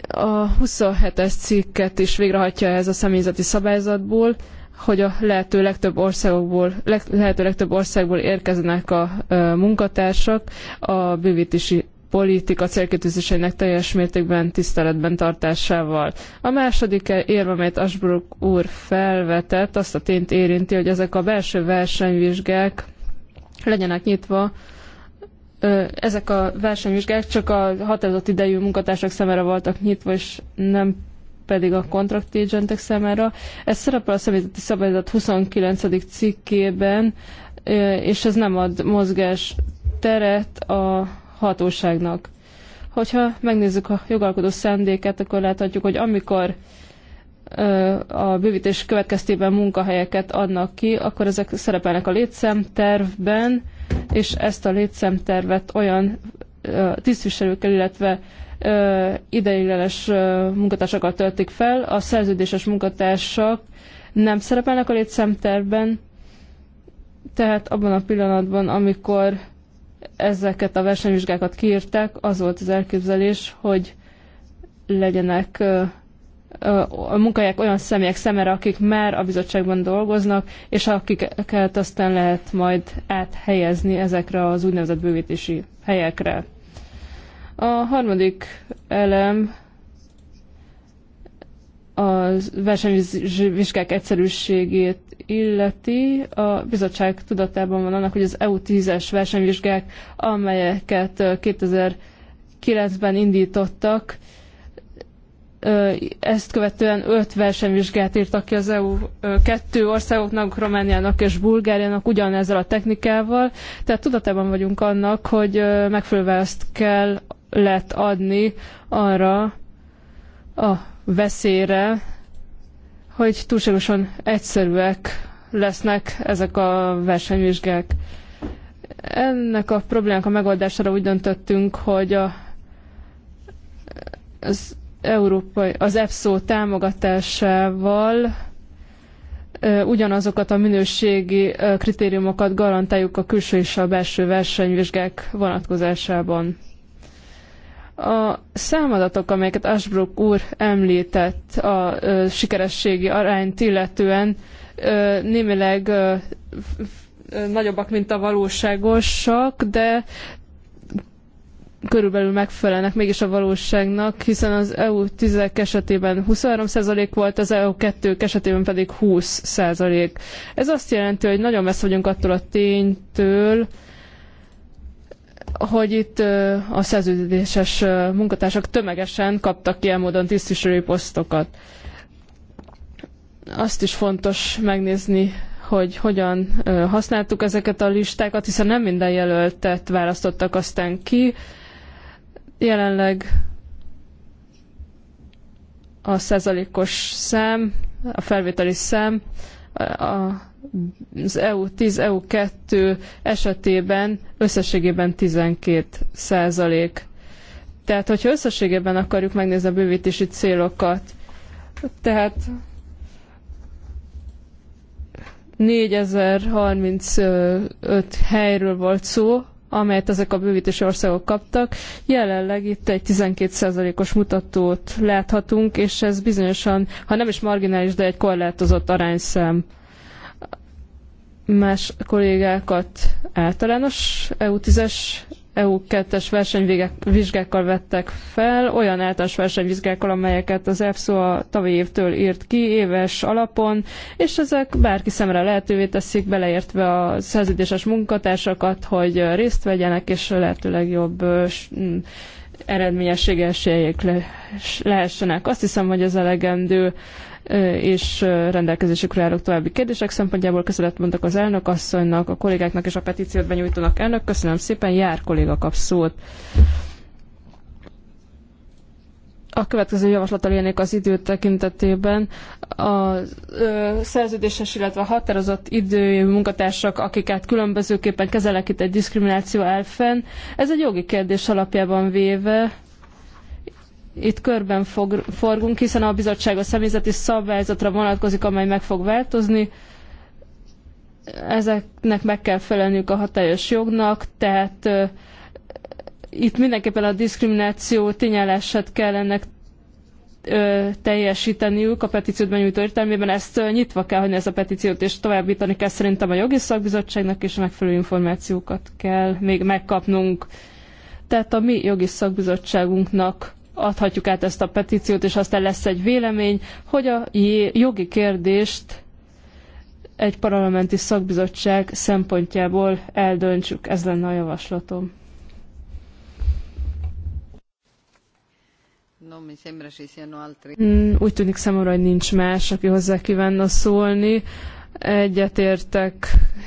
A 27-es cikket is végrehajtja ez a személyzeti szabályzatból, hogy a lehető legtöbb országból, leg, lehető legtöbb országból érkeznek a munkatársak a bővítési politika célkitűzéseinek teljes mértékben tiszteletben tartásával. A második érv, amelyet Asbrook úr felvetett, azt a tényt érinti, hogy ezek a belső versenyvizsgák legyenek nyitva, ezek a versenyvizsgák csak a határozott idejű munkatársak szemére voltak nyitva, és nem pedig a contract agentek számára. Ez szerepel a személyzeti szabályzat 29. cikkében, és ez nem ad mozgás teret a hatóságnak. Hogyha megnézzük a jogalkodó szendéket, akkor láthatjuk, hogy amikor a bővítés következtében munkahelyeket adnak ki, akkor ezek szerepelnek a létszámtervben, és ezt a létszámtervet olyan tisztviselőkkel, illetve ideiglenes munkatársakat töltik fel, a szerződéses munkatársak nem szerepelnek a létszámterben, tehát abban a pillanatban, amikor ezeket a versenyvizsgákat kiírták, az volt az elképzelés, hogy legyenek a munkahelyek olyan személyek szemére, akik már a bizottságban dolgoznak, és akiket aztán lehet majd áthelyezni ezekre az úgynevezett bővítési helyekre. A harmadik elem a versenyvizsgák egyszerűségét illeti. A bizottság tudatában van annak, hogy az EU 10-es versenyvizsgák, amelyeket 2009-ben indítottak, ezt követően öt versenyvizsgát írtak ki az EU kettő országoknak, Romániának és Bulgáriának ugyanezzel a technikával. Tehát tudatában vagyunk annak, hogy megfelelően ezt kell lett adni arra a veszélyre, hogy túlságosan egyszerűek lesznek ezek a versenyvizsgák. Ennek a problémák a megoldására úgy döntöttünk, hogy a, az, európai, az EPSZO támogatásával ugyanazokat a minőségi kritériumokat garantáljuk a külső és a belső versenyvizsgák vonatkozásában. A számadatok, amelyeket Ashbrook úr említett a ö, sikerességi arányt illetően, ö, némileg ö, nagyobbak, mint a valóságosak, de körülbelül megfelelnek mégis a valóságnak, hiszen az EU 10 esetében 23% volt, az EU 2 esetében pedig 20%. Ez azt jelenti, hogy nagyon messze vagyunk attól a ténytől, hogy itt a szerződéses munkatársak tömegesen kaptak ilyen módon tisztviselői posztokat. Azt is fontos megnézni, hogy hogyan használtuk ezeket a listákat, hiszen nem minden jelöltet választottak aztán ki. Jelenleg a százalékos szám, a felvételi szám, a az EU10, EU2 esetében összességében 12 százalék. Tehát, hogyha összességében akarjuk megnézni a bővítési célokat, tehát 4035 helyről volt szó, amelyet ezek a bővítési országok kaptak. Jelenleg itt egy 12%-os mutatót láthatunk, és ez bizonyosan, ha nem is marginális, de egy korlátozott arányszám más kollégákat általános EU10-es, EU2-es versenyvizsgákkal vettek fel, olyan általános versenyvizsgákkal, amelyeket az EFSO a tavalyi évtől írt ki éves alapon, és ezek bárki szemre lehetővé teszik, beleértve a szerződéses munkatársakat, hogy részt vegyenek, és lehetőleg jobb eredményessége lehessenek. Azt hiszem, hogy ez elegendő és rendelkezésükre állok további kérdések szempontjából. Köszönet mondok az elnök asszonynak, a kollégáknak és a petíciót benyújtónak elnök. Köszönöm szépen, jár kolléga kap szót. A következő javaslattal élnék az idő tekintetében. A ö, szerződéses, illetve a határozott idő munkatársak, akiket különbözőképpen kezelek itt egy diszkrimináció elfen, ez egy jogi kérdés alapjában véve, itt körben fog, forgunk, hiszen a bizottság a személyzeti szabályzatra vonatkozik, amely meg fog változni. Ezeknek meg kell felelniük a hatályos jognak, tehát ö, itt mindenképpen a diszkrimináció tényállását kell ennek ö, teljesíteniük a petíciót benyújtó értelmében. Ezt ö, nyitva kell hagyni ezt a petíciót, és továbbítani kell szerintem a jogi szakbizottságnak, és megfelelő információkat kell még megkapnunk. Tehát a mi jogi szakbizottságunknak adhatjuk át ezt a petíciót, és aztán lesz egy vélemény, hogy a jogi kérdést egy parlamenti szakbizottság szempontjából eldöntsük. Ez lenne a javaslatom. Mm, úgy tűnik számomra, hogy nincs más, aki hozzá kívánna szólni. Egyetértek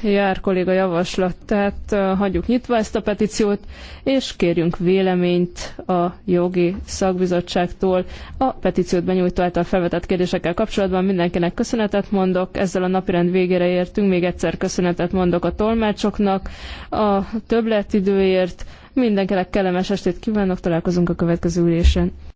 jár kolléga javaslatát, hagyjuk nyitva ezt a petíciót, és kérjünk véleményt a jogi szakbizottságtól. A petíciót benyújtó által felvetett kérdésekkel kapcsolatban mindenkinek köszönetet mondok. Ezzel a napirend végére értünk, még egyszer köszönetet mondok a tolmácsoknak a többletidőért. Mindenkinek kellemes estét kívánok, találkozunk a következő ülésen.